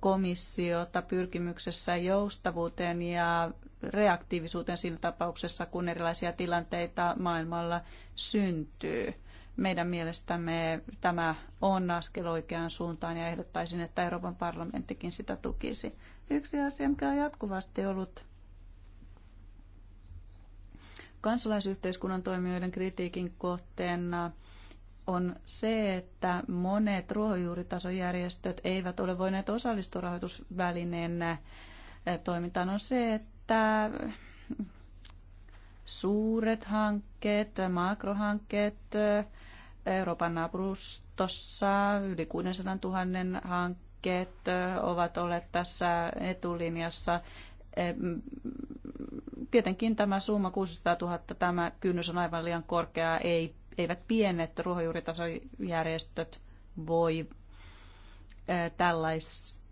komissiota pyrkimyksessä joustavuuteen ja reaktiivisuuteen siinä tapauksessa, kun erilaisia tilanteita maailmalla syntyy. Meidän mielestämme tämä on askel oikeaan suuntaan ja ehdottaisin, että Euroopan parlamenttikin sitä tukisi. Yksi asia, mikä on jatkuvasti ollut kansalaisyhteiskunnan toimijoiden kritiikin kohteena, on se, että monet ruohonjuuritasojärjestöt eivät ole voineet osallistua rahoitusvälineen toimintaan, on se, että suuret hankkeet, makrohankkeet, Euroopan naapurustossa yli 600 000 hankkeet ovat olleet tässä etulinjassa. Tietenkin tämä summa 600 000, tämä kynnys on aivan liian korkea, ei eivät pienet ruohonjuuritasojärjestöt voi tällaista,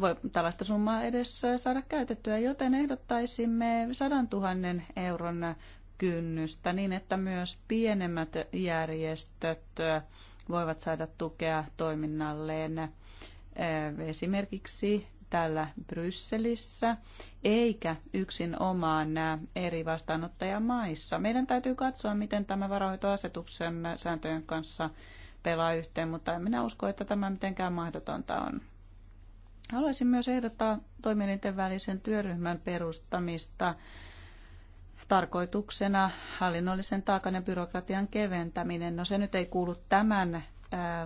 voi tällaista summaa edes saada käytettyä, joten ehdottaisimme 100 000 euron kynnystä niin, että myös pienemmät järjestöt voivat saada tukea toiminnalleen. Esimerkiksi täällä Brysselissä, eikä yksin omaan nämä eri vastaanottajamaissa. Meidän täytyy katsoa, miten tämä varoitoasetuksen sääntöjen kanssa pelaa yhteen, mutta en minä usko, että tämä mitenkään mahdotonta on. Haluaisin myös ehdottaa toimielinten välisen työryhmän perustamista tarkoituksena hallinnollisen taakan ja byrokratian keventäminen. No se nyt ei kuulu tämän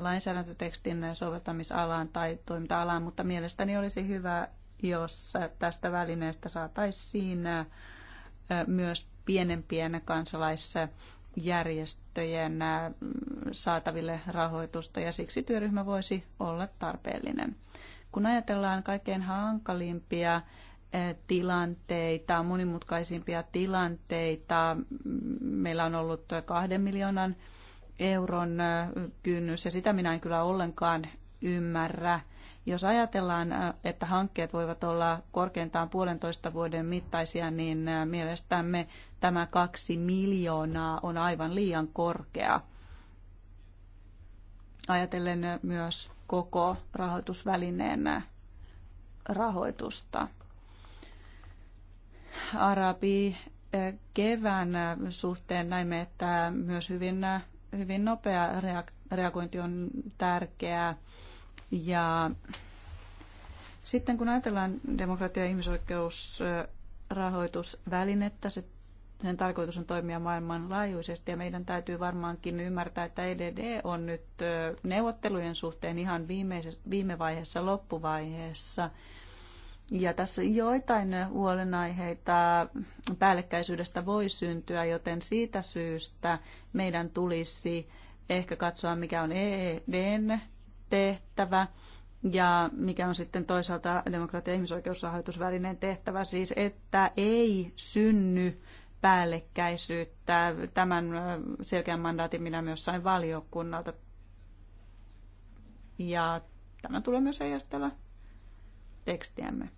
lainsäädäntötekstin soveltamisalaan tai toiminta-alaan, mutta mielestäni olisi hyvä, jos tästä välineestä saataisiin myös pienempien kansalaisjärjestöjen saataville rahoitusta ja siksi työryhmä voisi olla tarpeellinen. Kun ajatellaan kaikkein hankalimpia tilanteita, monimutkaisimpia tilanteita, meillä on ollut kahden miljoonan euron kynnys, ja sitä minä en kyllä ollenkaan ymmärrä. Jos ajatellaan, että hankkeet voivat olla korkeintaan puolentoista vuoden mittaisia, niin mielestämme tämä kaksi miljoonaa on aivan liian korkea. Ajatellen myös koko rahoitusvälineen rahoitusta. Arabi kevään suhteen näimme, että myös hyvin hyvin nopea reagointi on tärkeää. Ja sitten kun ajatellaan demokratia- ja ihmisoikeusrahoitusvälinettä, se sen tarkoitus on toimia maailmanlaajuisesti ja meidän täytyy varmaankin ymmärtää, että EDD on nyt neuvottelujen suhteen ihan viime vaiheessa, loppuvaiheessa. Ja tässä joitain huolenaiheita päällekkäisyydestä voi syntyä, joten siitä syystä meidän tulisi ehkä katsoa, mikä on EEDn tehtävä ja mikä on sitten toisaalta demokratia- ja ihmisoikeusrahoitusvälineen tehtävä, siis että ei synny päällekkäisyyttä. Tämän selkeän mandaatin minä myös sain valiokunnalta. Ja tämä tulee myös heijastella tekstiämme.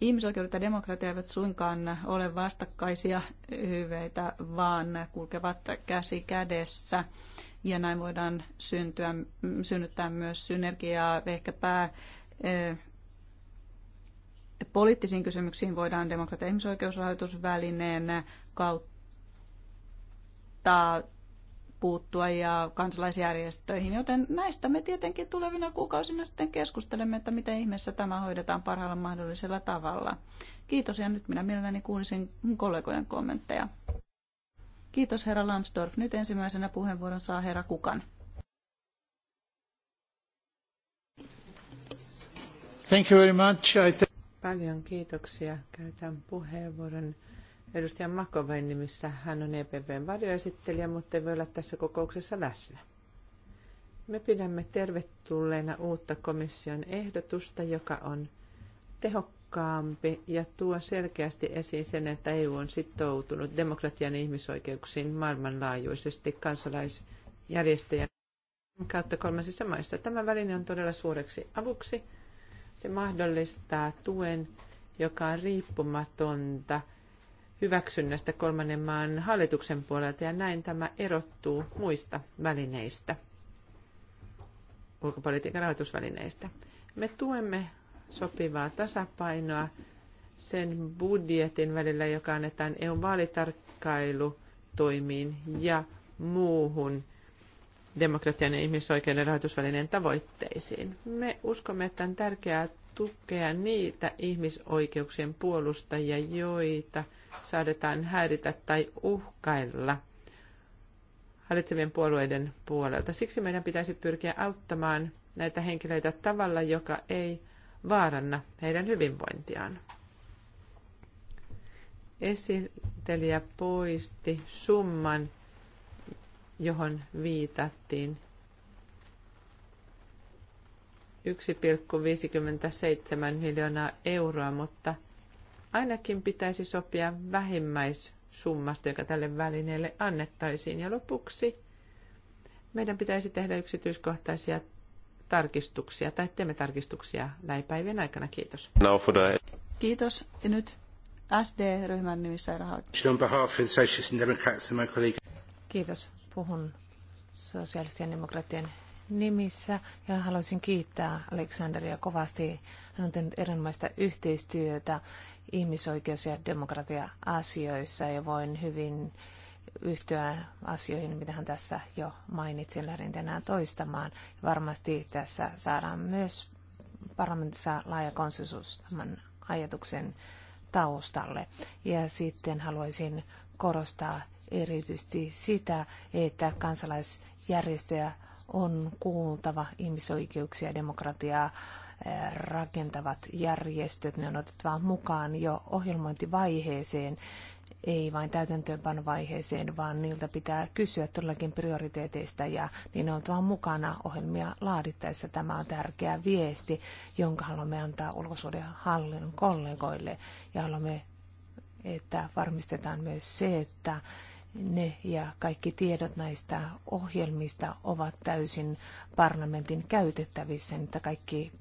Ihmisoikeudet ja demokratia eivät suinkaan ole vastakkaisia hyveitä, vaan kulkevat käsi kädessä. Ja näin voidaan syntyä, synnyttää myös synergiaa, ehkäpä poliittisiin kysymyksiin voidaan demokratia- ja ihmisoikeusrahoitusvälineen kautta puuttua ja kansalaisjärjestöihin, joten näistä me tietenkin tulevina kuukausina sitten keskustelemme, että miten ihmeessä tämä hoidetaan parhaalla mahdollisella tavalla. Kiitos ja nyt minä mielelläni kuulisin kollegojen kommentteja. Kiitos herra Lambsdorff. Nyt ensimmäisenä puheenvuoron saa herra Kukan. Thank you very much. I Paljon kiitoksia. Käytän puheenvuoron
edustaja Makoven nimissä. Hän on EPPn varjoesittelijä, mutta ei voi olla tässä kokouksessa läsnä. Me pidämme tervetulleena uutta komission ehdotusta, joka on tehokkaampi ja tuo selkeästi esiin sen, että EU on sitoutunut demokratian ja ihmisoikeuksiin maailmanlaajuisesti kansalaisjärjestöjen kautta kolmansissa maissa. Tämä väline on todella suureksi avuksi. Se mahdollistaa tuen, joka on riippumatonta – hyväksynnästä kolmannen maan hallituksen puolelta ja näin tämä erottuu muista välineistä, ulkopolitiikan rahoitusvälineistä. Me tuemme sopivaa tasapainoa sen budjetin välillä, joka annetaan EUn vaalitarkkailutoimiin ja muuhun demokratian ja ihmisoikeuden rahoitusvälineen tavoitteisiin. Me uskomme, että on tärkeää tukea niitä ihmisoikeuksien puolustajia, joita saadetaan häiritä tai uhkailla hallitsevien puolueiden puolelta. Siksi meidän pitäisi pyrkiä auttamaan näitä henkilöitä tavalla, joka ei vaaranna heidän hyvinvointiaan. Esittelijä poisti summan, johon viitattiin 1,57 miljoonaa euroa, mutta ainakin pitäisi sopia vähimmäissummasta, joka tälle välineelle annettaisiin. Ja lopuksi meidän pitäisi tehdä yksityiskohtaisia tarkistuksia, tai teemme tarkistuksia läipäivien aikana. Kiitos.
Kiitos. Ja nyt SD-ryhmän nimissä Kiitos. Puhun
sosiaalisten demokratian nimissä ja haluaisin kiittää Aleksanderia kovasti. Hän on tehnyt erinomaista yhteistyötä ihmisoikeus- ja demokratia-asioissa ja voin hyvin yhtyä asioihin, mitä hän tässä jo mainitsi lähdin tänään toistamaan. Varmasti tässä saadaan myös parlamentissa laaja konsensus tämän ajatuksen taustalle. Ja sitten haluaisin korostaa erityisesti sitä, että kansalaisjärjestöjä on kuultava ihmisoikeuksia ja demokratiaa eh, rakentavat järjestöt. Ne on otettava mukaan jo ohjelmointivaiheeseen, ei vain täytäntöönpanovaiheeseen, vaan niiltä pitää kysyä todellakin prioriteeteista ja niin on oltava mukana ohjelmia laadittaessa. Tämä on tärkeä viesti, jonka haluamme antaa hallinnon kollegoille ja haluamme, että varmistetaan myös se, että ne ja kaikki tiedot näistä ohjelmista ovat täysin parlamentin käytettävissä, niin että kaikki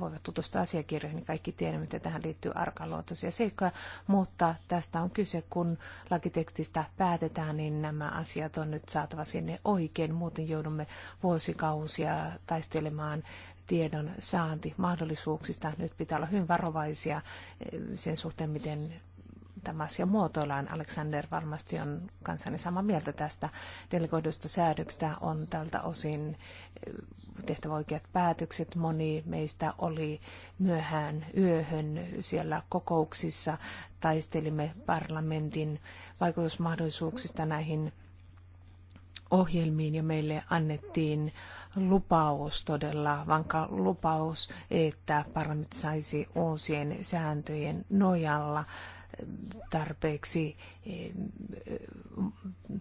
voivat tutustua asiakirjoihin, niin kaikki tiedämme, että tähän liittyy arkaluontoisia seikkoja, mutta tästä on kyse, kun lakitekstistä päätetään, niin nämä asiat on nyt saatava sinne oikein, muuten joudumme vuosikausia taistelemaan tiedon saanti mahdollisuuksista. Nyt pitää olla hyvin varovaisia eh, sen suhteen, miten tämä asia muotoillaan. Alexander varmasti on kanssani samaa mieltä tästä delegoidusta säädöksestä. On tältä osin eh, tehtävä oikeat päätökset. Moni meistä oli myöhään yöhön siellä kokouksissa. Taistelimme parlamentin vaikutusmahdollisuuksista näihin ohjelmiin ja meille annettiin lupaus, todella vankka lupaus, että parlamentti saisi uusien sääntöjen nojalla tarpeeksi eh,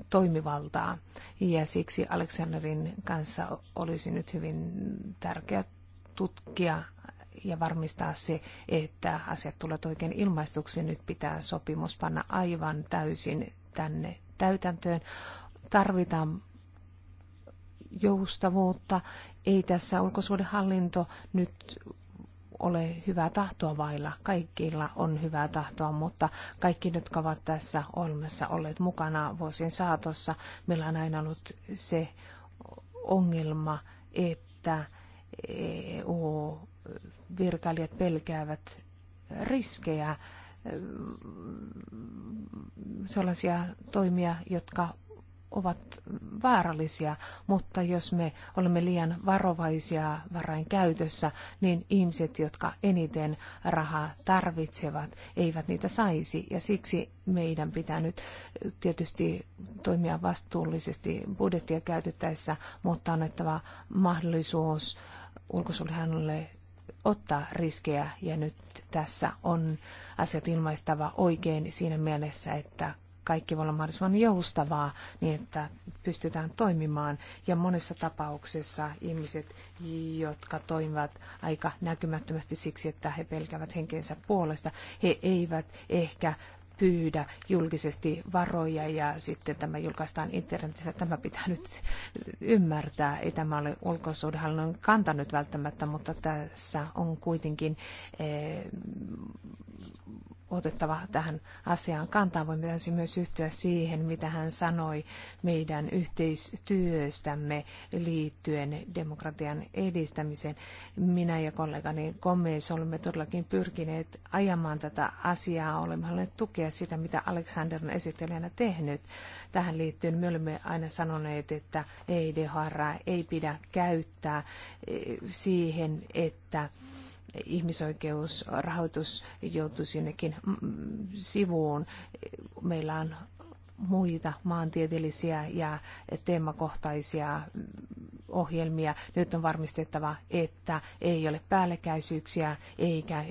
toimivaltaa. Ja siksi Aleksanderin kanssa olisi nyt hyvin tärkeä tutkia ja varmistaa se, että asiat tulevat oikein ilmaistuksi. Nyt pitää sopimus panna aivan täysin tänne täytäntöön. Tarvitaan joustavuutta. Ei tässä ulkosuudenhallinto nyt ole hyvää tahtoa vailla. Kaikilla on hyvää tahtoa, mutta kaikki, jotka ovat tässä olemassa olleet mukana vuosien saatossa, meillä on aina ollut se ongelma, että EU-virkailijat pelkäävät riskejä, sellaisia toimia, jotka ovat vaarallisia, mutta jos me olemme liian varovaisia varain käytössä, niin ihmiset, jotka eniten rahaa tarvitsevat, eivät niitä saisi. Ja siksi meidän pitää nyt tietysti toimia vastuullisesti budjettia käytettäessä, mutta annettava mahdollisuus ulkosuulihannolle ottaa riskejä ja nyt tässä on asiat ilmaistava oikein siinä mielessä, että kaikki voi olla mahdollisimman joustavaa niin, että pystytään toimimaan. Ja monessa tapauksessa ihmiset, jotka toimivat aika näkymättömästi siksi, että he pelkävät henkensä puolesta, he eivät ehkä pyydä julkisesti varoja ja sitten tämä julkaistaan internetissä. Tämä pitää nyt ymmärtää. Ei tämä ole ulkosuudenhallinnon kanta nyt välttämättä, mutta tässä on kuitenkin eh, otettava tähän asiaan kantaa. Voimme täysin myös yhtyä siihen, mitä hän sanoi meidän yhteistyöstämme liittyen demokratian edistämiseen. Minä ja kollegani Gomez olemme todellakin pyrkineet ajamaan tätä asiaa. Olemme halunneet tukea sitä, mitä Alexander on esittelijänä tehnyt. Tähän liittyen me olemme aina sanoneet, että ei DHR ei pidä käyttää eh, siihen, että ihmisoikeusrahoitus joutuisi jonnekin mm, sivuun. Meillä on muita maantieteellisiä ja teemakohtaisia ohjelmia. Nyt on varmistettava, että ei ole päällekkäisyyksiä eikä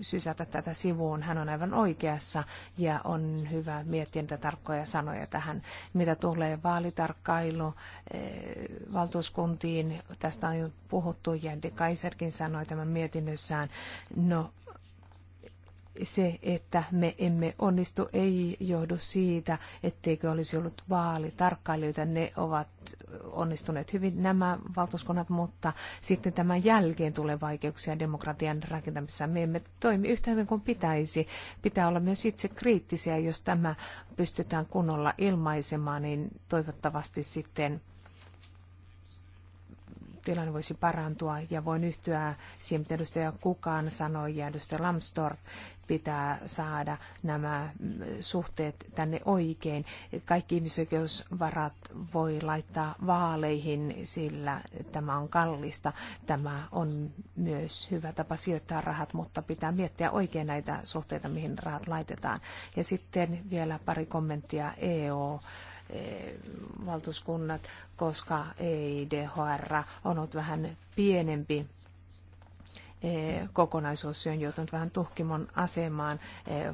sysätä tätä sivuun. Hän on aivan oikeassa ja on hyvä miettiä niitä tarkkoja sanoja tähän, mitä tulee vaalitarkkailu eh, valtuuskuntiin. Tästä on jo puhuttu ja De Kaiserkin sanoi tämän mietinnössään. No, se, että me emme onnistu, ei johdu siitä, etteikö olisi ollut vaalitarkkailijoita. Ne ovat onnistuneet hyvin nämä valtuuskunnat, mutta sitten tämän jälkeen tulee vaikeuksia demokratian rakentamisessa. Me emme toimi yhtä hyvin kuin pitäisi. Pitää olla myös itse kriittisiä, jos tämä pystytään kunnolla ilmaisemaan, niin toivottavasti sitten tilanne voisi parantua ja voin yhtyä siihen, mitä edustaja Kukaan sanoi ja edustaja Lambsdorff pitää saada nämä suhteet tänne oikein. Kaikki ihmisoikeusvarat voi laittaa vaaleihin, sillä tämä on kallista. Tämä on myös hyvä tapa sijoittaa rahat, mutta pitää miettiä oikein näitä suhteita, mihin rahat laitetaan. Ja sitten vielä pari kommenttia EU Eh, valtuuskunnat, koska EIDHR on ollut vähän pienempi Eh, kokonaisuus on joutunut vähän tuhkimon asemaan eh,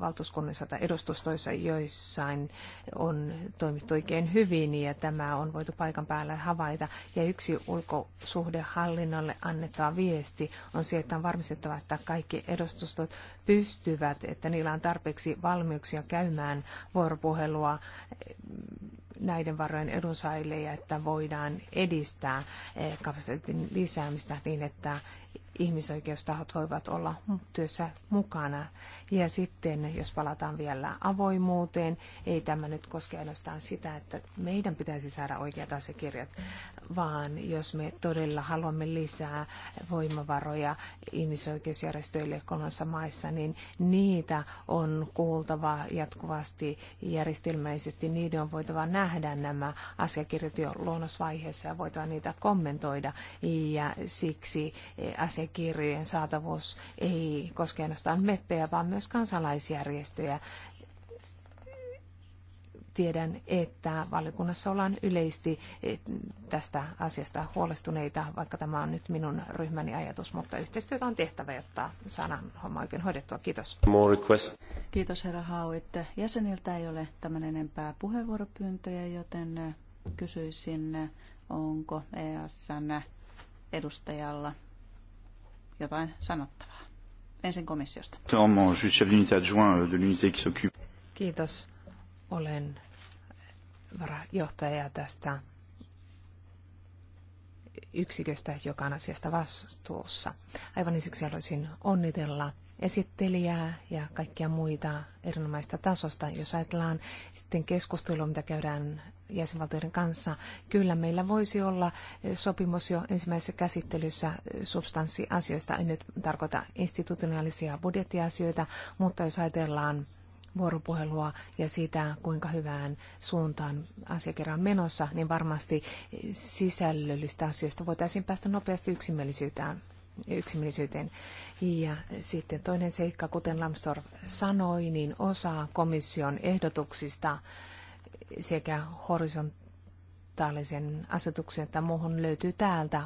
valtuuskunnissa tai edustustoissa, joissain on toimittu oikein hyvin ja tämä on voitu paikan päällä havaita. Ja yksi ulkosuhdehallinnolle annettava viesti on se, että on varmistettava, että kaikki edustustot pystyvät, että niillä on tarpeeksi valmiuksia käymään vuoropuhelua eh, näiden varojen edunsaajille ja että voidaan edistää kapasiteetin lisäämistä niin, että ihmisoikeustahot voivat olla työssä mukana. Ja sitten, jos palataan vielä avoimuuteen, ei tämä nyt koske ainoastaan sitä, että meidän pitäisi saada oikeat asiakirjat vaan jos me todella haluamme lisää voimavaroja ihmisoikeusjärjestöille kolmansissa maissa, niin niitä on kuultava jatkuvasti järjestelmällisesti. Niiden on voitava nähdä nämä asiakirjat jo luonnosvaiheessa ja voitava niitä kommentoida. Ja siksi asiakirjojen saatavuus ei koske ainoastaan meppejä, vaan myös kansalaisjärjestöjä Tiedän, että valiokunnassa ollaan yleisesti eh, tästä asiasta huolestuneita, vaikka tämä on nyt minun ryhmäni
ajatus, mutta yhteistyötä on
tehtävä, jotta saadaan
homma oikein hoidettua. Kiitos. Kiitos herra että Jäseniltä ei ole tämän enempää puheenvuoropyyntöjä, joten eh, kysyisin, eh, onko ESN edustajalla jotain sanottavaa. Ensin komissiosta. Euh,
Kiitos. Olen varajohtaja tästä yksiköstä, joka on asiasta vastuussa. Aivan siksi haluaisin onnitella esittelijää ja kaikkia muita erinomaista tasosta. Jos ajatellaan sitten keskustelua, mitä käydään jäsenvaltioiden kanssa, kyllä meillä voisi olla sopimus jo ensimmäisessä käsittelyssä substanssiasioista. En nyt tarkoita institutionaalisia budjettiasioita, mutta jos ajatellaan vuoropuhelua ja sitä, kuinka hyvään suuntaan asiakirja on menossa, niin varmasti sisällöllistä asioista voitaisiin päästä nopeasti yksimielisyyteen. yksimielisyyteen. Ja sitten toinen seikka, kuten Lamstor sanoi, niin osa komission ehdotuksista sekä horisontti digitaalisen asetuksen, että muuhun löytyy täältä.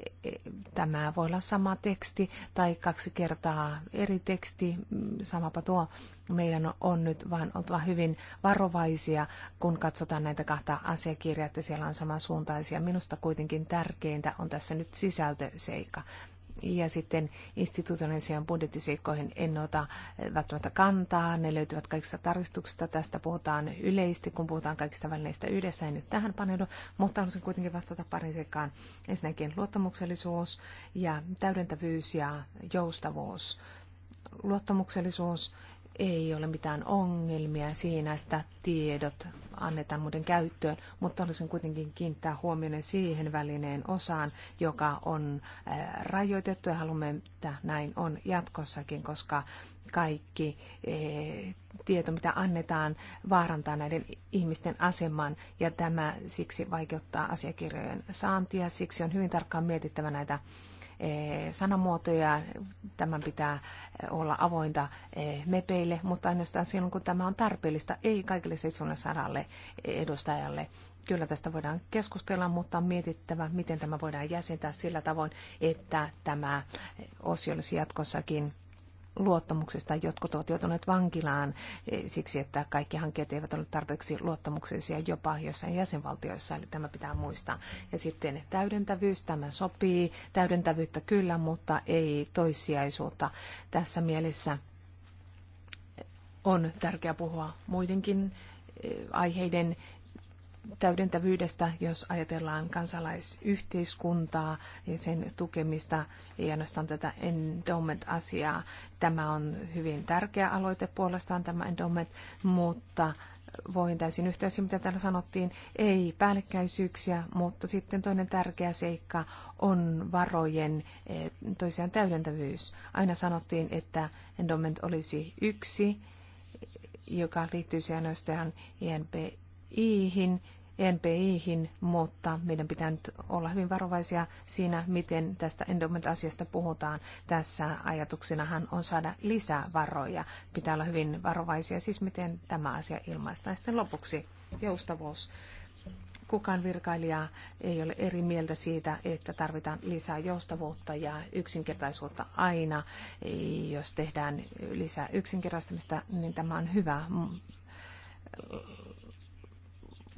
E, e, tämä voi olla sama teksti tai kaksi kertaa eri teksti, mm, samapa tuo. Meidän on nyt vain oltava hyvin varovaisia, kun katsotaan näitä kahta asiakirjaa, että siellä on samansuuntaisia. Minusta kuitenkin tärkeintä on tässä nyt sisältöseika. Ja sitten institutionaalisiin budjettiseikkoihin en ota eh, välttämättä kantaa. Ne löytyvät kaikista tarkistuksista. Tästä puhutaan yleisesti, kun puhutaan kaikista välineistä yhdessä. En nyt tähän paneudu, mutta haluaisin kuitenkin vastata parin seikkaan. Ensinnäkin luottamuksellisuus ja täydentävyys ja joustavuus. Luottamuksellisuus ei ole mitään ongelmia siinä, että tiedot annetaan muiden käyttöön, mutta haluaisin kuitenkin kiinnittää huomioon siihen välineen osaan, joka on äh, rajoitettu ja haluamme, että näin on jatkossakin, koska kaikki äh, tieto, mitä annetaan, vaarantaa näiden ihmisten aseman ja tämä siksi vaikeuttaa asiakirjojen saantia. Siksi on hyvin tarkkaan mietittävä näitä Eh, sanamuotoja. Tämän pitää eh, olla avointa eh, mepeille, mutta ainoastaan silloin, kun tämä on tarpeellista, ei kaikille 700 edustajalle. Kyllä tästä voidaan keskustella, mutta on mietittävä, miten tämä voidaan jäsentää sillä tavoin, että tämä osio olisi jatkossakin luottamuksesta. Jotkut ovat joutuneet vankilaan eh, siksi, että kaikki hankkeet eivät ole tarpeeksi luottamuksellisia jopa jossain jäsenvaltioissa, eli tämä pitää muistaa. Ja sitten täydentävyys, tämä sopii. Täydentävyyttä kyllä, mutta ei toissijaisuutta. Tässä mielessä on tärkeää puhua muidenkin eh, aiheiden täydentävyydestä, jos ajatellaan kansalaisyhteiskuntaa ja sen tukemista, ei ainoastaan tätä endowment-asiaa. Tämä on hyvin tärkeä aloite puolestaan tämä endowment, mutta voin täysin yhtyä mitä täällä sanottiin, ei päällekkäisyyksiä, mutta sitten toinen tärkeä seikka on varojen eh, toisiaan täydentävyys. Aina sanottiin, että endowment olisi yksi, joka liittyisi ainoastaan INP NPI-hin, NPI-hin, mutta meidän pitää nyt olla hyvin varovaisia siinä, miten tästä endometasiasta puhutaan. Tässä ajatuksenahan on saada lisää varoja. Pitää olla hyvin varovaisia siis, miten tämä asia ilmaistaan. Sitten lopuksi joustavuus kukaan virkailija ei ole eri mieltä siitä, että tarvitaan lisää joustavuutta ja yksinkertaisuutta aina. Jos tehdään lisää yksinkertaistamista, niin tämä on hyvä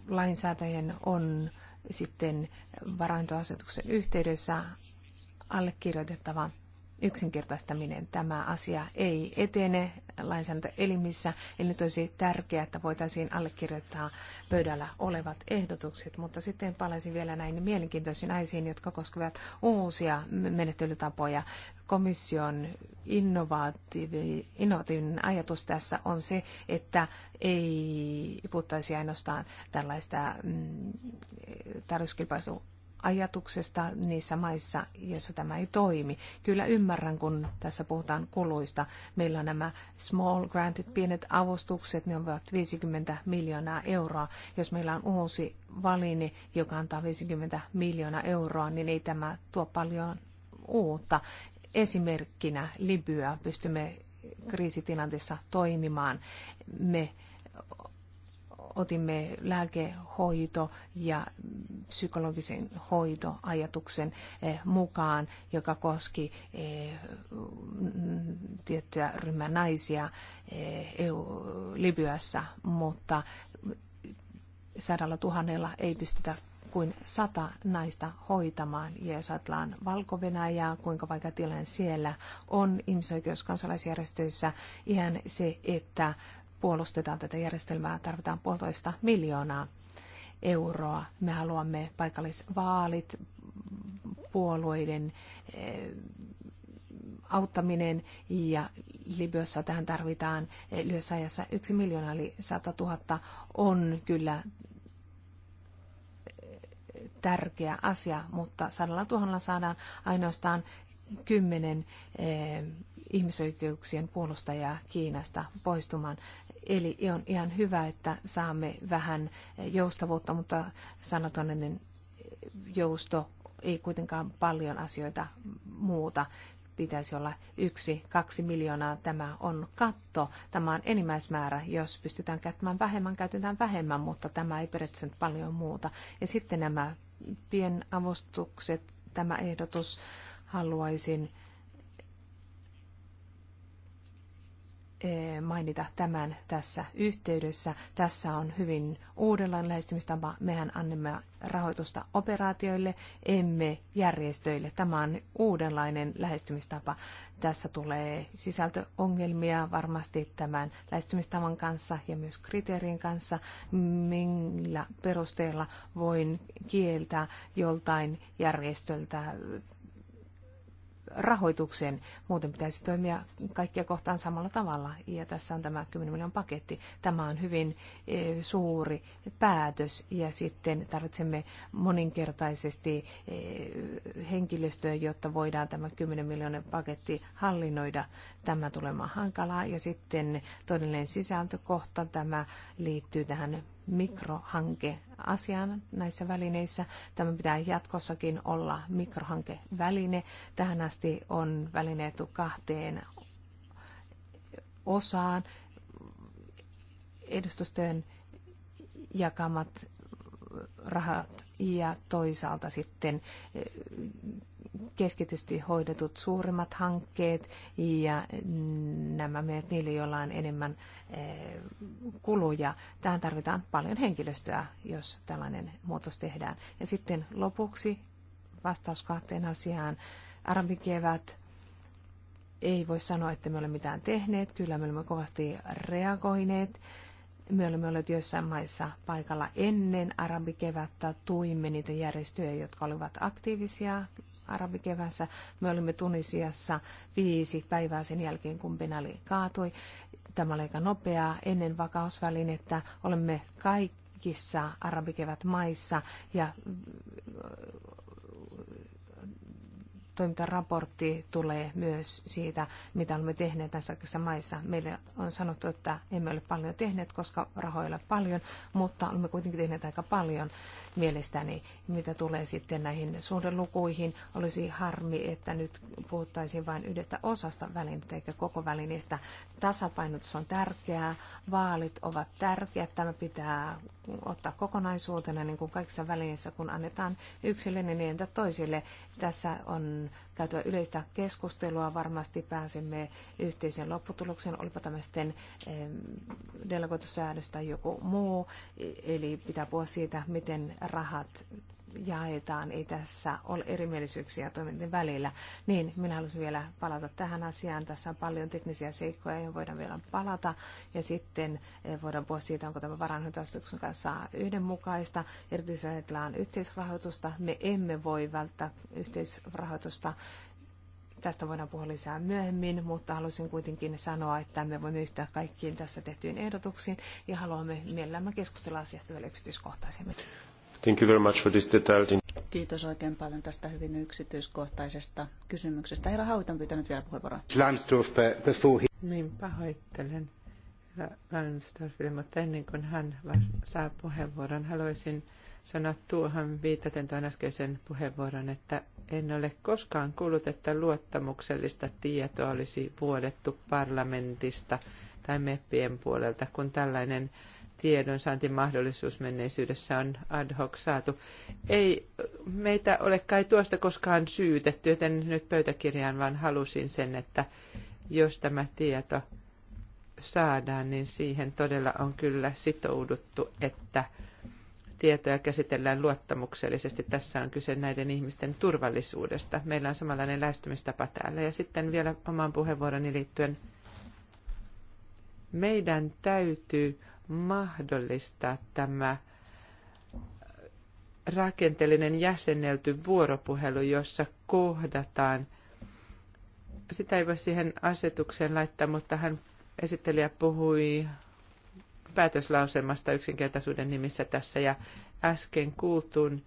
lainsäätäjien on sitten varaintoasetuksen yhteydessä allekirjoitettava yksinkertaistaminen. Tämä asia ei etene lainsäädäntöelimissä, eli nyt olisi tärkeää, että voitaisiin allekirjoittaa pöydällä olevat ehdotukset, mutta sitten palaisin vielä näihin mielenkiintoisiin aisiin, jotka koskevat uusia menettelytapoja. Komission innovatiivi, innovatiivinen ajatus tässä on se, että ei puhuttaisi ainoastaan tällaista mm, tarjouskilpailu ajatuksesta niissä maissa, joissa tämä ei toimi. Kyllä ymmärrän, kun tässä puhutaan kuluista. Meillä on nämä small granted, pienet avustukset, ne ovat 50 miljoonaa euroa. Jos meillä on uusi valini, joka antaa 50 miljoonaa euroa, niin ei tämä tuo paljon uutta. Esimerkkinä Libya pystymme kriisitilanteessa toimimaan. Me otimme lääkehoito ja psykologisen hoitoajatuksen eh, mukaan, joka koski eh, tiettyä ryhmää naisia eh, Libyassa, mutta sadalla tuhannella ei pystytä kuin sata naista hoitamaan. Ja jos ajatellaan valko kuinka vaikka tilanne siellä on ihmisoikeuskansalaisjärjestöissä, ihan se, että puolustetaan tätä järjestelmää, tarvitaan puolitoista miljoonaa euroa. Me haluamme paikallisvaalit, puolueiden eh, auttaminen ja Libyassa tähän tarvitaan eh, lyhyessä ajassa yksi miljoona eli 100 000 on kyllä eh, tärkeä asia, mutta sadalla tuhannella saadaan ainoastaan kymmenen ihmisoikeuksien puolustajaa Kiinasta poistumaan. Eli on ihan hyvä, että saamme vähän joustavuutta, mutta sanotaan, jousto ei kuitenkaan paljon asioita muuta pitäisi olla yksi, kaksi miljoonaa. Tämä on katto, tämä on enimmäismäärä. Jos pystytään käyttämään vähemmän, käytetään vähemmän, mutta tämä ei periaatteessa paljon muuta. Ja sitten nämä pienavustukset, tämä ehdotus haluaisin Eh, mainita tämän tässä yhteydessä. Tässä on hyvin uudenlainen lähestymistapa. Mehän annamme rahoitusta operaatioille, emme järjestöille. Tämä on uudenlainen lähestymistapa. Tässä tulee sisältöongelmia varmasti tämän lähestymistavan kanssa ja myös kriteerien kanssa, millä perusteella voin kieltää joltain järjestöltä rahoitukseen. Muuten pitäisi toimia kaikkia kohtaan samalla tavalla. Ja tässä on tämä 10 miljoonan paketti. Tämä on hyvin eh, suuri päätös. Ja sitten tarvitsemme moninkertaisesti eh, henkilöstöä, jotta voidaan tämä 10 miljoonan paketti hallinnoida. Tämä tulemaan hankalaa. Ja sitten todellinen sisältökohta. Tämä liittyy tähän mikrohanke näissä välineissä. Tämä pitää jatkossakin olla mikrohankeväline. Tähän asti on välineetu kahteen osaan. Edustustojen jakamat rahat ja toisaalta sitten keskitysti hoidetut suurimmat hankkeet ja nämä meidät niille, joilla on enemmän eh, kuluja. Tähän tarvitaan paljon henkilöstöä, jos tällainen muutos tehdään. Ja sitten lopuksi vastaus kahteen asiaan. Arabikevät ei voi sanoa, että me olemme mitään tehneet. Kyllä me olemme kovasti reagoineet. Me olemme olleet joissain maissa paikalla ennen arabikevättä, tuimme niitä järjestöjä, jotka olivat aktiivisia arabikevässä. Me olimme Tunisiassa viisi päivää sen jälkeen, kun Benali kaatui. Tämä oli aika nopeaa ennen vakausvälinettä. Olemme kaikissa arabikevät maissa ja toimintaraportti tulee myös siitä, mitä olemme tehneet tässä kaikissa maissa. Meille on sanottu, että emme ole paljon tehneet, koska rahoja ei ole paljon, mutta olemme kuitenkin tehneet aika paljon mielestäni, mitä tulee sitten näihin suhdelukuihin. Olisi harmi, että nyt puhuttaisiin vain yhdestä osasta välineitä eikä koko välineestä. Tasapainotus on tärkeää, vaalit ovat tärkeät, tämä pitää ottaa kokonaisuutena, niin kuin kaikissa välineissä, kun annetaan yksille, niin entä toisille. Tässä on on käytyä yleistä keskustelua. Varmasti pääsemme yhteiseen lopputulokseen, olipa tämmöisten delegoitusäädös tai joku muu. E, eli pitää puhua siitä, miten rahat jaetaan. Ei tässä ole erimielisyyksiä toimintojen välillä. Niin, minä haluaisin vielä palata tähän asiaan. Tässä on paljon teknisiä seikkoja, joihin voidaan vielä palata. Ja sitten eh, voidaan puhua siitä, onko tämä varanhoitoasetuksen kanssa yhdenmukaista. Erityisesti ajatellaan yhteisrahoitusta. Me emme voi välttää yhteisrahoitusta tästä voidaan puhua lisää myöhemmin, mutta halusin kuitenkin sanoa, että me voimme yhtyä kaikkiin tässä tehtyihin ehdotuksiin ja haluamme mielellämme keskustella asiasta vielä yksityiskohtaisemmin.
Thank you very much for this detailed... Kiitos oikein paljon tästä hyvin yksityiskohtaisesta kysymyksestä. Herra Hauit on pyytänyt vielä puheenvuoroa.
Eh,
niin, pahoittelen
Lansdorfille, mutta ennen kuin hän saa puheenvuoron, haluaisin sanoa tuohon viitaten tuon äskeisen puheenvuoron, että en ole koskaan kuullut, että luottamuksellista tietoa olisi vuodettu parlamentista tai meppien puolelta, kun tällainen tiedonsaantimahdollisuus menneisyydessä on ad hoc saatu. Ei meitä ole kai tuosta koskaan syytetty, joten nyt pöytäkirjaan vaan halusin sen, että jos tämä tieto saadaan, niin siihen todella on kyllä sitouduttu, että tietoja käsitellään luottamuksellisesti. Tässä on kyse näiden ihmisten turvallisuudesta. Meillä on samanlainen lähestymistapa täällä. Ja sitten vielä oman puheenvuoroni liittyen. Meidän täytyy mahdollistaa tämä rakenteellinen jäsennelty vuoropuhelu, jossa kohdataan. Sitä ei voi siihen asetukseen laittaa, mutta hän esittelijä puhui päätöslausemasta yksinkertaisuuden nimissä tässä ja äsken kuultuun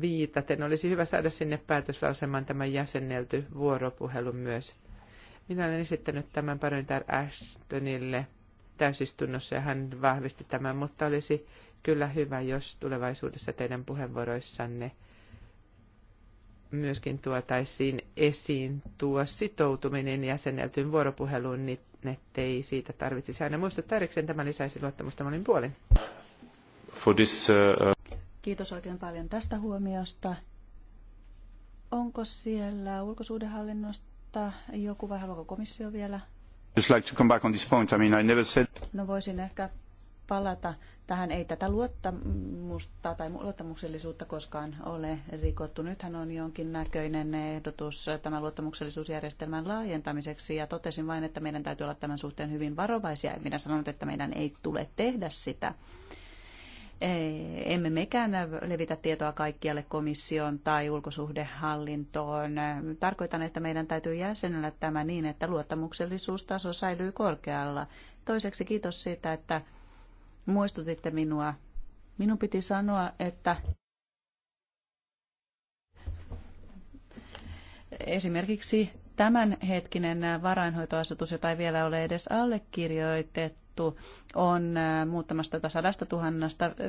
viitaten olisi hyvä saada sinne päätöslausemaan tämä jäsennelty vuoropuhelu myös. Minä olen esittänyt tämän Parentar Ashtonille – täysistunnossa ja hän vahvisti tämän, mutta olisi kyllä hyvä, jos tulevaisuudessa teidän puheenvuoroissanne myöskin tuotaisiin esiin tuo sitoutuminen jäsenneltyyn vuoropuheluun, niin ettei siitä tarvitsisi
aina muistuttaa erikseen. Tämä lisäisi luottamusta monin puolin. For this, uh... Kiitos oikein paljon tästä huomiosta. Onko siellä ulkosuudenhallinnosta joku vai haluaako komissio vielä No voisin ehkä palata tähän. Ei tätä luottamusta tai luottamuksellisuutta koskaan ole rikottu. Nythän on jonkin näköinen ehdotus tämän luottamuksellisuusjärjestelmän laajentamiseksi ja totesin vain, että meidän täytyy olla tämän suhteen hyvin varovaisia. En minä sanonut, että meidän ei tule tehdä sitä. Eh, emme mekään levitä tietoa kaikkialle komissioon tai ulkosuhdehallintoon. Tarkoitan, että meidän täytyy jäsenellä tämä niin, että luottamuksellisuustaso säilyy korkealla. Toiseksi kiitos siitä, että muistutitte minua. Minun piti sanoa, että esimerkiksi tämänhetkinen varainhoitoasetus, jota ei vielä ole edes allekirjoitettu, puhuttu, on muuttamasta 100 000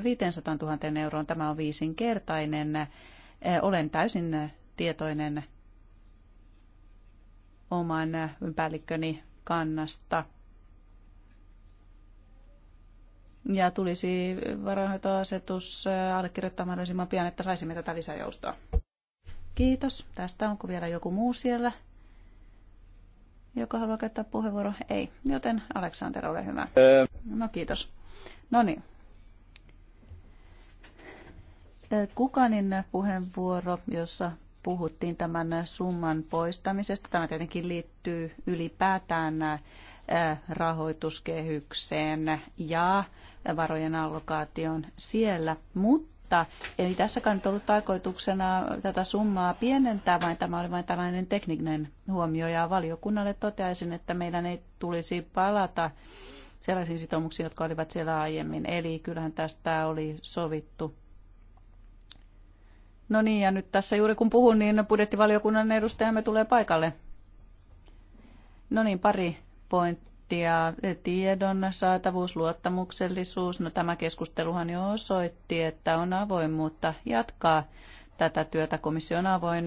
500 000 euroon. Tämä on viisinkertainen. Äh, olen täysin tietoinen oman päällikköni kannasta. Ja tulisi varainhoitoasetus äh, allekirjoittaa mahdollisimman pian, että saisimme tätä lisäjoustoa. Kiitos. Tästä onko vielä joku muu siellä? joka haluaa käyttää puheenvuoro? Ei. Joten Aleksander, ole hyvä. No kiitos. No niin. Kukanin puheenvuoro, jossa puhuttiin tämän summan poistamisesta. Tämä tietenkin liittyy ylipäätään rahoituskehykseen ja varojen allokaation siellä, mutta mutta ei tässäkään nyt ollut tarkoituksena tätä summaa pienentää, vaan tämä oli vain tällainen tekninen huomio. Ja valiokunnalle toteaisin, että meidän ei tulisi palata sellaisiin sitoumuksiin, jotka olivat siellä aiemmin. Eli kyllähän tästä oli sovittu. No niin, ja nyt tässä juuri kun puhun, niin budjettivaliokunnan edustajamme tulee paikalle. No niin, pari pointtia prosenttia. Tiedon saatavuus, luottamuksellisuus, no tämä keskusteluhan jo osoitti, että on avoimuutta jatkaa tätä työtä komission avoin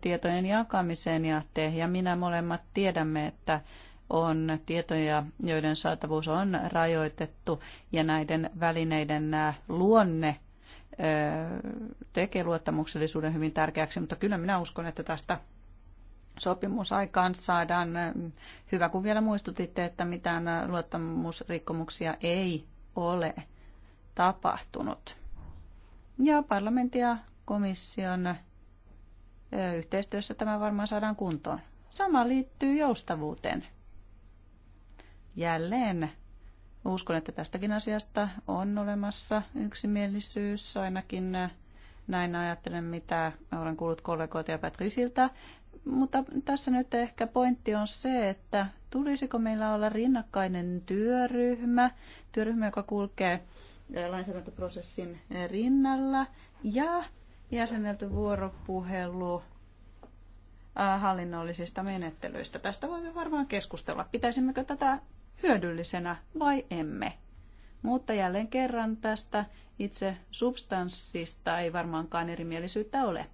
tietojen jakamiseen ja te ja minä molemmat tiedämme, että on tietoja, joiden saatavuus on rajoitettu ja näiden välineiden luonne tekee luottamuksellisuuden hyvin tärkeäksi, mutta kyllä minä uskon, että tästä sopimus saadaan. Hyvä, kun vielä muistutitte, että mitään luottamusrikkomuksia ei ole tapahtunut. Ja parlamentin ja komission yhteistyössä tämä varmaan saadaan kuntoon. Sama liittyy joustavuuteen. Jälleen uskon, että tästäkin asiasta on olemassa yksimielisyys, ainakin näin ajattelen, mitä olen kuullut kollegoita ja Patrisiltä mutta tässä nyt ehkä pointti on se, että tulisiko meillä olla rinnakkainen työryhmä, työryhmä, joka kulkee lainsäädäntöprosessin rinnalla ja jäsenelty vuoropuhelu hallinnollisista menettelyistä. Tästä voimme varmaan keskustella. Pitäisimmekö tätä hyödyllisenä vai emme? Mutta jälleen kerran tästä itse substanssista ei varmaankaan erimielisyyttä ole.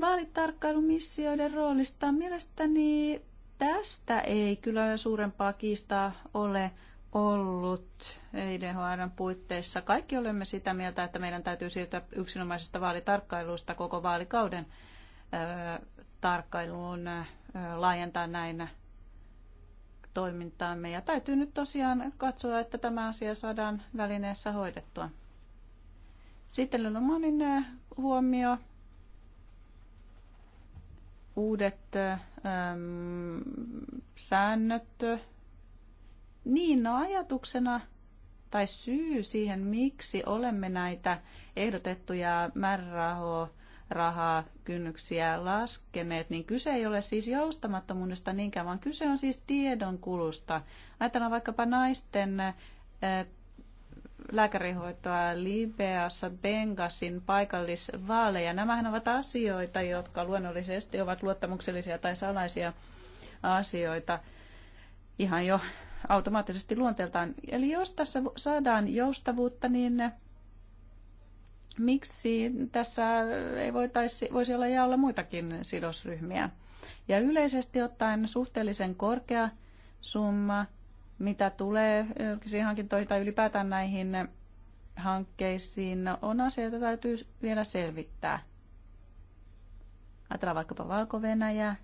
vaalitarkkailumissioiden roolista mielestäni tästä ei kyllä suurempaa kiistaa ole ollut EIDHRn puitteissa. Kaikki olemme sitä mieltä, että meidän täytyy siirtyä yksinomaisesta vaalitarkkailusta koko vaalikauden tarkkailuun, laajentaa näin toimintaamme. Ja täytyy nyt tosiaan katsoa, että tämä asia saadaan välineessä hoidettua. Sitten on huomio uudet äm, säännöt, niin no ajatuksena tai syy siihen, miksi olemme näitä ehdotettuja määrärahoja rahaa, kynnyksiä laskeneet, niin kyse ei ole siis joustamattomuudesta niinkään, vaan kyse on siis tiedonkulusta. Ajatellaan vaikkapa naisten äh, lääkärihoitoa Libeassa, Bengasin paikallisvaaleja. Nämähän ovat asioita, jotka luonnollisesti ovat luottamuksellisia tai salaisia asioita ihan jo automaattisesti luonteeltaan. Eli jos tässä saadaan joustavuutta, niin miksi tässä ei voitaisi, voisi olla ja olla muitakin sidosryhmiä? Ja yleisesti ottaen suhteellisen korkea summa – mitä tulee julkisiin hankintoihin tai ylipäätään näihin hankkeisiin, on asia, jota täytyy vielä selvittää. Ajatellaan vaikkapa valko -Venäjä.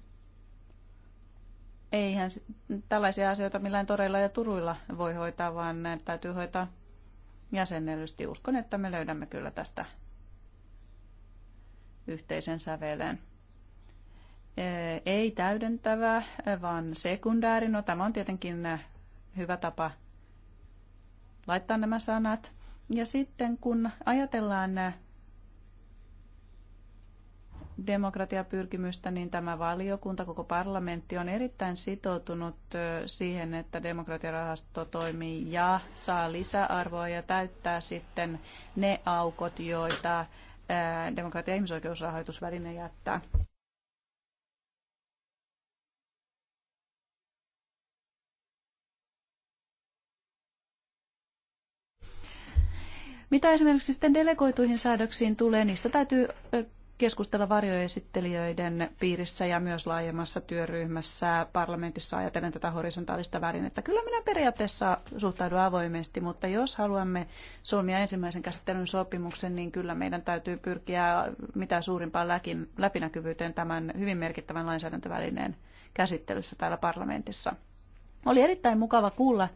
Eihän tällaisia asioita millään toreilla ja turuilla voi hoitaa, vaan näitä täytyy hoitaa jäsennellysti. Uskon, että me löydämme kyllä tästä yhteisen säveleen. Ei täydentävä, vaan sekundääri. No tämä on tietenkin hyvä tapa laittaa nämä sanat. Ja sitten kun ajatellaan äh, demokratiapyrkimystä, niin tämä valiokunta, koko parlamentti on erittäin sitoutunut äh, siihen, että demokratiarahasto toimii ja saa lisäarvoa ja täyttää sitten ne aukot, joita äh, demokratia- ja ihmisoikeusrahoitusväline jättää. Mitä esimerkiksi sitten delegoituihin säädöksiin tulee, niistä täytyy keskustella varjoesittelijöiden piirissä ja myös laajemmassa työryhmässä parlamentissa ajatellen tätä horisontaalista välinettä. Kyllä minä periaatteessa suhtaudun avoimesti, mutta jos haluamme solmia ensimmäisen käsittelyn sopimuksen, niin kyllä meidän täytyy pyrkiä mitä suurimpaan läpinäkyvyyteen tämän hyvin merkittävän lainsäädäntövälineen käsittelyssä täällä parlamentissa. Oli erittäin mukava kuulla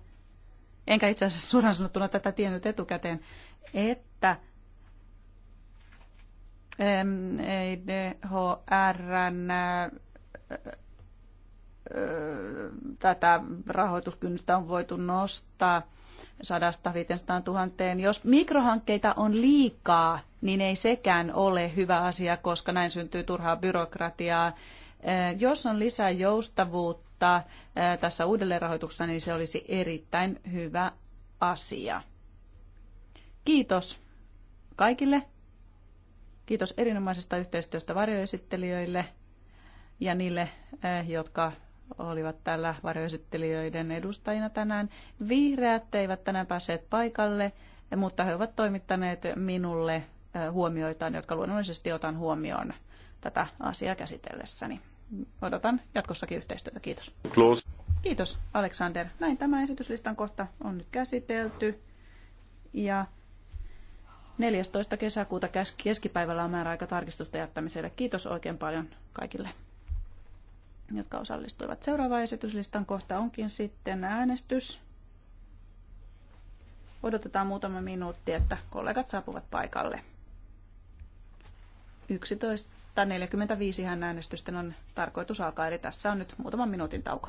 enkä itse asiassa suoraan sanottuna tätä tiennyt etukäteen, että EDHRn e tätä rahoituskynnystä on voitu nostaa 100 500 000. Jos mikrohankkeita on liikaa, niin ei sekään ole hyvä asia, koska näin syntyy turhaa byrokratiaa. Jos on lisää joustavuutta tässä uudelleenrahoituksessa, niin se olisi erittäin hyvä asia. Kiitos kaikille. Kiitos erinomaisesta yhteistyöstä varjoesittelijöille ja niille, eh, jotka olivat täällä varjoesittelijöiden edustajina tänään. Vihreät eivät tänään päässeet paikalle, mutta he ovat toimittaneet minulle eh, huomioitaan, jotka luonnollisesti otan huomioon tätä asiaa käsitellessäni. Odotan jatkossakin yhteistyötä. Kiitos. Close. Kiitos, Alexander. Näin tämä esityslistan kohta on nyt käsitelty. Ja 14. kesäkuuta keskipäivällä on määräaika tarkistusta jättämiselle. Kiitos oikein paljon kaikille, jotka osallistuivat. Seuraava esityslistan kohta onkin sitten äänestys. Odotetaan muutama minuutti, että kollegat saapuvat paikalle. 11.45 hän äänestysten on tarkoitus alkaa, eli tässä on nyt muutaman minuutin tauko.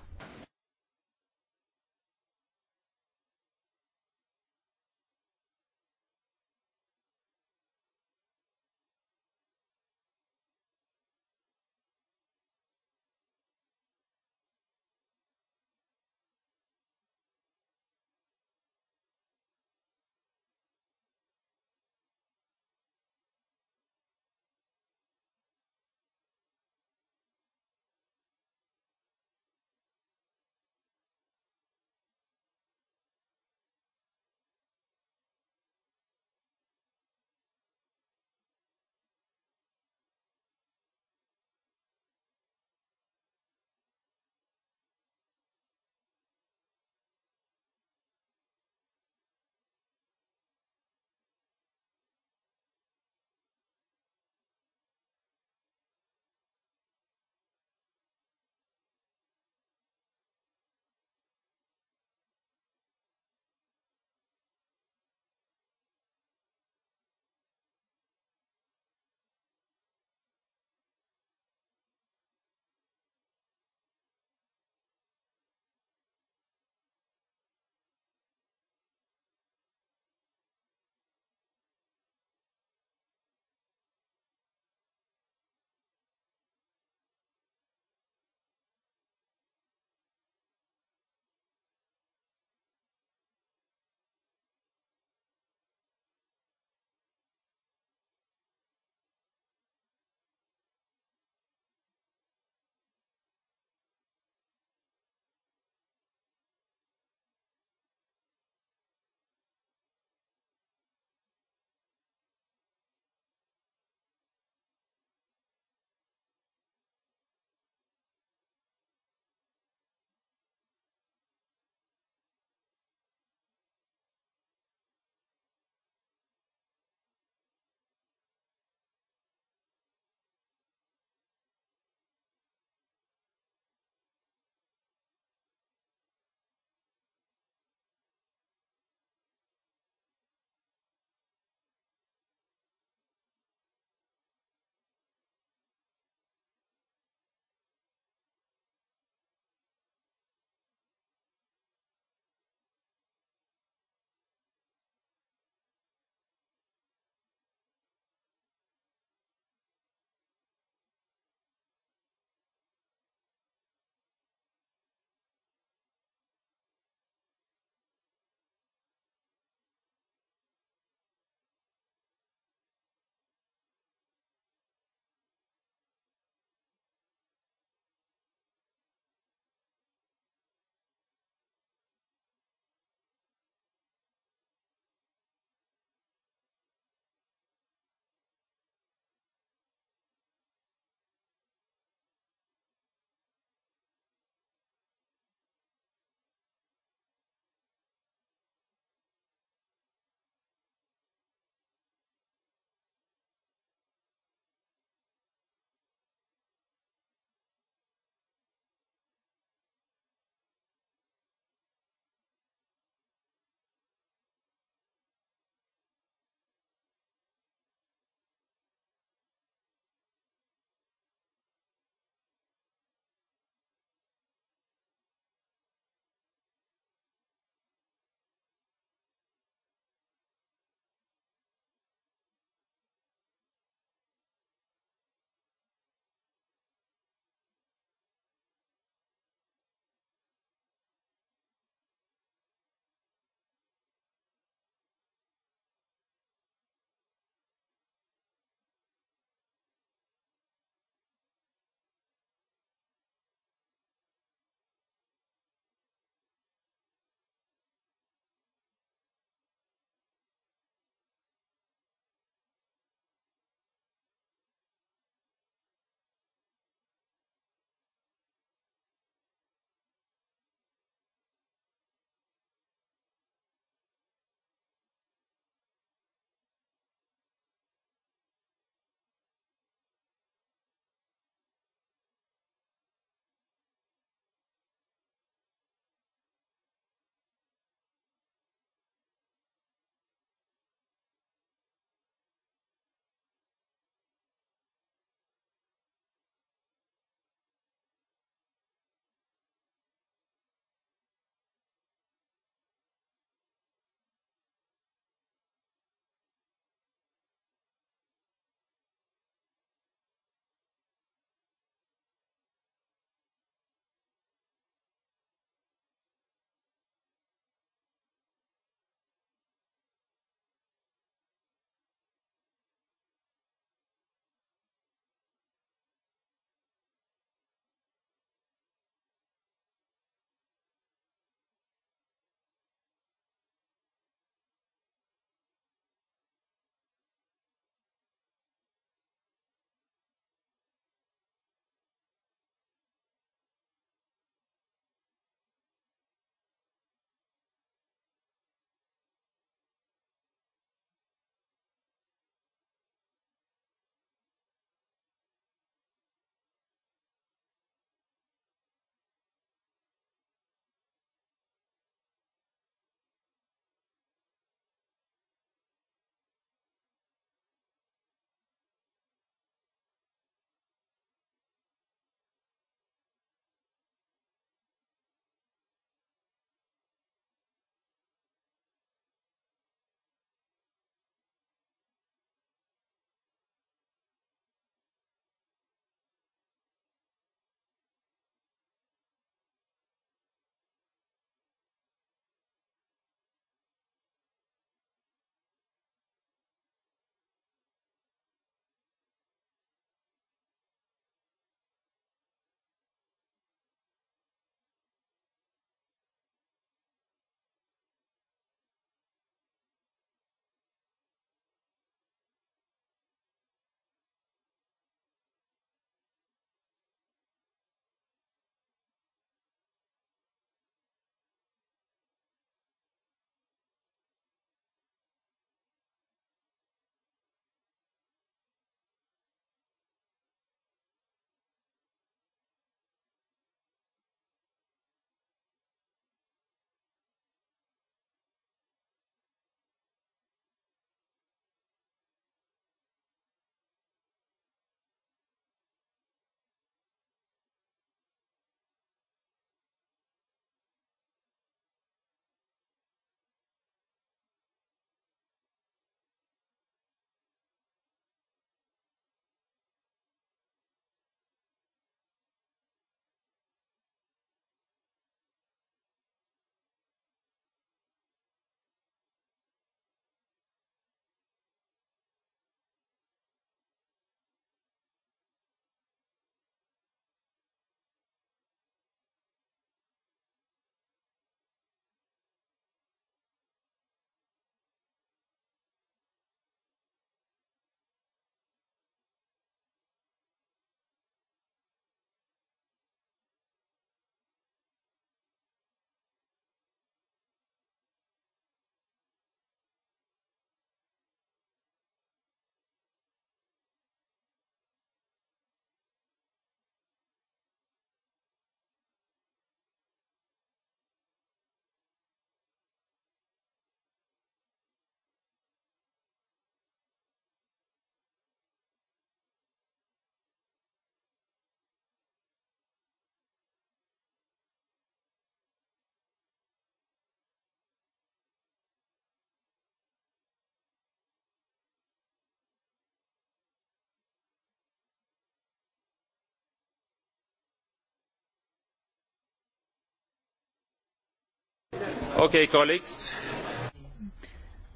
Okei, okay, colleagues.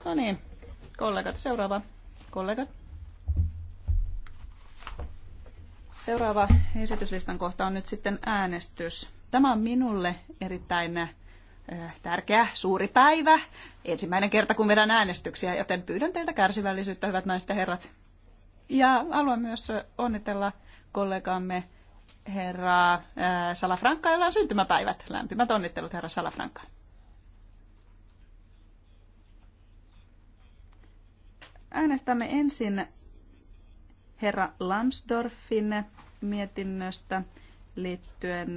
No niin, kollegat, seuraava. Kollegat. Seuraava esityslistan kohta on nyt sitten äänestys. Tämä on minulle erittäin eh, tärkeä, suuri päivä. Ensimmäinen kerta, kun vedän äänestyksiä, joten pyydän teiltä kärsivällisyyttä, hyvät naiset ja herrat. Ja haluan myös onnitella kollegaamme herra eh, Salafranca, jolla on syntymäpäivät. Lämpimät onnittelut herra Salafranca. Äänestämme ensin herra Lansdorfin mietinnöstä liittyen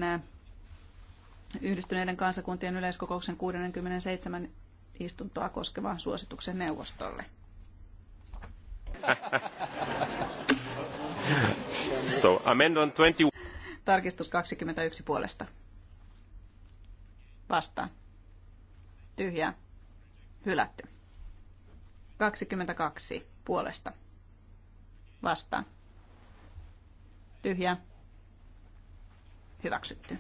Yhdistyneiden kansakuntien yleiskokouksen 67 istuntoa koskeva suosituksen neuvostolle.
So, amendment 20.
Tarkistus 21 puolesta. Vastaan. Tyhjä. Hylätty. 22 puolesta. Vastaan. tyhjä Hyväksytty.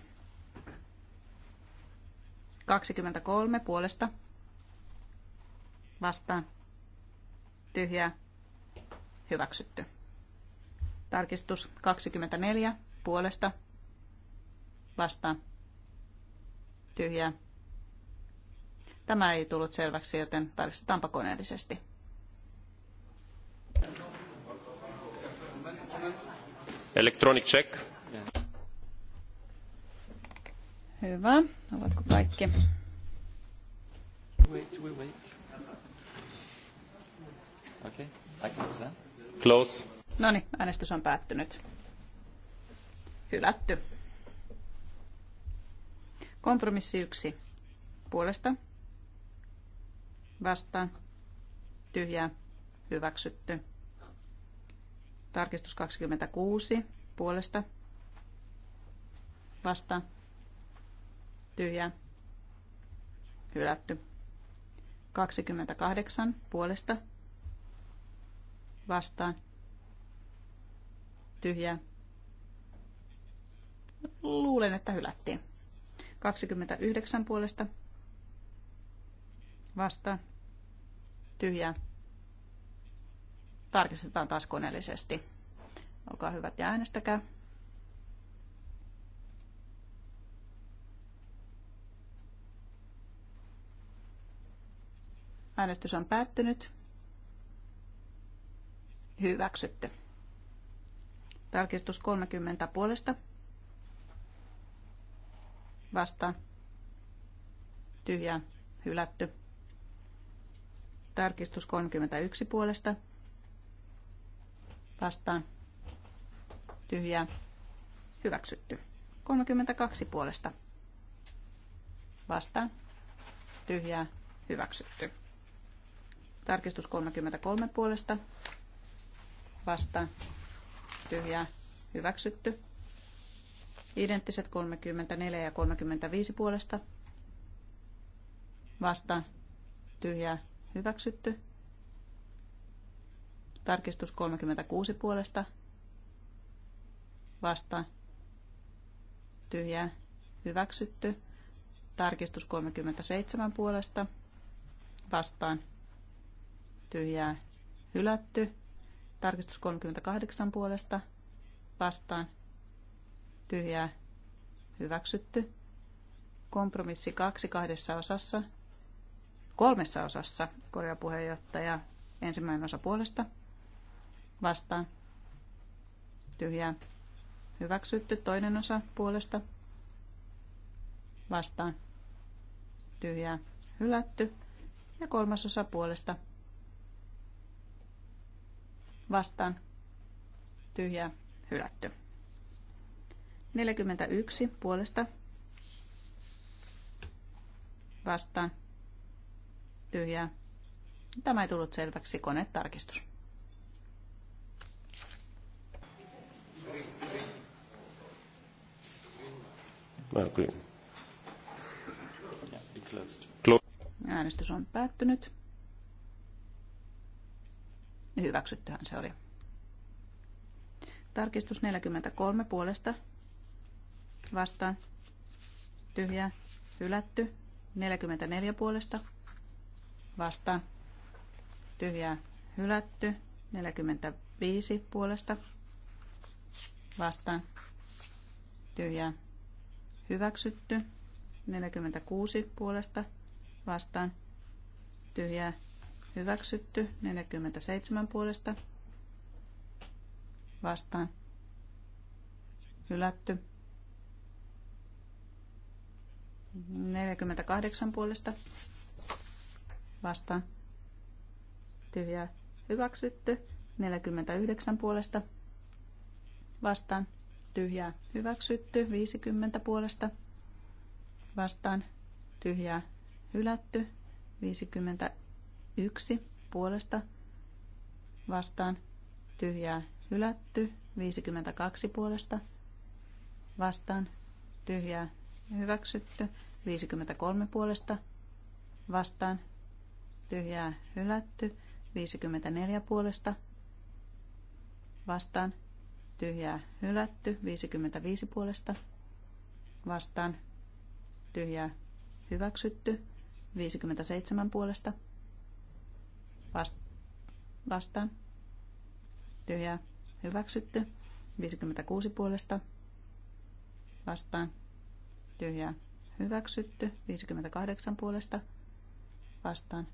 23 puolesta. Vastaan. tyhjä Hyväksytty. Tarkistus 24 puolesta. Vastaan. tyhjä Tämä ei tullut selväksi, joten tarkistetaanpa koneellisesti. Electronic check. Hyvä. Ovatko kaikki? Wait, we wait.
Okay. Close.
No niin, äänestys on päättynyt. Hylätty. Kompromissi yksi. Puolesta vastaan tyhjä hyväksytty. Tarkistus 26 puolesta vastaan tyhjä hylätty. 28 puolesta vastaan tyhjä Luulen, että hylättiin. 29 puolesta Vastaan. Tyhjää. Tarkistetaan taas koneellisesti. Olkaa hyvät ja äänestäkää. Äänestys on päättynyt. Hyväksytty. Tarkistus 30 puolesta. Vastaan. Tyhjää. Hylätty. Tarkistus 31 puolesta. Vastaan. Tyhjää. Hyväksytty. 32 puolesta. Vastaan. Tyhjää. Hyväksytty. Tarkistus 33 puolesta. Vastaan. Tyhjää. Hyväksytty. Identtiset 34 ja 35 puolesta. Vastaan. Tyhjää. Hyväksytty. Tarkistus 36 puolesta. Vastaan. Tyhjää. Hyväksytty. Tarkistus 37 puolesta. Vastaan. Tyhjää. Hylätty. Tarkistus 38 puolesta. Vastaan. Tyhjää. Hyväksytty. Kompromissi 2 kahdessa osassa kolmessa osassa, korjapuheenjohtaja Ensimmäinen osa puolesta vastaan. Tyhjää. Hyväksytty. Toinen osa puolesta vastaan. Tyhjää. Hylätty. Ja kolmas osa puolesta vastaan. Tyhjää. Hylätty. 41 puolesta vastaan tyhjää. Tämä ei tullut selväksi, konetarkistus. Äänestys on päättynyt. Hyväksyttyhän se oli. Tarkistus 43 puolesta. Vastaan. Tyhjää. Hylätty. 44 puolesta vasta tyhjää hylätty. 45 puolesta vastaan tyhjää hyväksytty. 46 puolesta vastaan tyhjää hyväksytty. 47 puolesta vastaan hylätty. 48 puolesta vastaan tyhjää hyväksytty. 49 puolesta vastaan tyhjää hyväksytty. 50 puolesta vastaan tyhjää hylätty. 51 puolesta vastaan tyhjää hylätty. 52 puolesta vastaan tyhjää hyväksytty. 53 puolesta vastaan tyhjää hylätty. 54 puolesta vastaan tyhjää hylätty. 55 puolesta vastaan tyhjää hyväksytty. 57 puolesta vastaan tyhjää hyväksytty. 56 puolesta vastaan tyhjää hyväksytty. 58 puolesta vastaan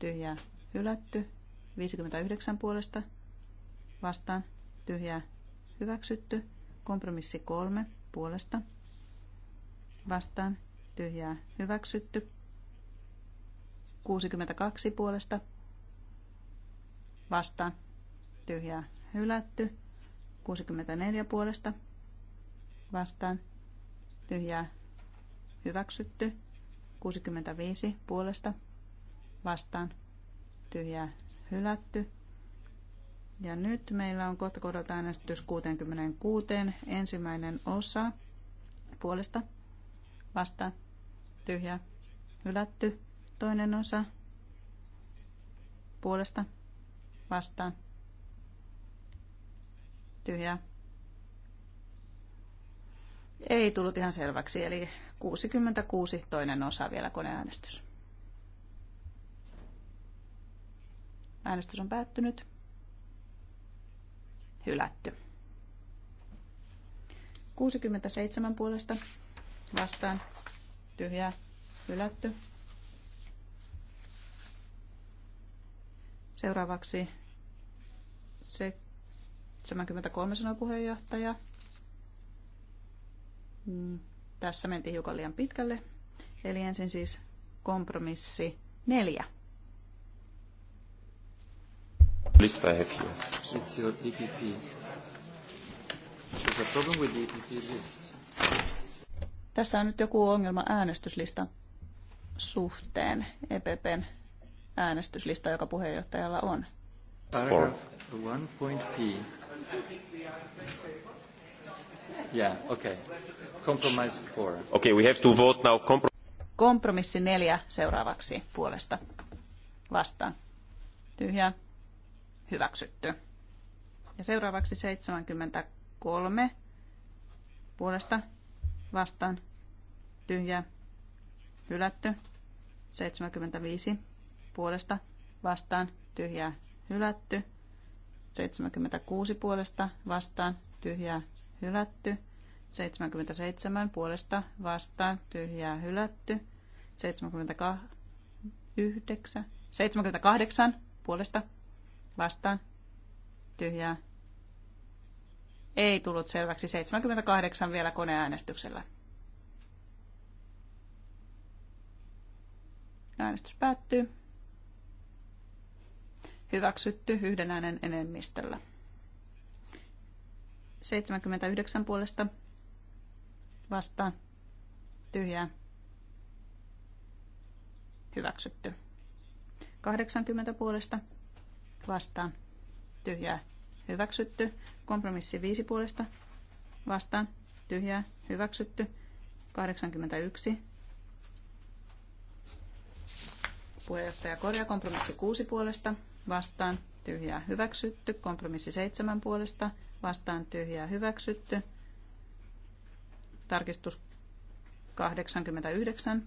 tyhjää hylätty. 59 puolesta vastaan tyhjää hyväksytty. Kompromissi 3 puolesta vastaan tyhjää hyväksytty. 62 puolesta vastaan tyhjää hylätty. 64 puolesta vastaan tyhjää hyväksytty. 65 puolesta vastaan vastaan tyhjää hylätty. Ja nyt meillä on kohta kohdalta äänestys 66. Ensimmäinen osa puolesta vastaan tyhjää hylätty. Toinen osa puolesta vastaan tyhjää. Ei tullut ihan selväksi, eli 66 toinen osa vielä koneäänestys. Äänestys on päättynyt. Hylätty. 67 puolesta vastaan tyhjää hylätty. Seuraavaksi 73 sanoi puheenjohtaja. Mm, tässä mentiin hiukan liian pitkälle. Eli ensin siis kompromissi neljä
List I have here.
It's your DPP. There's a problem with the list.
Tässä on nyt joku ongelma äänestyslistan suhteen, EPPn äänestyslista, joka puheenjohtajalla on. Paragraph 1.p. Yeah, okay. Compromise 4. Okay, we have to vote now. Comprom- Kompromissi neljä seuraavaksi puolesta. Vastaan. Tyhjää hyväksytty. Ja seuraavaksi 73 puolesta vastaan tyhjä hylätty. 75 puolesta vastaan tyhjä hylätty. 76 puolesta vastaan tyhjä hylätty. 77 puolesta vastaan tyhjää hylätty. 78, 78 puolesta Vastaan. Tyhjää. Ei tullut selväksi. 78 vielä koneäänestyksellä. Äänestys päättyy. Hyväksytty yhden äänen enemmistöllä. 79 puolesta vastaan tyhjää hyväksytty. 80 puolesta vastaan, tyhjää, hyväksytty. Kompromissi 5 puolesta vastaan, tyhjää, hyväksytty. 81. Puheenjohtaja korjaa kompromissi 6 puolesta vastaan, tyhjää, hyväksytty. Kompromissi 7 puolesta vastaan, tyhjää, hyväksytty. Tarkistus 89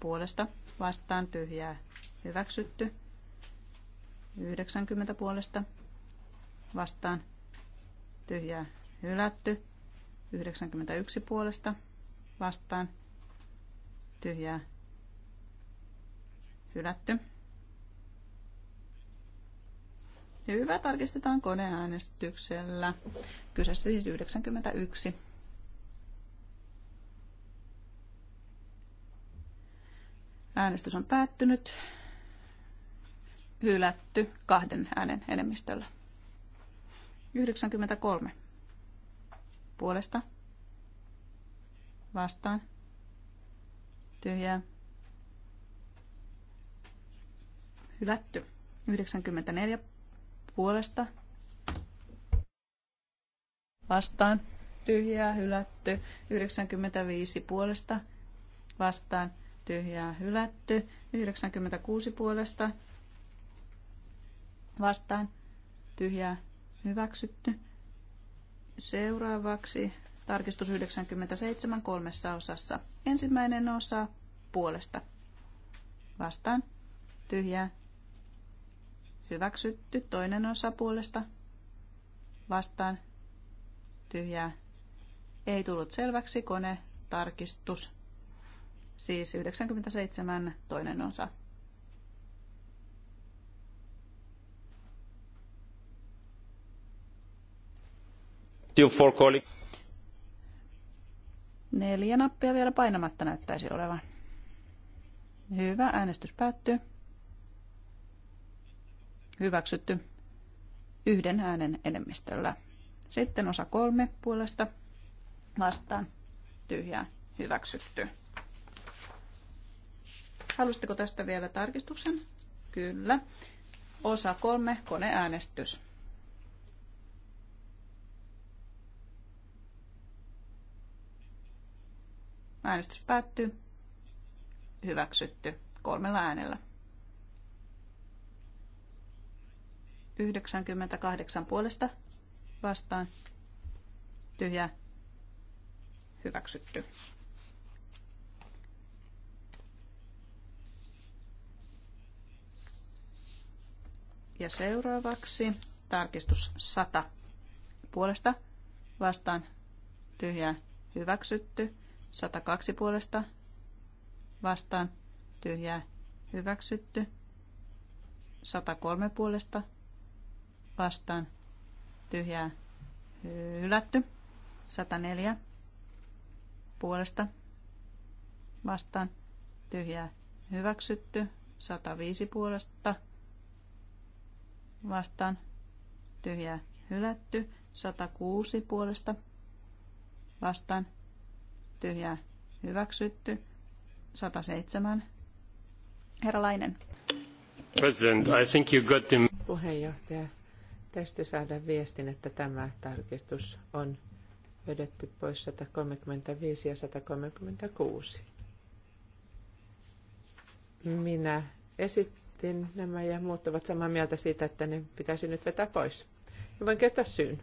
puolesta vastaan, tyhjää, hyväksytty. 90 puolesta vastaan tyhjää hylätty. 91 puolesta vastaan tyhjää hylätty. Hyvä, tarkistetaan koneäänestyksellä. Kyseessä siis 91. Äänestys on päättynyt hylätty kahden äänen enemmistöllä. 93. Puolesta. Vastaan. Tyhjää. Hylätty. 94. Puolesta. Vastaan. Tyhjää. Hylätty. 95. Puolesta. Vastaan. Tyhjää. Hylätty. 96. Puolesta vastaan tyhjää hyväksytty. Seuraavaksi tarkistus 97 kolmessa osassa. Ensimmäinen osa puolesta vastaan tyhjää hyväksytty. Toinen osa puolesta vastaan tyhjää ei tullut selväksi kone tarkistus. Siis 97 toinen osa Neljä nappia vielä painamatta näyttäisi olevan. Hyvä, äänestys päättyy. Hyväksytty yhden äänen enemmistöllä. Sitten osa kolme puolesta vastaan tyhjää hyväksytty. Halusitteko tästä vielä tarkistuksen? Kyllä. Osa kolme, koneäänestys. Äänestys päättyy. Hyväksytty kolmella äänellä. 98 puolesta vastaan. Tyhjä. Hyväksytty. Ja seuraavaksi tarkistus 100 puolesta vastaan tyhjä hyväksytty. 102 puolesta vastaan tyhjää hyväksytty. 103 puolesta vastaan tyhjää hylätty. 104 puolesta vastaan tyhjää hyväksytty. 105 puolesta vastaan tyhjää hylätty. 106 puolesta vastaan ja hyväksytty. 107. Lainen. President, I think you got the... Puheenjohtaja,
tästä saada viestin, että tämä tarkistus on vedetty pois 135 ja 136. Minä esittin nämä ja muut ovat samaa mieltä siitä, että ne pitäisi nyt vetää pois. Ja voin kertoa syyn.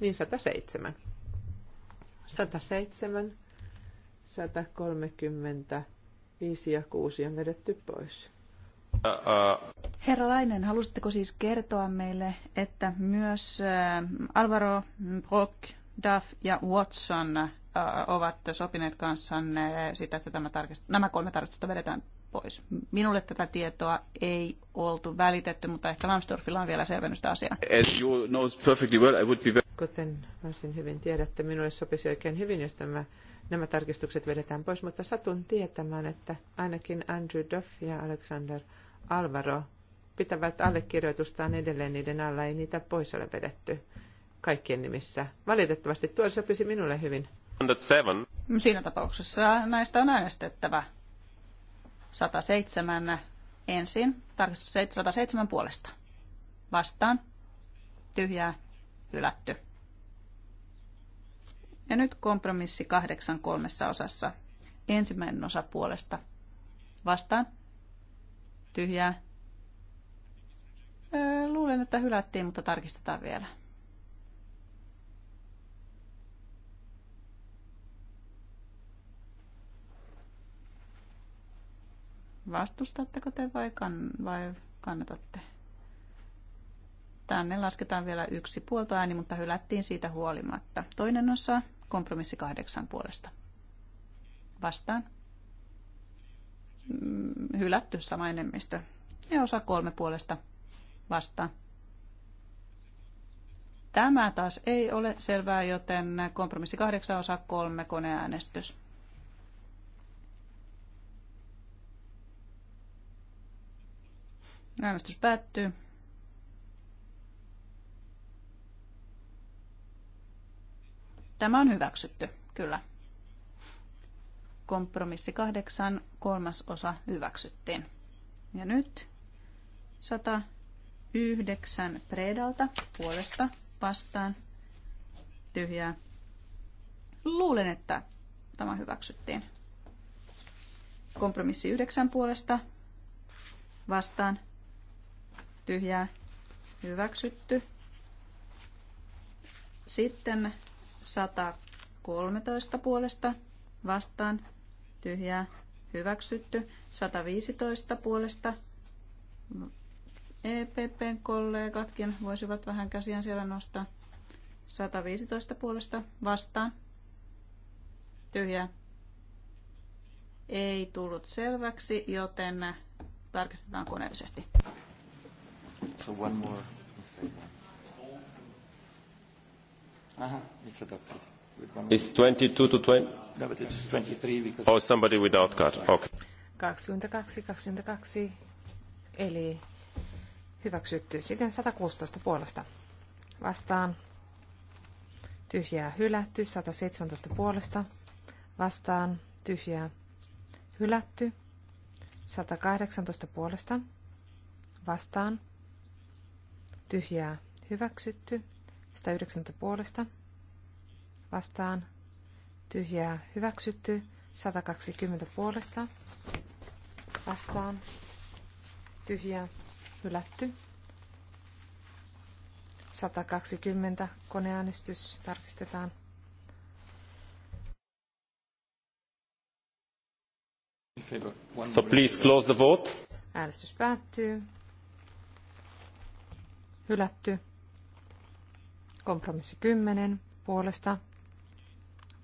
Niin 107. 107 135 ja 6 on vedetty pois.
Herra Lainen, halusitteko siis kertoa meille, että myös Alvaro, Brock, Duff ja Watson ovat sopineet kanssanne sitä, että tämä tarkist- nämä kolme tarkistusta vedetään pois. Minulle tätä tietoa ei oltu välitetty, mutta ehkä Lambsdorffilla on vielä selvennystä asiaa. perfectly well, I would be very... Kuten varsin hyvin tiedätte, minulle
sopisi oikein hyvin, jos tämä nämä tarkistukset vedetään pois, mutta satun tietämään, että ainakin Andrew Duff ja Alexander Alvaro pitävät allekirjoitustaan edelleen niiden alla, ei niitä pois ole vedetty kaikkien nimissä. Valitettavasti tuo sopisi minulle
hyvin. 107. Siinä tapauksessa näistä on äänestettävä. 107 ensin, tarkistus 107 puolesta. Vastaan, tyhjää, hylätty. Ja nyt kompromissi kahdeksan kolmessa osassa. Ensimmäinen osa puolesta. Vastaan. Tyhjää. Öö, luulen, että hylättiin, mutta tarkistetaan vielä. Vastustatteko te vai, kann- vai kannatatte? Tänne lasketaan vielä yksi ääni, mutta hylättiin siitä huolimatta. Toinen osa Kompromissi kahdeksan puolesta. Vastaan. Mm, hylätty sama enemmistö. Ja osa kolme puolesta. Vastaan. Tämä taas ei ole selvää, joten kompromissi kahdeksan osa kolme koneäänestys. Äänestys päättyy. Tämä on hyväksytty, kyllä. Kompromissi kahdeksan, kolmas osa hyväksyttiin. Ja nyt 109 Predalta puolesta vastaan tyhjää. Luulen, että tämä hyväksyttiin. Kompromissi yhdeksän puolesta vastaan tyhjää hyväksytty. Sitten 113 puolesta vastaan tyhjää hyväksytty. 115 puolesta EPPn kollegatkin voisivat vähän käsiään siellä nostaa. 115 puolesta vastaan tyhjää ei tullut selväksi, joten tarkistetaan koneellisesti.
So one more.
Uh-huh,
it's 22 to 20? No, but it's 23 because... Oh, somebody without card. Okay.
22, 22. Eli hyväksytty. Sitten 116 puolesta. Vastaan. Tyhjää hylätty. 117 puolesta. Vastaan. Tyhjää hylätty. 118 puolesta. Vastaan. Tyhjää hyväksytty. 190 puolesta vastaan tyhjää hyväksytty 120 puolesta vastaan tyhjää hylätty 120 koneäänestys tarkistetaan. So please
close the vote.
Äänestys päättyy. Hylätty. Kompromissi 10 puolesta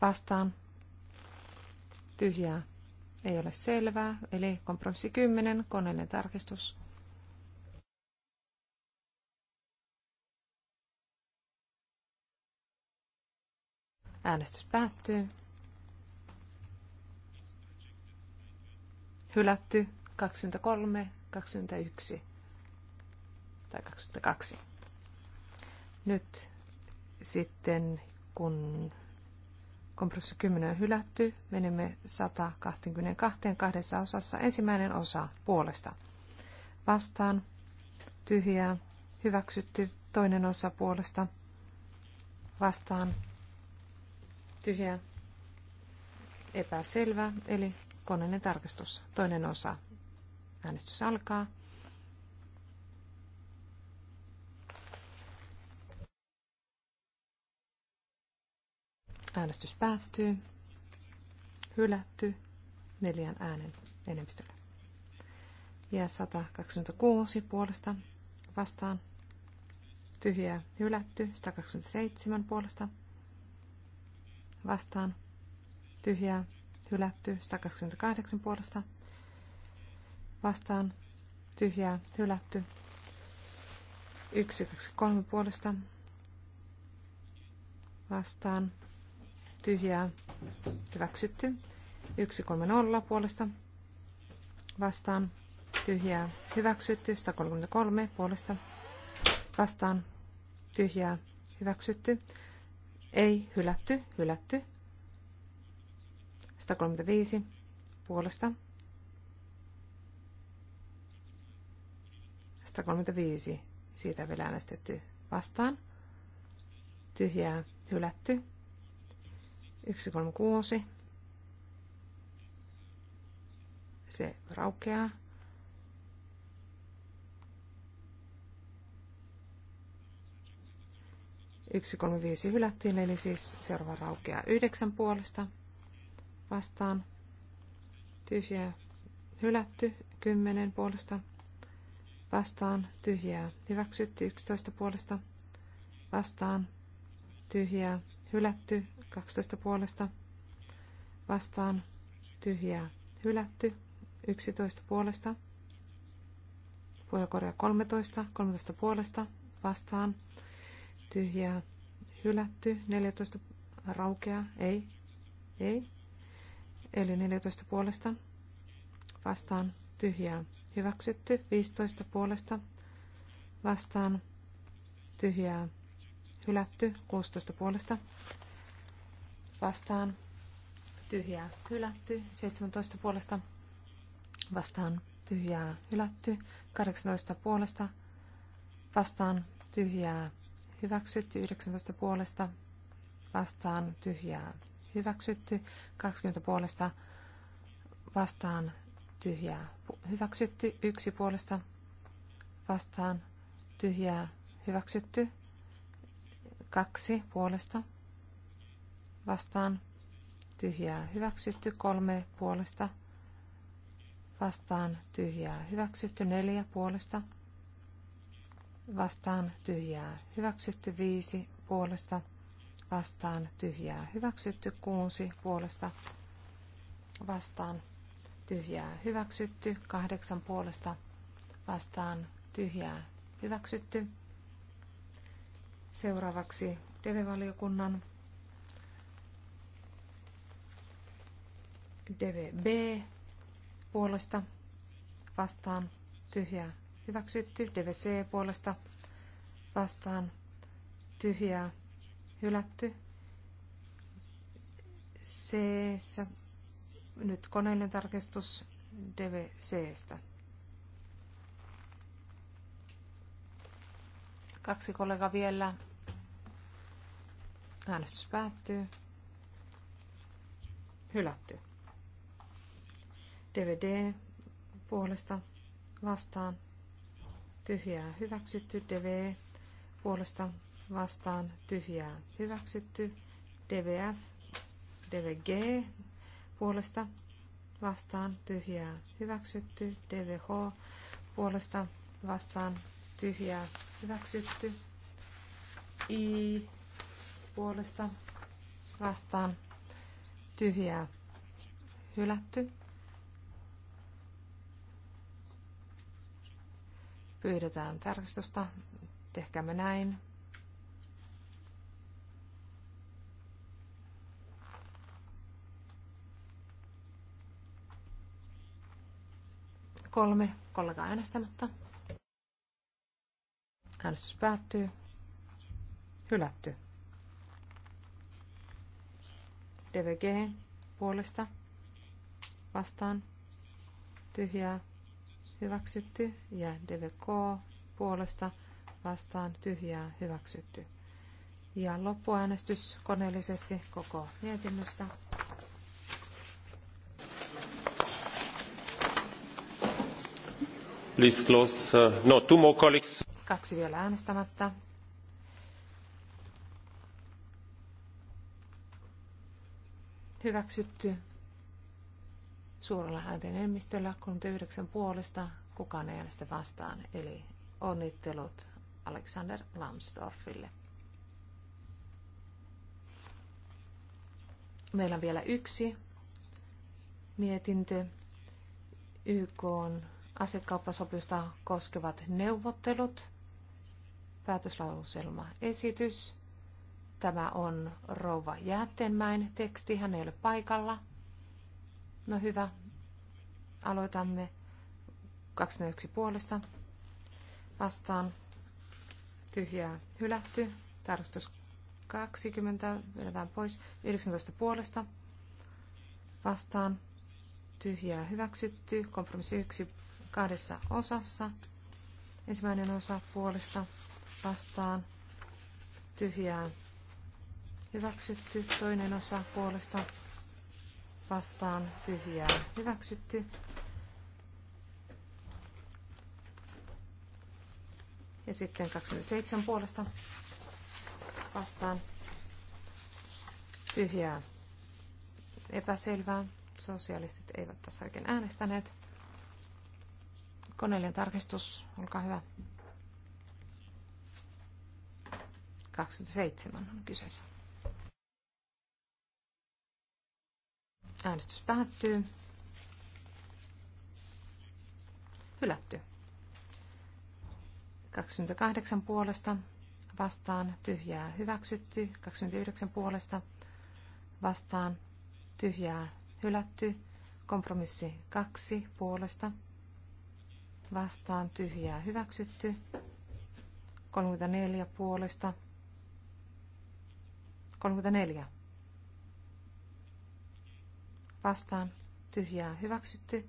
vastaan tyhjää ei ole selvää, eli kompromissi 10, koneellinen tarkistus. Äänestys päättyy. Hylätty 23, 21 tai 22. Nyt sitten kun kompromissi 10 on hylätty, menemme 122 kahdessa osassa. Ensimmäinen osa puolesta. Vastaan, tyhjää, hyväksytty, toinen osa puolesta. Vastaan, tyhjää, epäselvä, eli koneinen tarkistus. Toinen osa. Äänestys alkaa. Äänestys päättyy. Hylätty neljän äänen enemmistöllä. Ja 126 puolesta vastaan. Tyhjää hylätty. 127 puolesta vastaan. Tyhjää hylätty. 128 puolesta vastaan. Tyhjää hylätty. 123 puolesta vastaan tyhjää, hyväksytty. 130 puolesta vastaan, tyhjää, hyväksytty. 133 puolesta vastaan, tyhjää, hyväksytty. Ei, hylätty, hylätty. 135 puolesta. 135, siitä vielä äänestetty vastaan. Tyhjää, hylätty. 136. Se raukeaa. Yksi kolme viisi hylättiin, eli siis seuraava raukeaa yhdeksän puolesta. Vastaan tyhjää hylätty kymmenen puolesta. Vastaan tyhjää hyväksytty yksitoista puolesta. Vastaan tyhjää hylätty 12 puolesta vastaan tyhjää hylätty 11 puolesta puolakorja 13, 13 puolesta vastaan tyhjää hylätty 14 raukea ei ei eli 14 puolesta vastaan tyhjää hyväksytty 15 puolesta vastaan tyhjää hylätty 16 puolesta vastaan tyhjää hylätty, 17 puolesta vastaan tyhjää hylätty, 18 puolesta vastaan tyhjää hyväksytty, 19 puolesta vastaan tyhjää hyväksytty, 20 puolesta vastaan tyhjää hyväksytty, 1 puolesta vastaan tyhjää hyväksytty, 2 puolesta vastaan tyhjää hyväksytty, kolme puolesta vastaan tyhjää hyväksytty, neljä puolesta vastaan tyhjää hyväksytty, viisi puolesta vastaan tyhjää hyväksytty, kuusi puolesta vastaan tyhjää hyväksytty, kahdeksan puolesta vastaan tyhjää hyväksytty. Seuraavaksi TV-valiokunnan DVB puolesta vastaan tyhjää hyväksytty. DVC puolesta vastaan tyhjää hylätty. C nyt koneellinen tarkistus DVCstä. Kaksi kollega vielä. Äänestys päättyy. Hylätty. DVD puolesta vastaan tyhjää hyväksytty. DV e puolesta vastaan tyhjää hyväksytty. DVF, DVG puolesta vastaan tyhjää hyväksytty. DVH puolesta vastaan tyhjää hyväksytty. I puolesta vastaan tyhjää hylätty. Pyydetään tarkistusta. Tehkäämme näin. Kolme. Kollega äänestämättä. Äänestys päättyy. Hylätty. DVG puolesta vastaan tyhjää hyväksytty ja DVK puolesta vastaan tyhjää hyväksytty. Ja loppuäänestys koneellisesti koko mietinnöstä.
Please close. Uh, no, two more colleagues.
Kaksi vielä äänestämättä. Hyväksytty suurella äänten enemmistöllä 39 puolesta, kukaan ei äänestä vastaan. Eli onnittelut Alexander Lambsdorffille. Meillä on vielä yksi mietintö YK on asekauppasopimusta koskevat neuvottelut, päätöslauselma esitys. Tämä on Rouva Jäätteenmäen teksti, hän ei ole paikalla. No hyvä. Aloitamme 21 puolesta. Vastaan tyhjää hylätty. Tarkastus 20, vedetään pois. 19 puolesta. Vastaan tyhjää hyväksytty. Kompromissi 1 kahdessa osassa. Ensimmäinen osa puolesta vastaan tyhjää hyväksytty. Toinen osa puolesta vastaan tyhjää hyväksytty. Ja sitten 27 puolesta vastaan tyhjää epäselvää. Sosialistit eivät tässä oikein äänestäneet. Koneellinen tarkistus, olkaa hyvä. 27 on kyseessä. Äänestys päättyy. Hylätty. 28 puolesta vastaan tyhjää hyväksytty. 29 puolesta vastaan tyhjää hylätty. Kompromissi 2 puolesta vastaan tyhjää hyväksytty. 34 puolesta. 34 vastaan tyhjää hyväksytty.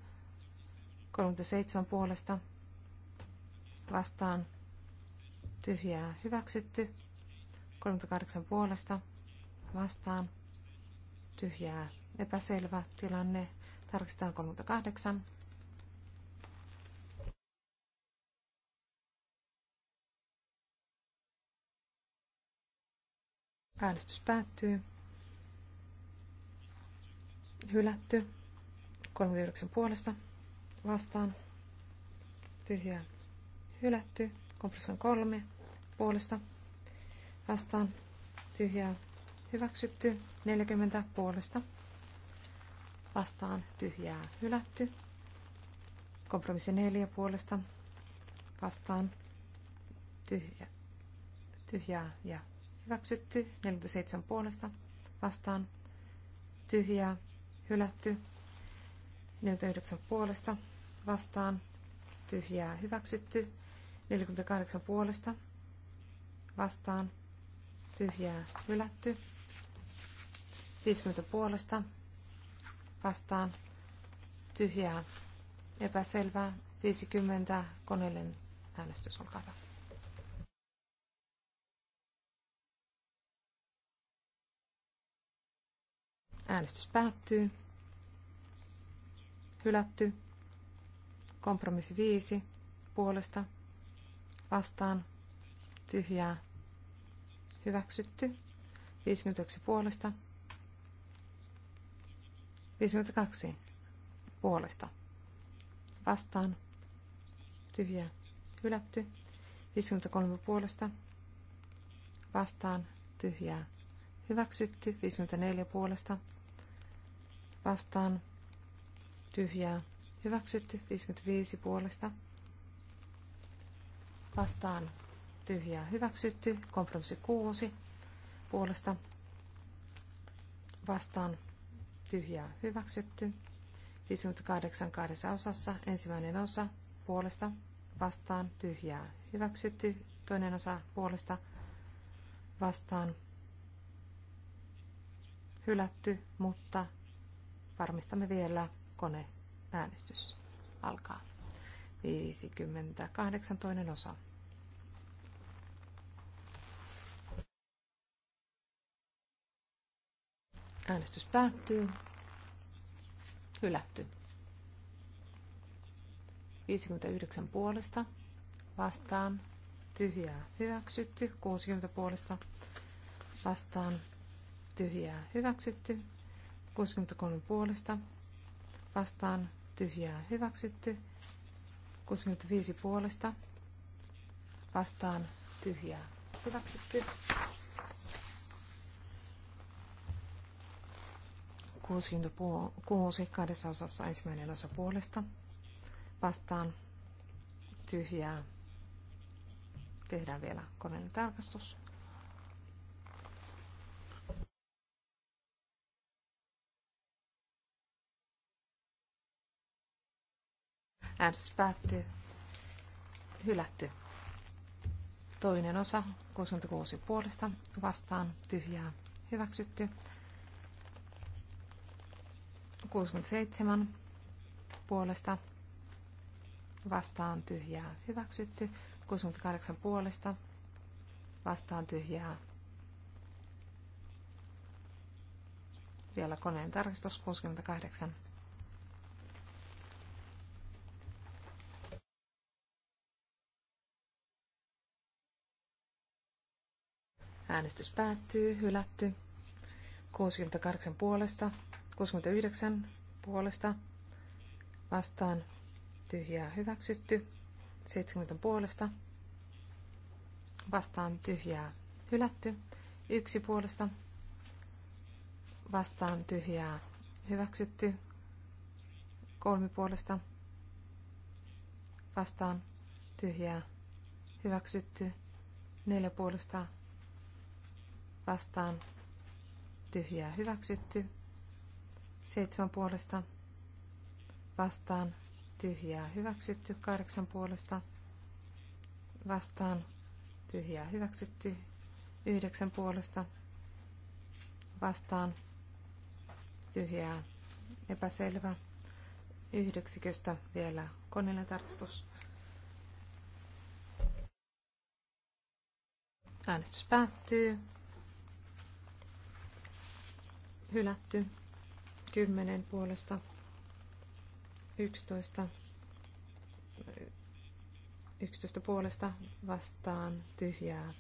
37 puolesta vastaan tyhjää hyväksytty. 38 puolesta vastaan tyhjää epäselvä tilanne. Tarkistetaan 38. Äänestys päättyy hylätty. 39 puolesta vastaan tyhjää hylätty. Kompression 3 puolesta vastaan tyhjää hyväksytty. 40 puolesta vastaan tyhjää hylätty. Kompromissi 4 puolesta vastaan tyhjä, tyhjää ja hyväksytty. 47 puolesta vastaan tyhjää hylätty. 49 puolesta vastaan tyhjää hyväksytty. 48 puolesta vastaan tyhjää hylätty. 50 puolesta vastaan tyhjää epäselvää. 50 koneellinen äänestys, olkaa hyvä. Äänestys päättyy. Hylätty. Kompromissi 5 puolesta vastaan tyhjää hyväksytty. 51 puolesta. 52 puolesta vastaan tyhjää hylätty. 53 puolesta vastaan tyhjää hyväksytty. 54 puolesta vastaan tyhjää hyväksytty. 55 puolesta vastaan tyhjää hyväksytty. Kompromissi 6 puolesta vastaan tyhjää hyväksytty. 58 kahdessa osassa ensimmäinen osa puolesta vastaan tyhjää hyväksytty. Toinen osa puolesta vastaan hylätty, mutta Varmistamme vielä koneäänestys. Alkaa. 58 toinen osa. Äänestys päättyy. Hylätty. 59 puolesta. Vastaan. Tyhjää hyväksytty. 60 puolesta. Vastaan. Tyhjää hyväksytty. 63 puolesta vastaan tyhjää hyväksytty. 65 puolesta vastaan tyhjää hyväksytty. 66 kahdessa osassa ensimmäinen osa puolesta vastaan tyhjää. Tehdään vielä koneen tarkastus. Äänestys päättyy. Hylätty. Toinen osa, 66 puolesta, vastaan, tyhjää, hyväksytty. 67 puolesta, vastaan, tyhjää, hyväksytty. 68 puolesta, vastaan, tyhjää, vielä koneen tarkistus 68. Äänestys päättyy, hylätty. 68 puolesta, 69 puolesta, vastaan tyhjää hyväksytty, 70 puolesta, vastaan tyhjää hylätty, yksi puolesta, vastaan tyhjää hyväksytty, kolmi puolesta, vastaan tyhjää hyväksytty, neljä puolesta, vastaan tyhjää hyväksytty. Seitsemän puolesta vastaan tyhjää hyväksytty. Kahdeksan puolesta vastaan tyhjää hyväksytty. Yhdeksän puolesta vastaan tyhjää epäselvä. Yhdeksiköstä vielä koneellinen tarkastus Äänestys päättyy hylätty 10 puolesta 11 11 puolesta vastaan tyhjää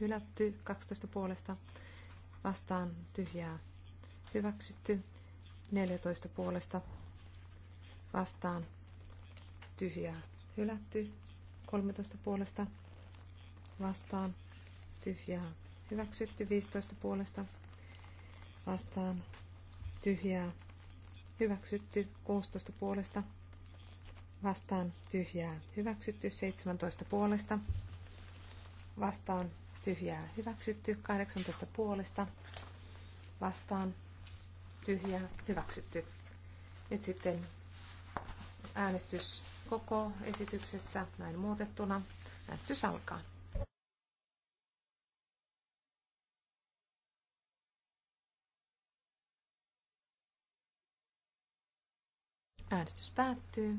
hylätty 12 puolesta vastaan tyhjää hyväksytty 14 puolesta vastaan tyhjää hylätty 13 puolesta vastaan tyhjää hyväksytty 15 puolesta vastaan tyhjää hyväksytty 16 puolesta vastaan tyhjää hyväksytty 17 puolesta vastaan tyhjää hyväksytty 18 puolesta vastaan tyhjää hyväksytty. Nyt sitten äänestys koko esityksestä näin muutettuna. Äänestys alkaa. Äänestys päättyy.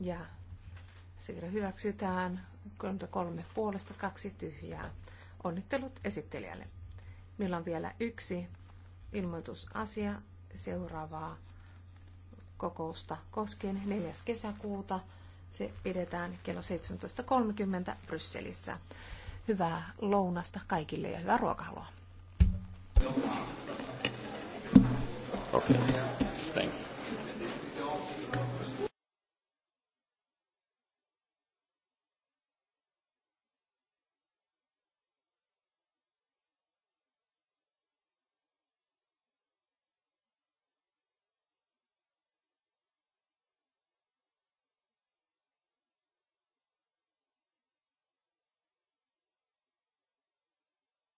Ja siirry hyväksytään 33 puolesta kaksi tyhjää. Onnittelut esittelijälle. Meillä on vielä yksi ilmoitusasia seuraavaa kokousta koskien 4. kesäkuuta. Se pidetään kello 17.30 Brysselissä. Hyvää lounasta kaikille ja hyvää ruokahalua.
Okay. Thanks.